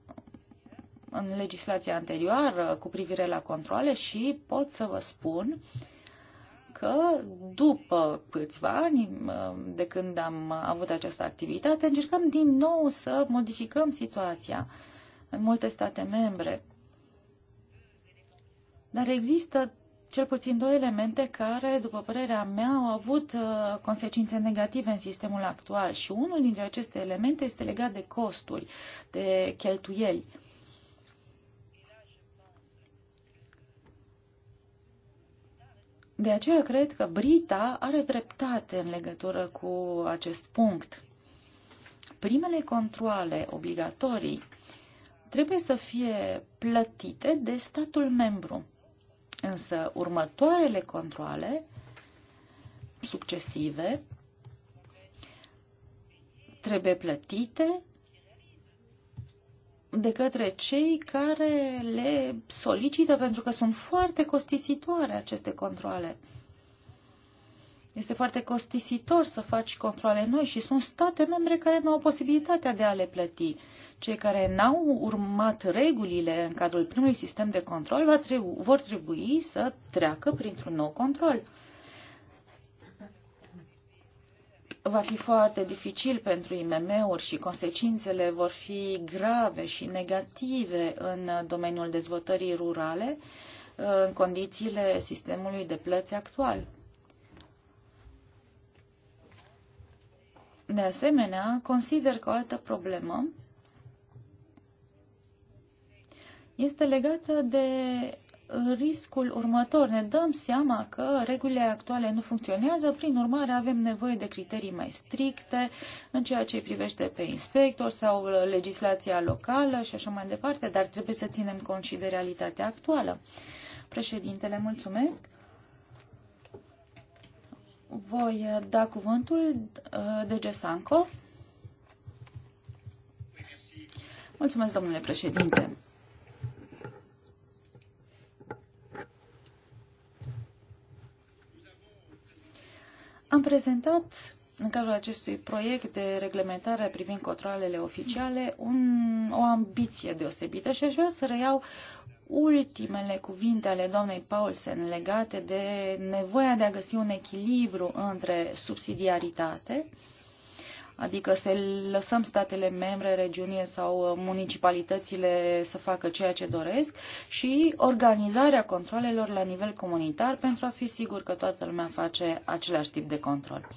în legislația anterioară cu privire la controle și pot să vă spun că după câțiva ani uh, de când am avut această activitate, încercăm din nou să modificăm situația în multe state membre. Dar există cel puțin două elemente care, după părerea mea, au avut uh, consecințe negative în sistemul actual și unul dintre aceste elemente este legat de costuri, de cheltuieli. De aceea cred că Brita are dreptate în legătură cu acest punct. Primele controle obligatorii trebuie să fie plătite de statul membru, însă următoarele controle succesive trebuie plătite de către cei care le solicită pentru că sunt foarte costisitoare aceste controle. Este foarte costisitor să faci controle noi și sunt state membre care nu au posibilitatea de a le plăti. Cei care n-au urmat regulile în cadrul primului sistem de control va trebu- vor trebui să treacă printr-un nou control. va fi foarte dificil pentru IMM-uri și consecințele vor fi grave și negative în domeniul dezvoltării rurale în condițiile sistemului de plăți actual. De asemenea, consider că o altă problemă este legată de riscul următor. Ne dăm seama că regulile actuale nu funcționează, prin urmare avem nevoie de criterii mai stricte în ceea ce privește pe inspector sau legislația locală și așa mai departe, dar trebuie să ținem cont și de realitatea actuală. Președintele, mulțumesc. Voi da cuvântul uh, de Gesanco. Mulțumesc, domnule președinte. Am prezentat în cadrul acestui proiect de reglementare privind controlele oficiale un, o ambiție deosebită și aș vrea să reiau ultimele cuvinte ale doamnei Paulsen legate de nevoia de a găsi un echilibru între subsidiaritate, uh, adică să lăsăm statele membre, regiunile sau uh, municipalitățile să facă ceea ce doresc și organizarea controlelor la nivel comunitar pentru a fi sigur că toată lumea face același tip de control.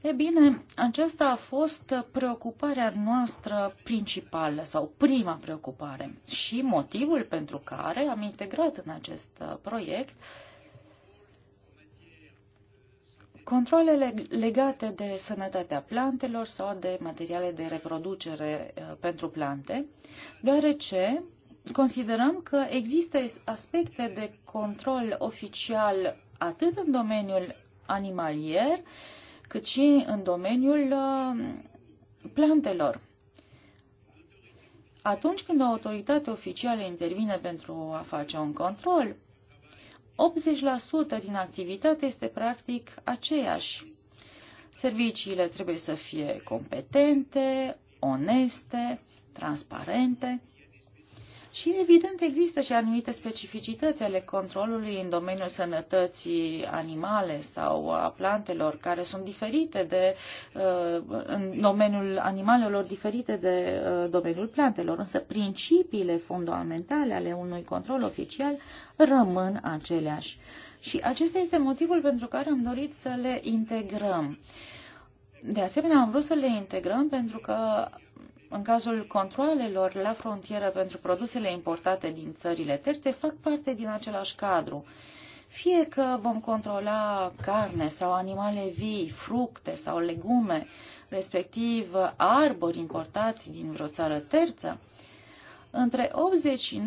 E bine, aceasta a fost preocuparea noastră principală sau prima preocupare și motivul pentru care am integrat în acest uh, proiect Controlele legate de sănătatea plantelor sau de materiale de reproducere uh, pentru plante, deoarece considerăm că există aspecte de control oficial atât în domeniul animalier, cât și în domeniul uh, plantelor. Atunci când o autoritate oficială intervine pentru a face un control, 80% din activitate este practic aceeași. Serviciile trebuie să fie competente, oneste, transparente și, evident, există și anumite specificități ale controlului în domeniul sănătății animale sau a plantelor, care sunt diferite de, uh, în domeniul animalelor, diferite de uh, domeniul plantelor. Însă principiile fundamentale ale unui control oficial rămân aceleași. Și acesta este motivul pentru care am dorit să le integrăm. De asemenea, am vrut să le integrăm pentru că în cazul controalelor la frontieră pentru produsele importate din țările terțe, fac parte din același cadru. Fie că vom controla carne sau animale vii, fructe sau legume, respectiv arbori importați din vreo țară terță, între 80 și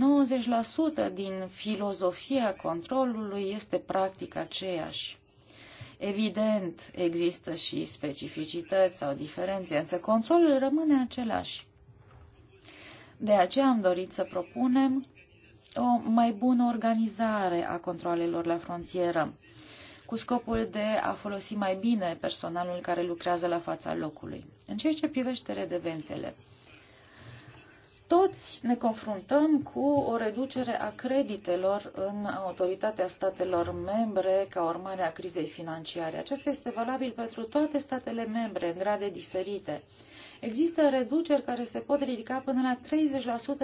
90% din filozofia controlului este practic aceeași. Evident, există și specificități sau diferențe, însă controlul rămâne același. De aceea am dorit să propunem o mai bună organizare a controlelor la frontieră, cu scopul de a folosi mai bine personalul care lucrează la fața locului. În ceea ce privește redevențele, toți ne confruntăm cu o reducere a creditelor în autoritatea statelor membre ca urmare a crizei financiare. Aceasta este valabil pentru toate statele membre în grade diferite. Există reduceri care se pot ridica până la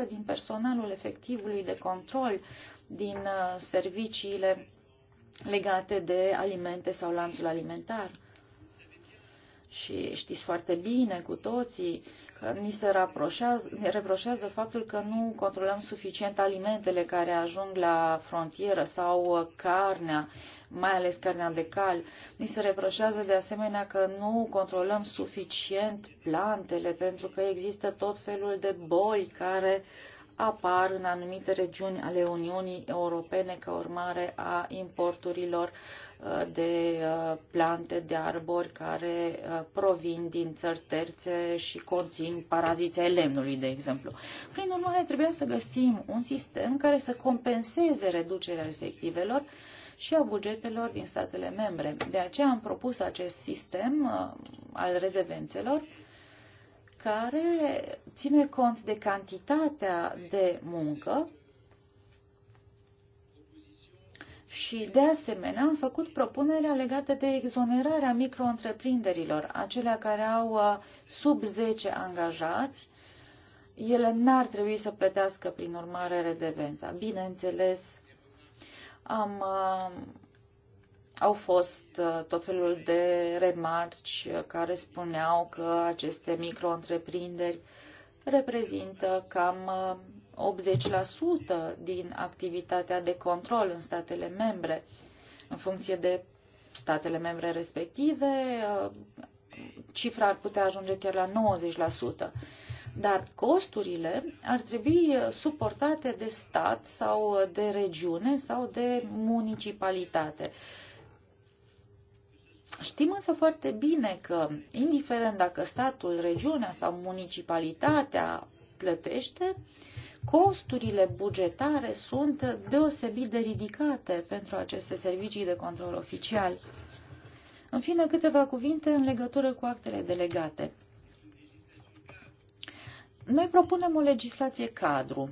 30% din personalul efectivului de control din uh, serviciile legate de alimente sau lanțul alimentar. Și știți foarte bine cu toții ni se reproșează, faptul că nu controlăm suficient alimentele care ajung la frontieră sau carnea, mai ales carnea de cal. Ni se reproșează de asemenea că nu controlăm suficient plantele pentru că există tot felul de boli care apar în anumite regiuni ale Uniunii Europene ca urmare a importurilor uh, de uh, plante, de arbori care uh, provin din țări terțe și conțin paraziții ai lemnului, de exemplu. Prin urmare, trebuie să găsim un sistem care să compenseze reducerea efectivelor și a bugetelor din statele membre. De aceea am propus acest sistem al redevențelor care ține cont de cantitatea de muncă și, de asemenea, am făcut propunerea legată de exonerarea micro-întreprinderilor, acelea care au uh, sub 10 angajați, ele n-ar trebui să plătească, prin urmare, redevența. Bineînțeles, am uh, au fost uh, tot felul de remarci uh, care spuneau că aceste micro-întreprinderi reprezintă cam 80% uh, din activitatea de control în statele membre. În funcție de statele membre respective, cifra ar putea ajunge chiar la 90%. Dar costurile ar trebui suportate de stat sau de regiune sau de municipalitate. Știm însă foarte bine că, indiferent dacă statul, regiunea sau municipalitatea plătește, costurile bugetare sunt deosebit de ridicate pentru aceste servicii de control oficial. În fine, câteva cuvinte în legătură cu actele delegate. Noi propunem o legislație cadru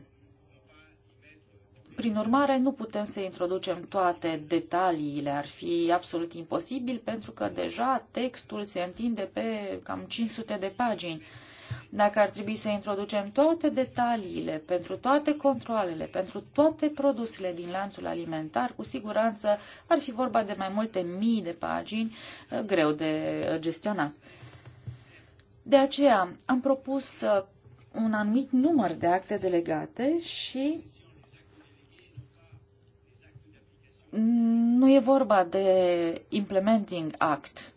prin urmare, nu putem să introducem toate detaliile, ar fi absolut imposibil, pentru că deja textul se întinde pe cam 500 de pagini. Dacă ar trebui să introducem toate detaliile, pentru toate controlele, pentru toate produsele din lanțul alimentar, cu siguranță ar fi vorba de mai multe mii de pagini, eh, greu de eh, gestionat. De aceea am propus eh, un anumit număr de acte delegate și nu e vorba de implementing act,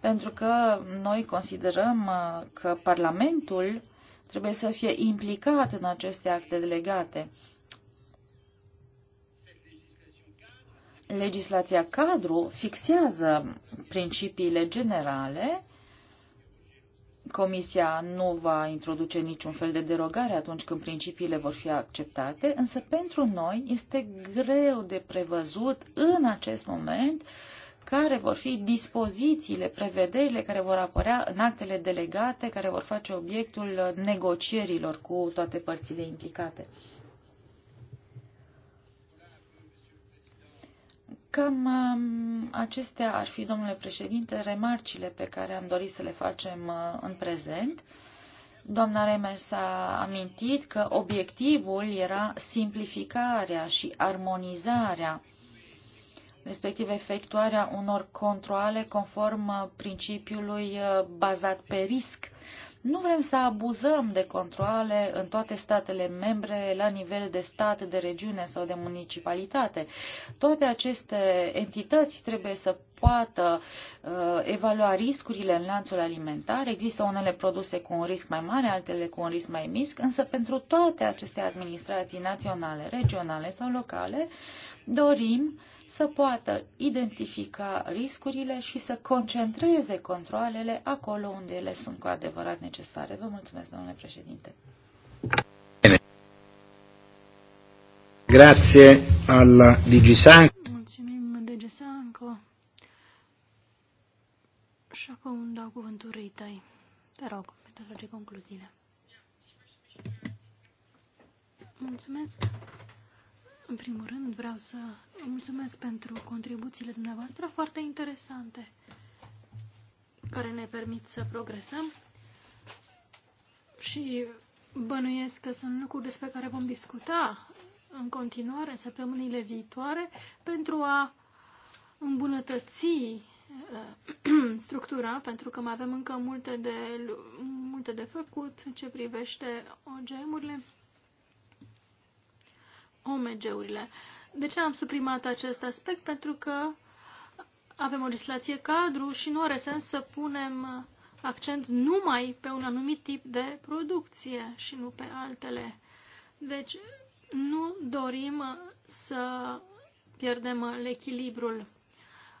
pentru că noi considerăm uh, că Parlamentul trebuie să fie implicat în aceste acte delegate. Legislația cadru fixează principiile generale Comisia nu va introduce niciun fel de derogare atunci când principiile vor fi acceptate, însă pentru noi este greu de prevăzut în acest moment care vor fi dispozițiile, prevederile care vor apărea în actele delegate, care vor face obiectul negocierilor cu toate părțile implicate. Cam um, acestea ar fi, domnule președinte, remarcile pe care am dorit să le facem uh, în prezent. Doamna s a amintit că obiectivul era simplificarea și armonizarea, respectiv efectuarea unor controle conform uh, principiului uh, bazat pe risc, nu vrem să abuzăm de controle în toate statele membre, la nivel de stat, de regiune sau de municipalitate. Toate aceste entități trebuie să poată uh, evalua riscurile în lanțul alimentar. Există unele produse cu un risc mai mare, altele cu un risc mai mic, însă pentru toate aceste administrații naționale, regionale sau locale, dorim uh, să poată identifica riscurile și să concentreze controlele acolo unde ele sunt cu adevărat necesare. Vă mulțumesc, domnule președinte. Grazie alla DigiSanco. Mulțumim, DigiSanco. Și acum dau cuvântul Ritei. Te rog, pentru a trage concluziile. Mulțumesc. În primul rând vreau să mulțumesc pentru contribuțiile dumneavoastră foarte interesante care ne permit să progresăm și bănuiesc că sunt lucruri despre care vom discuta în continuare, în săptămânile viitoare, pentru a îmbunătăți uh, structura, pentru că mai avem încă multe de, multe de făcut în ce privește OGM-urile. OMG-urile. De ce am suprimat acest aspect? Pentru că avem o legislație cadru și nu are sens să punem accent numai pe un anumit tip de producție și nu pe altele. Deci nu dorim să pierdem echilibrul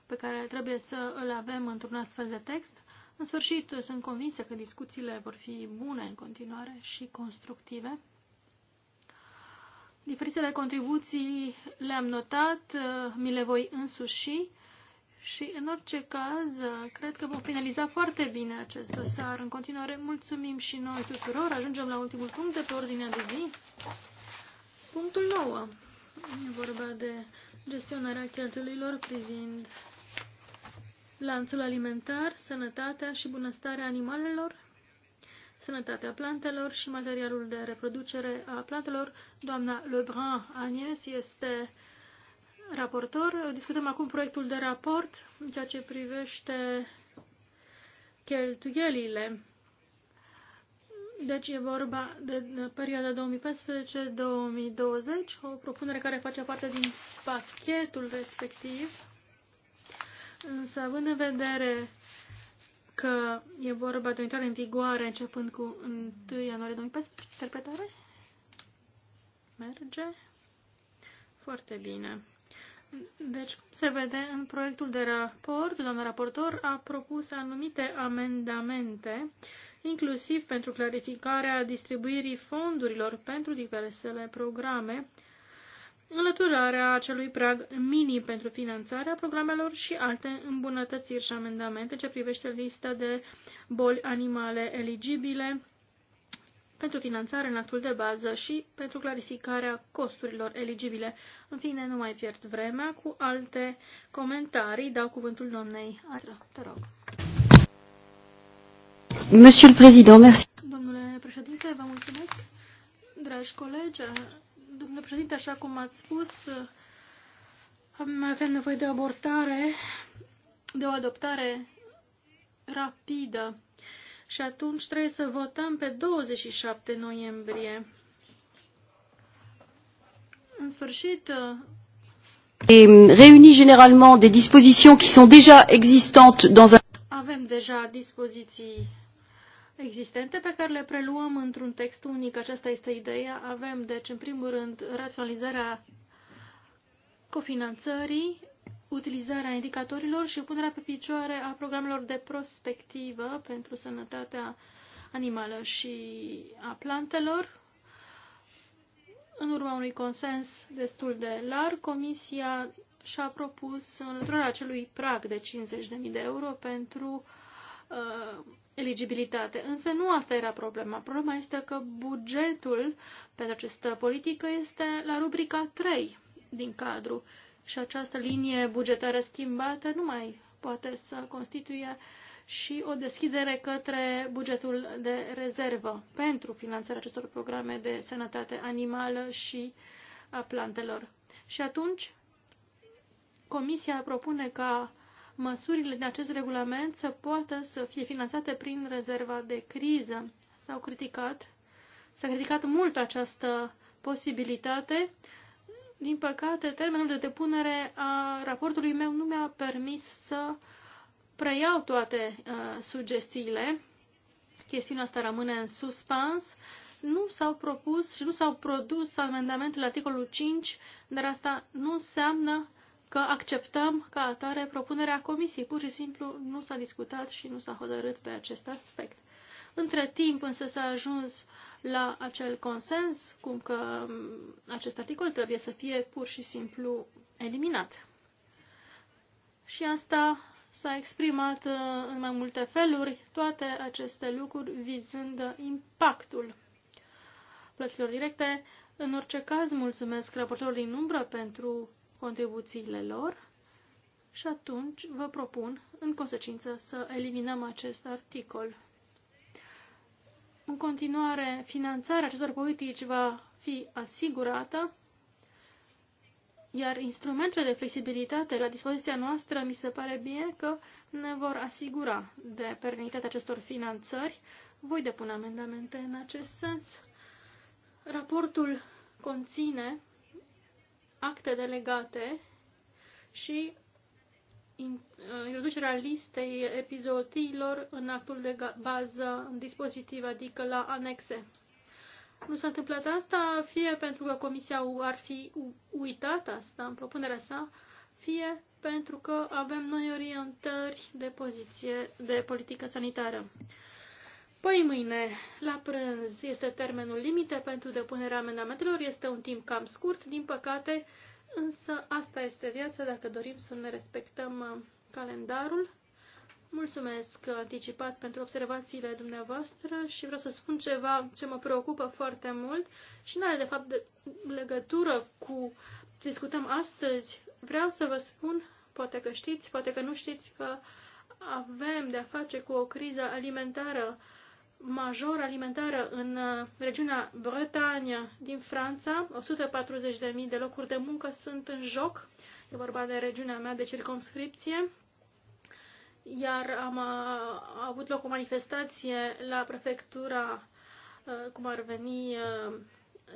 pe care trebuie să îl avem într-un astfel de text. În sfârșit, sunt convinsă că discuțiile vor fi bune în continuare și constructive. Diferitele contribuții le-am notat, uh, mi le voi însuși și, în orice caz, uh, cred că vom finaliza foarte bine acest dosar. În continuare, mulțumim și noi tuturor. Ajungem la ultimul punct de pe ordinea de zi. Punctul 9. E vorba de gestionarea cheltuielilor privind lanțul alimentar, sănătatea și bunăstarea animalelor sănătatea plantelor și materialul de reproducere a plantelor. Doamna Lebrun Agnes este raportor. Discutăm acum proiectul de raport în ceea ce privește cheltuielile. Deci e vorba de perioada 2015 2020 o propunere care face parte din pachetul respectiv. Însă, având în vedere că e vorba de o intrare în vigoare începând cu 1 ianuarie 2014. Interpretare? Merge? Foarte bine. Deci, se vede în proiectul de raport, doamna raportor a propus anumite amendamente, inclusiv pentru clarificarea distribuirii fondurilor pentru diversele programe înlăturarea acelui prag mini pentru finanțarea programelor și alte îmbunătățiri și amendamente ce privește lista de boli animale eligibile pentru finanțare în actul de bază și pentru clarificarea costurilor eligibile. În fine, nu mai pierd vremea cu alte comentarii. Dau cuvântul doamnei Atra. Te rog. Monsieur le Président, merci. Domnule președinte, vă mulțumesc. Dragi colegi, Domnule președinte, așa cum ați spus, avem nevoie de abortare, de o adoptare rapidă și atunci trebuie să votăm pe 27 noiembrie. În sfârșit, et réunit généralement des dispositions qui sont déjà existantes dans un avem deja dispoziții existente pe care le preluăm într-un text unic. Aceasta este ideea. Avem, deci, în primul rând, raționalizarea cofinanțării, utilizarea indicatorilor și punerea pe picioare a programelor de prospectivă pentru sănătatea animală și a plantelor. În urma unui consens destul de larg, Comisia și-a propus înlăturarea acelui prag de 50.000 de euro pentru uh, eligibilitate. Însă nu asta era problema. Problema este că bugetul pentru această politică este la rubrica 3 din cadru și această linie bugetară schimbată nu mai poate să constituie și o deschidere către bugetul de rezervă pentru finanțarea acestor programe de sănătate animală și a plantelor. Și atunci, Comisia propune ca măsurile din acest regulament să poată să fie finanțate prin rezerva de criză. S-au criticat, s-a criticat mult această posibilitate. Din păcate, termenul de depunere a raportului meu nu mi-a permis să preiau toate uh, sugestiile. Chestiunea asta rămâne în suspans. Nu s-au propus și nu s-au produs amendamente la articolul 5, dar asta nu înseamnă că acceptăm ca atare propunerea comisiei. Pur și simplu nu s-a discutat și nu s-a hotărât pe acest aspect. Între timp însă s-a ajuns la acel consens, cum că acest articol trebuie să fie pur și simplu eliminat. Și asta s-a exprimat uh, în mai multe feluri, toate aceste lucruri vizând impactul plăților directe. În orice caz, mulțumesc raportorului din umbră pentru contribuțiile lor și atunci vă propun, în consecință, să eliminăm acest articol. În continuare, finanțarea acestor politici va fi asigurată, iar instrumentele de flexibilitate la dispoziția noastră mi se pare bine că ne vor asigura de pernitatea acestor finanțări. Voi depune amendamente în acest sens. Raportul conține acte delegate și uh, introducerea listei epizodiilor în actul de bază, în dispozitiv, adică la anexe. Nu s-a întâmplat asta, fie pentru că Comisia ar fi uitat asta în propunerea sa, fie pentru că avem noi orientări de poziție de politică sanitară. Păi mâine, la prânz, este termenul limite pentru depunerea amendamentelor, este un timp cam scurt, din păcate, însă asta este viața dacă dorim să ne respectăm uh, calendarul. Mulțumesc uh, anticipat pentru observațiile dumneavoastră și vreau să spun ceva ce mă preocupă foarte mult și nu are de fapt de legătură cu ce discutăm astăzi. Vreau să vă spun, poate că știți, poate că nu știți, că avem de-a face cu o criză alimentară major alimentară în uh, regiunea Bretagne din Franța. 140.000 de locuri de muncă sunt în joc. E vorba de regiunea mea de circumscripție. Iar am a uh, avut loc o manifestație la prefectura, uh, cum ar veni,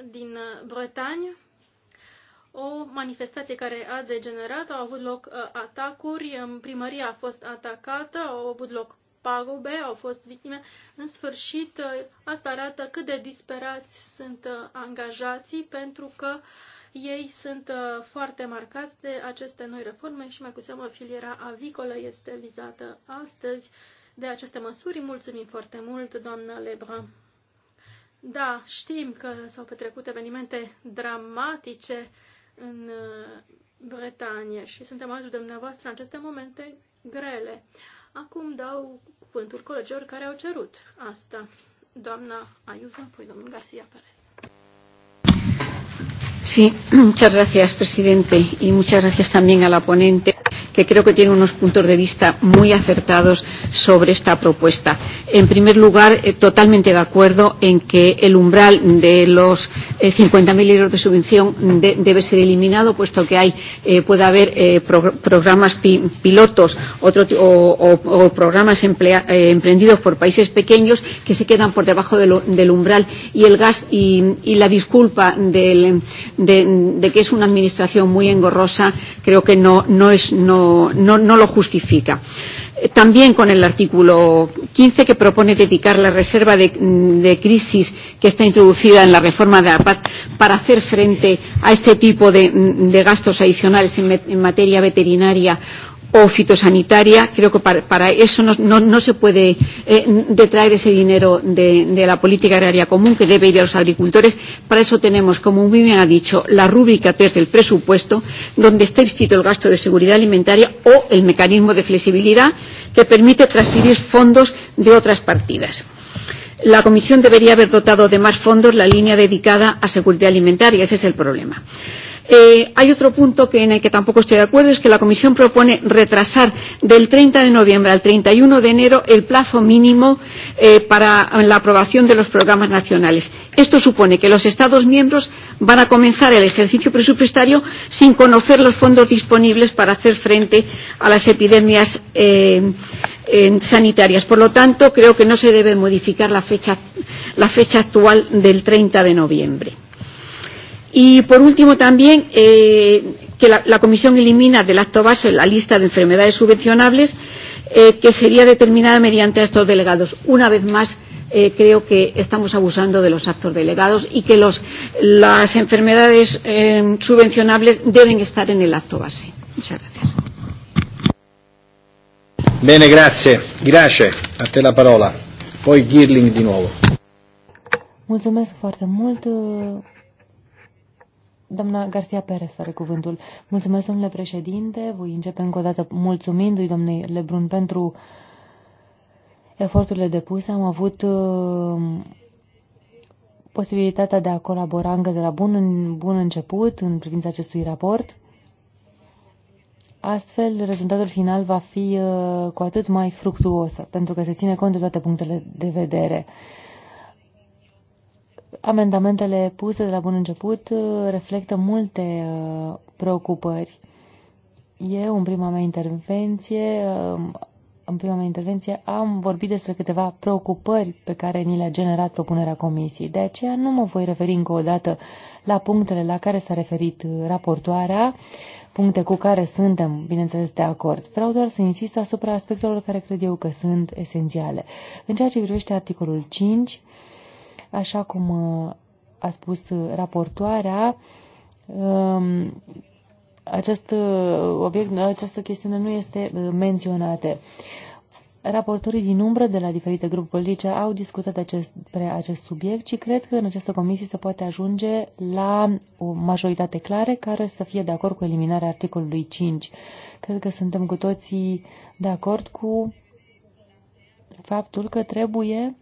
din Bretagne. O manifestație care a degenerat, au avut loc atacuri, primăria a fost atacată, au avut loc pagube, au fost victime. În sfârșit, ă, asta arată cât de disperați sunt ă, angajații pentru că ei sunt ă, foarte marcați de aceste noi reforme și mai cu seamă filiera avicolă este vizată astăzi de aceste măsuri. Mulțumim foarte mult, doamnă Lebra. Da, știm că s-au petrecut evenimente dramatice în Bretanie și suntem alături de dumneavoastră în aceste momente grele. Acum dau cuvântul colegilor care au cerut asta. Doamna Ayuso, apoi domnul García Pérez. Sí, muchas gracias, presidente, y muchas gracias también a la ponente que creo que tiene unos puntos de vista muy acertados sobre esta propuesta. En primer lugar, eh, totalmente de acuerdo en que el umbral de los eh, 50.000 euros de subvención de, debe ser eliminado, puesto que hay, eh, puede haber eh, pro, programas pi, pilotos otro, o, o, o programas emplea, eh, emprendidos por países pequeños que se quedan por debajo de lo, del umbral y el gas y, y la disculpa del, de, de que es una administración muy engorrosa creo que no, no es no no, no, lo justifica. También con el artículo 15 que propone dedicar la reserva de, de crisis que está introducida en la reforma de la paz para hacer frente a este tipo de, de gastos adicionales en, en materia veterinaria o fitosanitaria. Creo que para, para eso no, no, no se puede eh, detraer ese dinero de, de la política agraria común que debe ir a los agricultores. Para eso tenemos, como muy bien ha dicho, la rúbrica 3 del presupuesto, donde está inscrito el gasto de seguridad alimentaria o el mecanismo de flexibilidad que permite transferir fondos de otras partidas. La Comisión debería haber dotado de más fondos la línea dedicada a seguridad alimentaria. Ese es el problema. Eh, hay otro punto que, en el que tampoco estoy de acuerdo, es que la Comisión propone retrasar del 30 de noviembre al 31 de enero el plazo mínimo eh, para la aprobación de los programas nacionales. Esto supone que los Estados miembros van a comenzar el ejercicio presupuestario sin conocer los fondos disponibles para hacer frente a las epidemias eh, eh, sanitarias. Por lo tanto, creo que no se debe modificar la fecha, la fecha actual del 30 de noviembre. Y por último también eh, que la, la Comisión elimina del acto base la lista de enfermedades subvencionables eh, que sería determinada mediante estos delegados. Una vez más, eh, creo que estamos abusando de los actos delegados y que los, las enfermedades eh, subvencionables deben estar en el acto base. Muchas gracias. Bene, grazie. Grazie, a te la parola. Poi Girling di nuovo. Mulțumesc foarte mult. Doamna Garcia Perez are cuvântul. Mulțumesc, domnule președinte. Voi începe încă o dată mulțumindu-i domnului Lebrun pentru eforturile depuse. Am avut uh, posibilitatea de a colabora încă de la bun, în, bun început în privința acestui raport. Astfel, rezultatul final va fi uh, cu atât mai fructuos, pentru că se ține cont de toate punctele de vedere. Uh, Amendamentele puse de la bun început uh, reflectă multe uh, preocupări. Eu, în prima mea intervenție, um, în prima mea intervenție am vorbit despre câteva preocupări pe care ni le-a generat propunerea comisiei. De aceea nu mă voi referi încă o dată la punctele la care s-a referit uh, raportoarea, puncte cu care suntem, bineînțeles, de acord. Vreau doar să insist asupra aspectelor care cred eu că sunt esențiale. În ceea ce privește articolul 5, Așa cum uh, a spus uh, raportoarea, um, acest uh, obiect, această chestiune nu este menționată. Raportorii din umbră de la diferite grupuri politice au discutat despre acest, acest subiect și cred că în această comisie se poate ajunge la o majoritate clară care să fie de acord cu eliminarea articolului 5. Cred că suntem cu toții de acord cu faptul că trebuie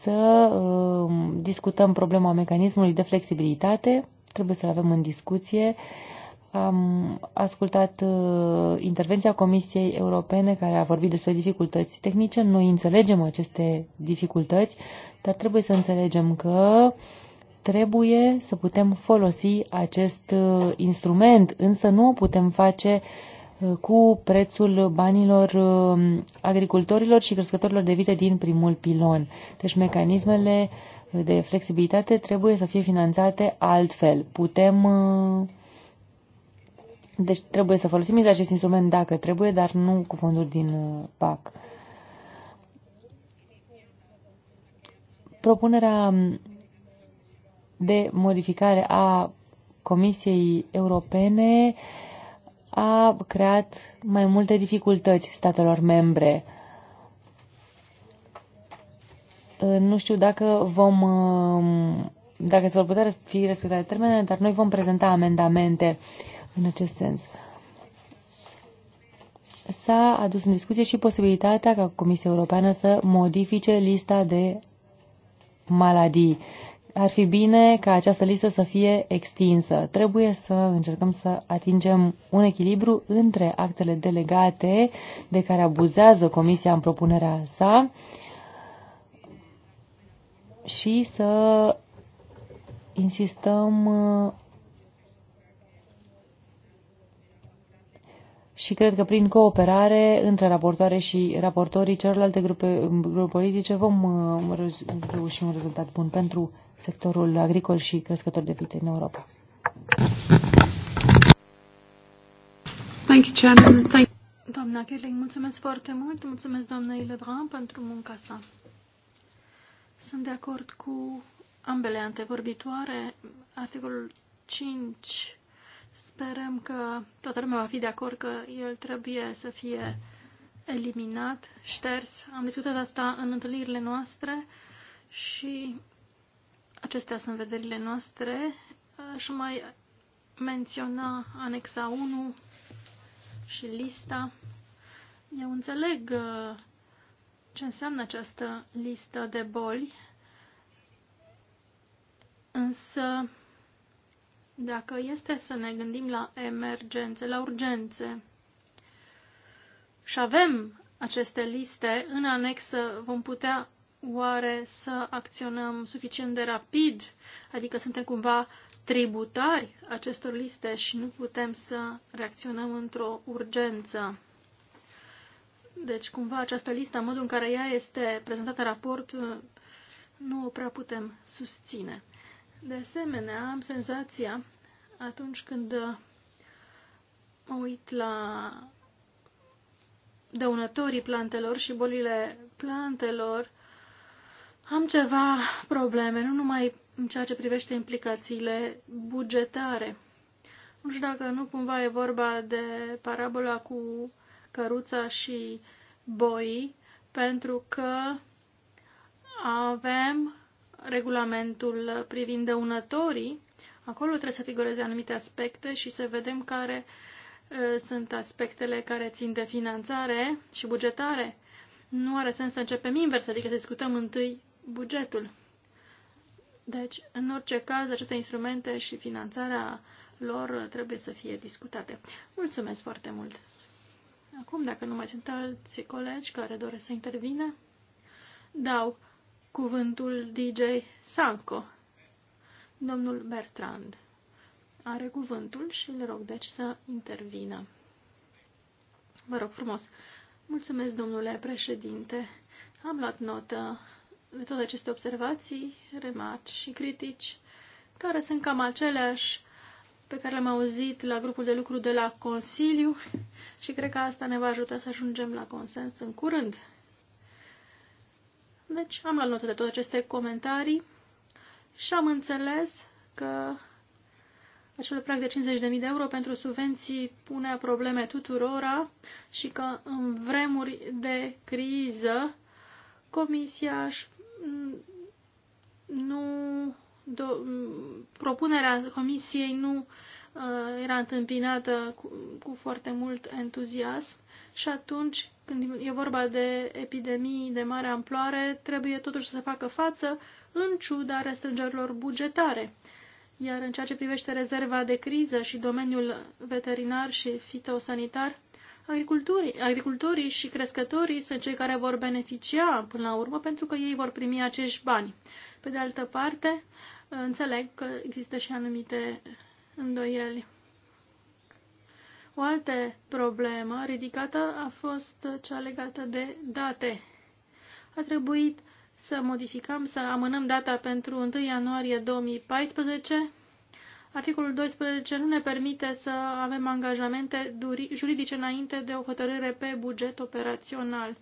să um, discutăm problema mecanismului de flexibilitate. Trebuie să-l avem în discuție. Am ascultat uh, intervenția Comisiei Europene care a vorbit despre dificultăți tehnice. Noi înțelegem aceste dificultăți, dar trebuie să înțelegem că trebuie să putem folosi acest uh, instrument, însă nu o putem face uh, cu prețul banilor um, agricultorilor și crescătorilor de vite din primul pilon. Deci mecanismele de flexibilitate trebuie să fie finanțate altfel. Putem uh, deci trebuie să folosim acest instrument dacă trebuie, dar nu cu fonduri din uh, PAC. Propunerea um, de modificare a Comisiei Europene uh, a creat mai multe dificultăți statelor membre. Uh, nu știu dacă vom um, dacă se vor putea fi respectate termenele, dar noi vom prezenta amendamente în acest sens. S-a adus în discuție și posibilitatea ca Comisia Europeană să modifice lista de maladii ar fi bine ca această listă să fie extinsă. Trebuie să încercăm să atingem un echilibru între actele delegate de care abuzează Comisia în propunerea sa și să insistăm și cred că prin cooperare între raportoare și raportorii celorlalte grupe, grupe politice vom uh, reuși un rezultat bun pentru sectorul agricol și crescător de vite în Europa. Thank you, Chairman. Thank Doamna Kirling, mulțumesc foarte mult. Mulțumesc doamna Lebrun pentru munca sa. Sunt de acord cu ambele antevorbitoare. Articolul 5 Sperăm că toată lumea va fi de acord că el trebuie să fie eliminat, șters. Am discutat asta în întâlnirile noastre și acestea sunt vederile noastre. Aș mai menționa anexa 1 și lista. Eu înțeleg uh, ce înseamnă această listă de boli, însă dacă este să ne gândim la emergențe, la urgențe, și avem aceste liste în anexă, vom putea oare să acționăm suficient de rapid? Adică suntem cumva tributari acestor liste și nu putem să reacționăm într-o urgență. Deci, cumva, această listă, în modul în care ea este prezentată în raport, nu o prea putem susține. De asemenea, am senzația atunci când uh, mă uit la dăunătorii plantelor și bolile plantelor, am ceva probleme, nu numai în ceea ce privește implicațiile bugetare. Nu știu dacă nu cumva e vorba de parabola cu căruța și boii, pentru că avem regulamentul privind dăunătorii, acolo trebuie să figureze anumite aspecte și să vedem care uh, sunt aspectele care țin de finanțare și bugetare. Nu are sens să începem invers, adică să discutăm întâi bugetul. Deci, în orice caz, aceste instrumente și finanțarea lor trebuie să fie discutate. Mulțumesc foarte mult! Acum, dacă nu mai sunt alți colegi care doresc să intervină, dau cuvântul DJ Sanco. Domnul Bertrand are cuvântul și îl rog deci să intervină. Vă rog frumos. Mulțumesc, domnule președinte. Am luat notă de toate aceste observații, remarci și critici, care sunt cam aceleași pe care le-am auzit la grupul de lucru de la Consiliu și cred că asta ne va ajuta să ajungem la consens în curând. Deci am luat notă de toate aceste comentarii și am înțeles că acel prag de 50.000 de euro pentru subvenții pune probleme tuturora și că în vremuri de criză comisia nu do, propunerea comisiei nu uh, era întâmpinată cu, cu foarte mult entuziasm și atunci când e vorba de epidemii de mare amploare, trebuie totuși să se facă față în ciuda restrângerilor bugetare. Iar în ceea ce privește rezerva de criză și domeniul veterinar și fitosanitar, agricultorii, agricultorii și crescătorii sunt cei care vor beneficia până la urmă pentru că ei vor primi acești bani. Pe de altă parte, înțeleg că există și anumite îndoieli. O altă problemă ridicată a fost cea legată de date. A trebuit să modificăm, să amânăm data pentru 1 ianuarie 2014. Articolul 12 nu ne permite să avem angajamente juridice înainte de o hotărâre pe buget operațional.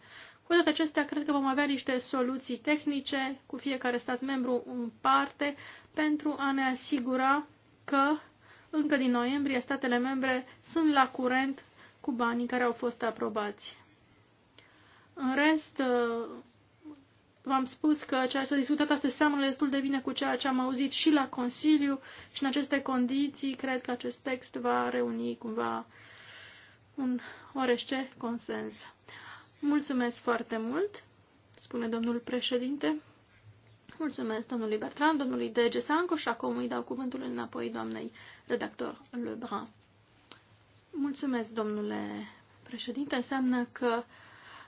Cu toate acestea, cred că vom avea niște soluții tehnice cu fiecare stat membru în parte pentru a ne asigura că încă din noiembrie, statele membre sunt la curent cu banii care au fost aprobați. În rest, v-am spus că ceea ce a discutat astăzi seamănă destul de bine cu ceea ce am auzit și la Consiliu și în aceste condiții cred că acest text va reuni cumva un orește consens. Mulțumesc foarte mult, spune domnul președinte. Mulțumesc domnului Bertrand, domnului Dege Sanco și acum îi dau cuvântul înapoi doamnei redactor Lebrun. Mulțumesc, domnule președinte. Înseamnă că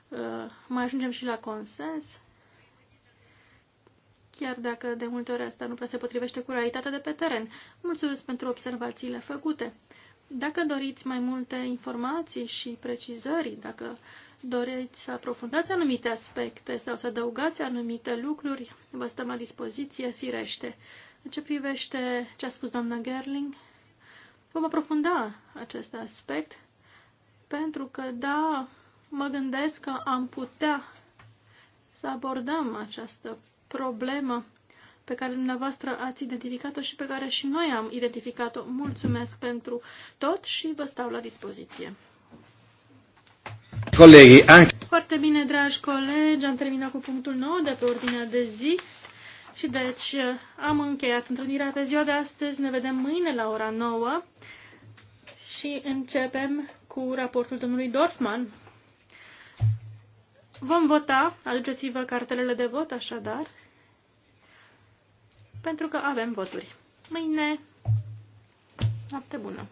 uh, mai ajungem și la consens, chiar dacă de multe ori asta nu prea se potrivește cu realitatea de pe teren. Mulțumesc pentru observațiile făcute. Dacă doriți mai multe informații și precizări, dacă doriți să aprofundați anumite aspecte sau să adăugați anumite lucruri, vă stăm la dispoziție, firește. În ce privește ce a spus doamna Gerling, vom aprofunda acest aspect, pentru că, da, mă gândesc că am putea să abordăm această problemă pe care dumneavoastră ați identificat-o și pe care și noi am identificat-o. Mulțumesc pentru tot și vă stau la dispoziție. Colegii, Foarte bine, dragi colegi, am terminat cu punctul 9 de pe ordinea de zi și deci uh, am încheiat întâlnirea pe ziua de astăzi. Ne vedem mâine la ora 9 și începem cu raportul domnului Dorfman. Vom vota, aduceți-vă cartelele de vot așadar pentru că avem voturi. Mâine, noapte bună!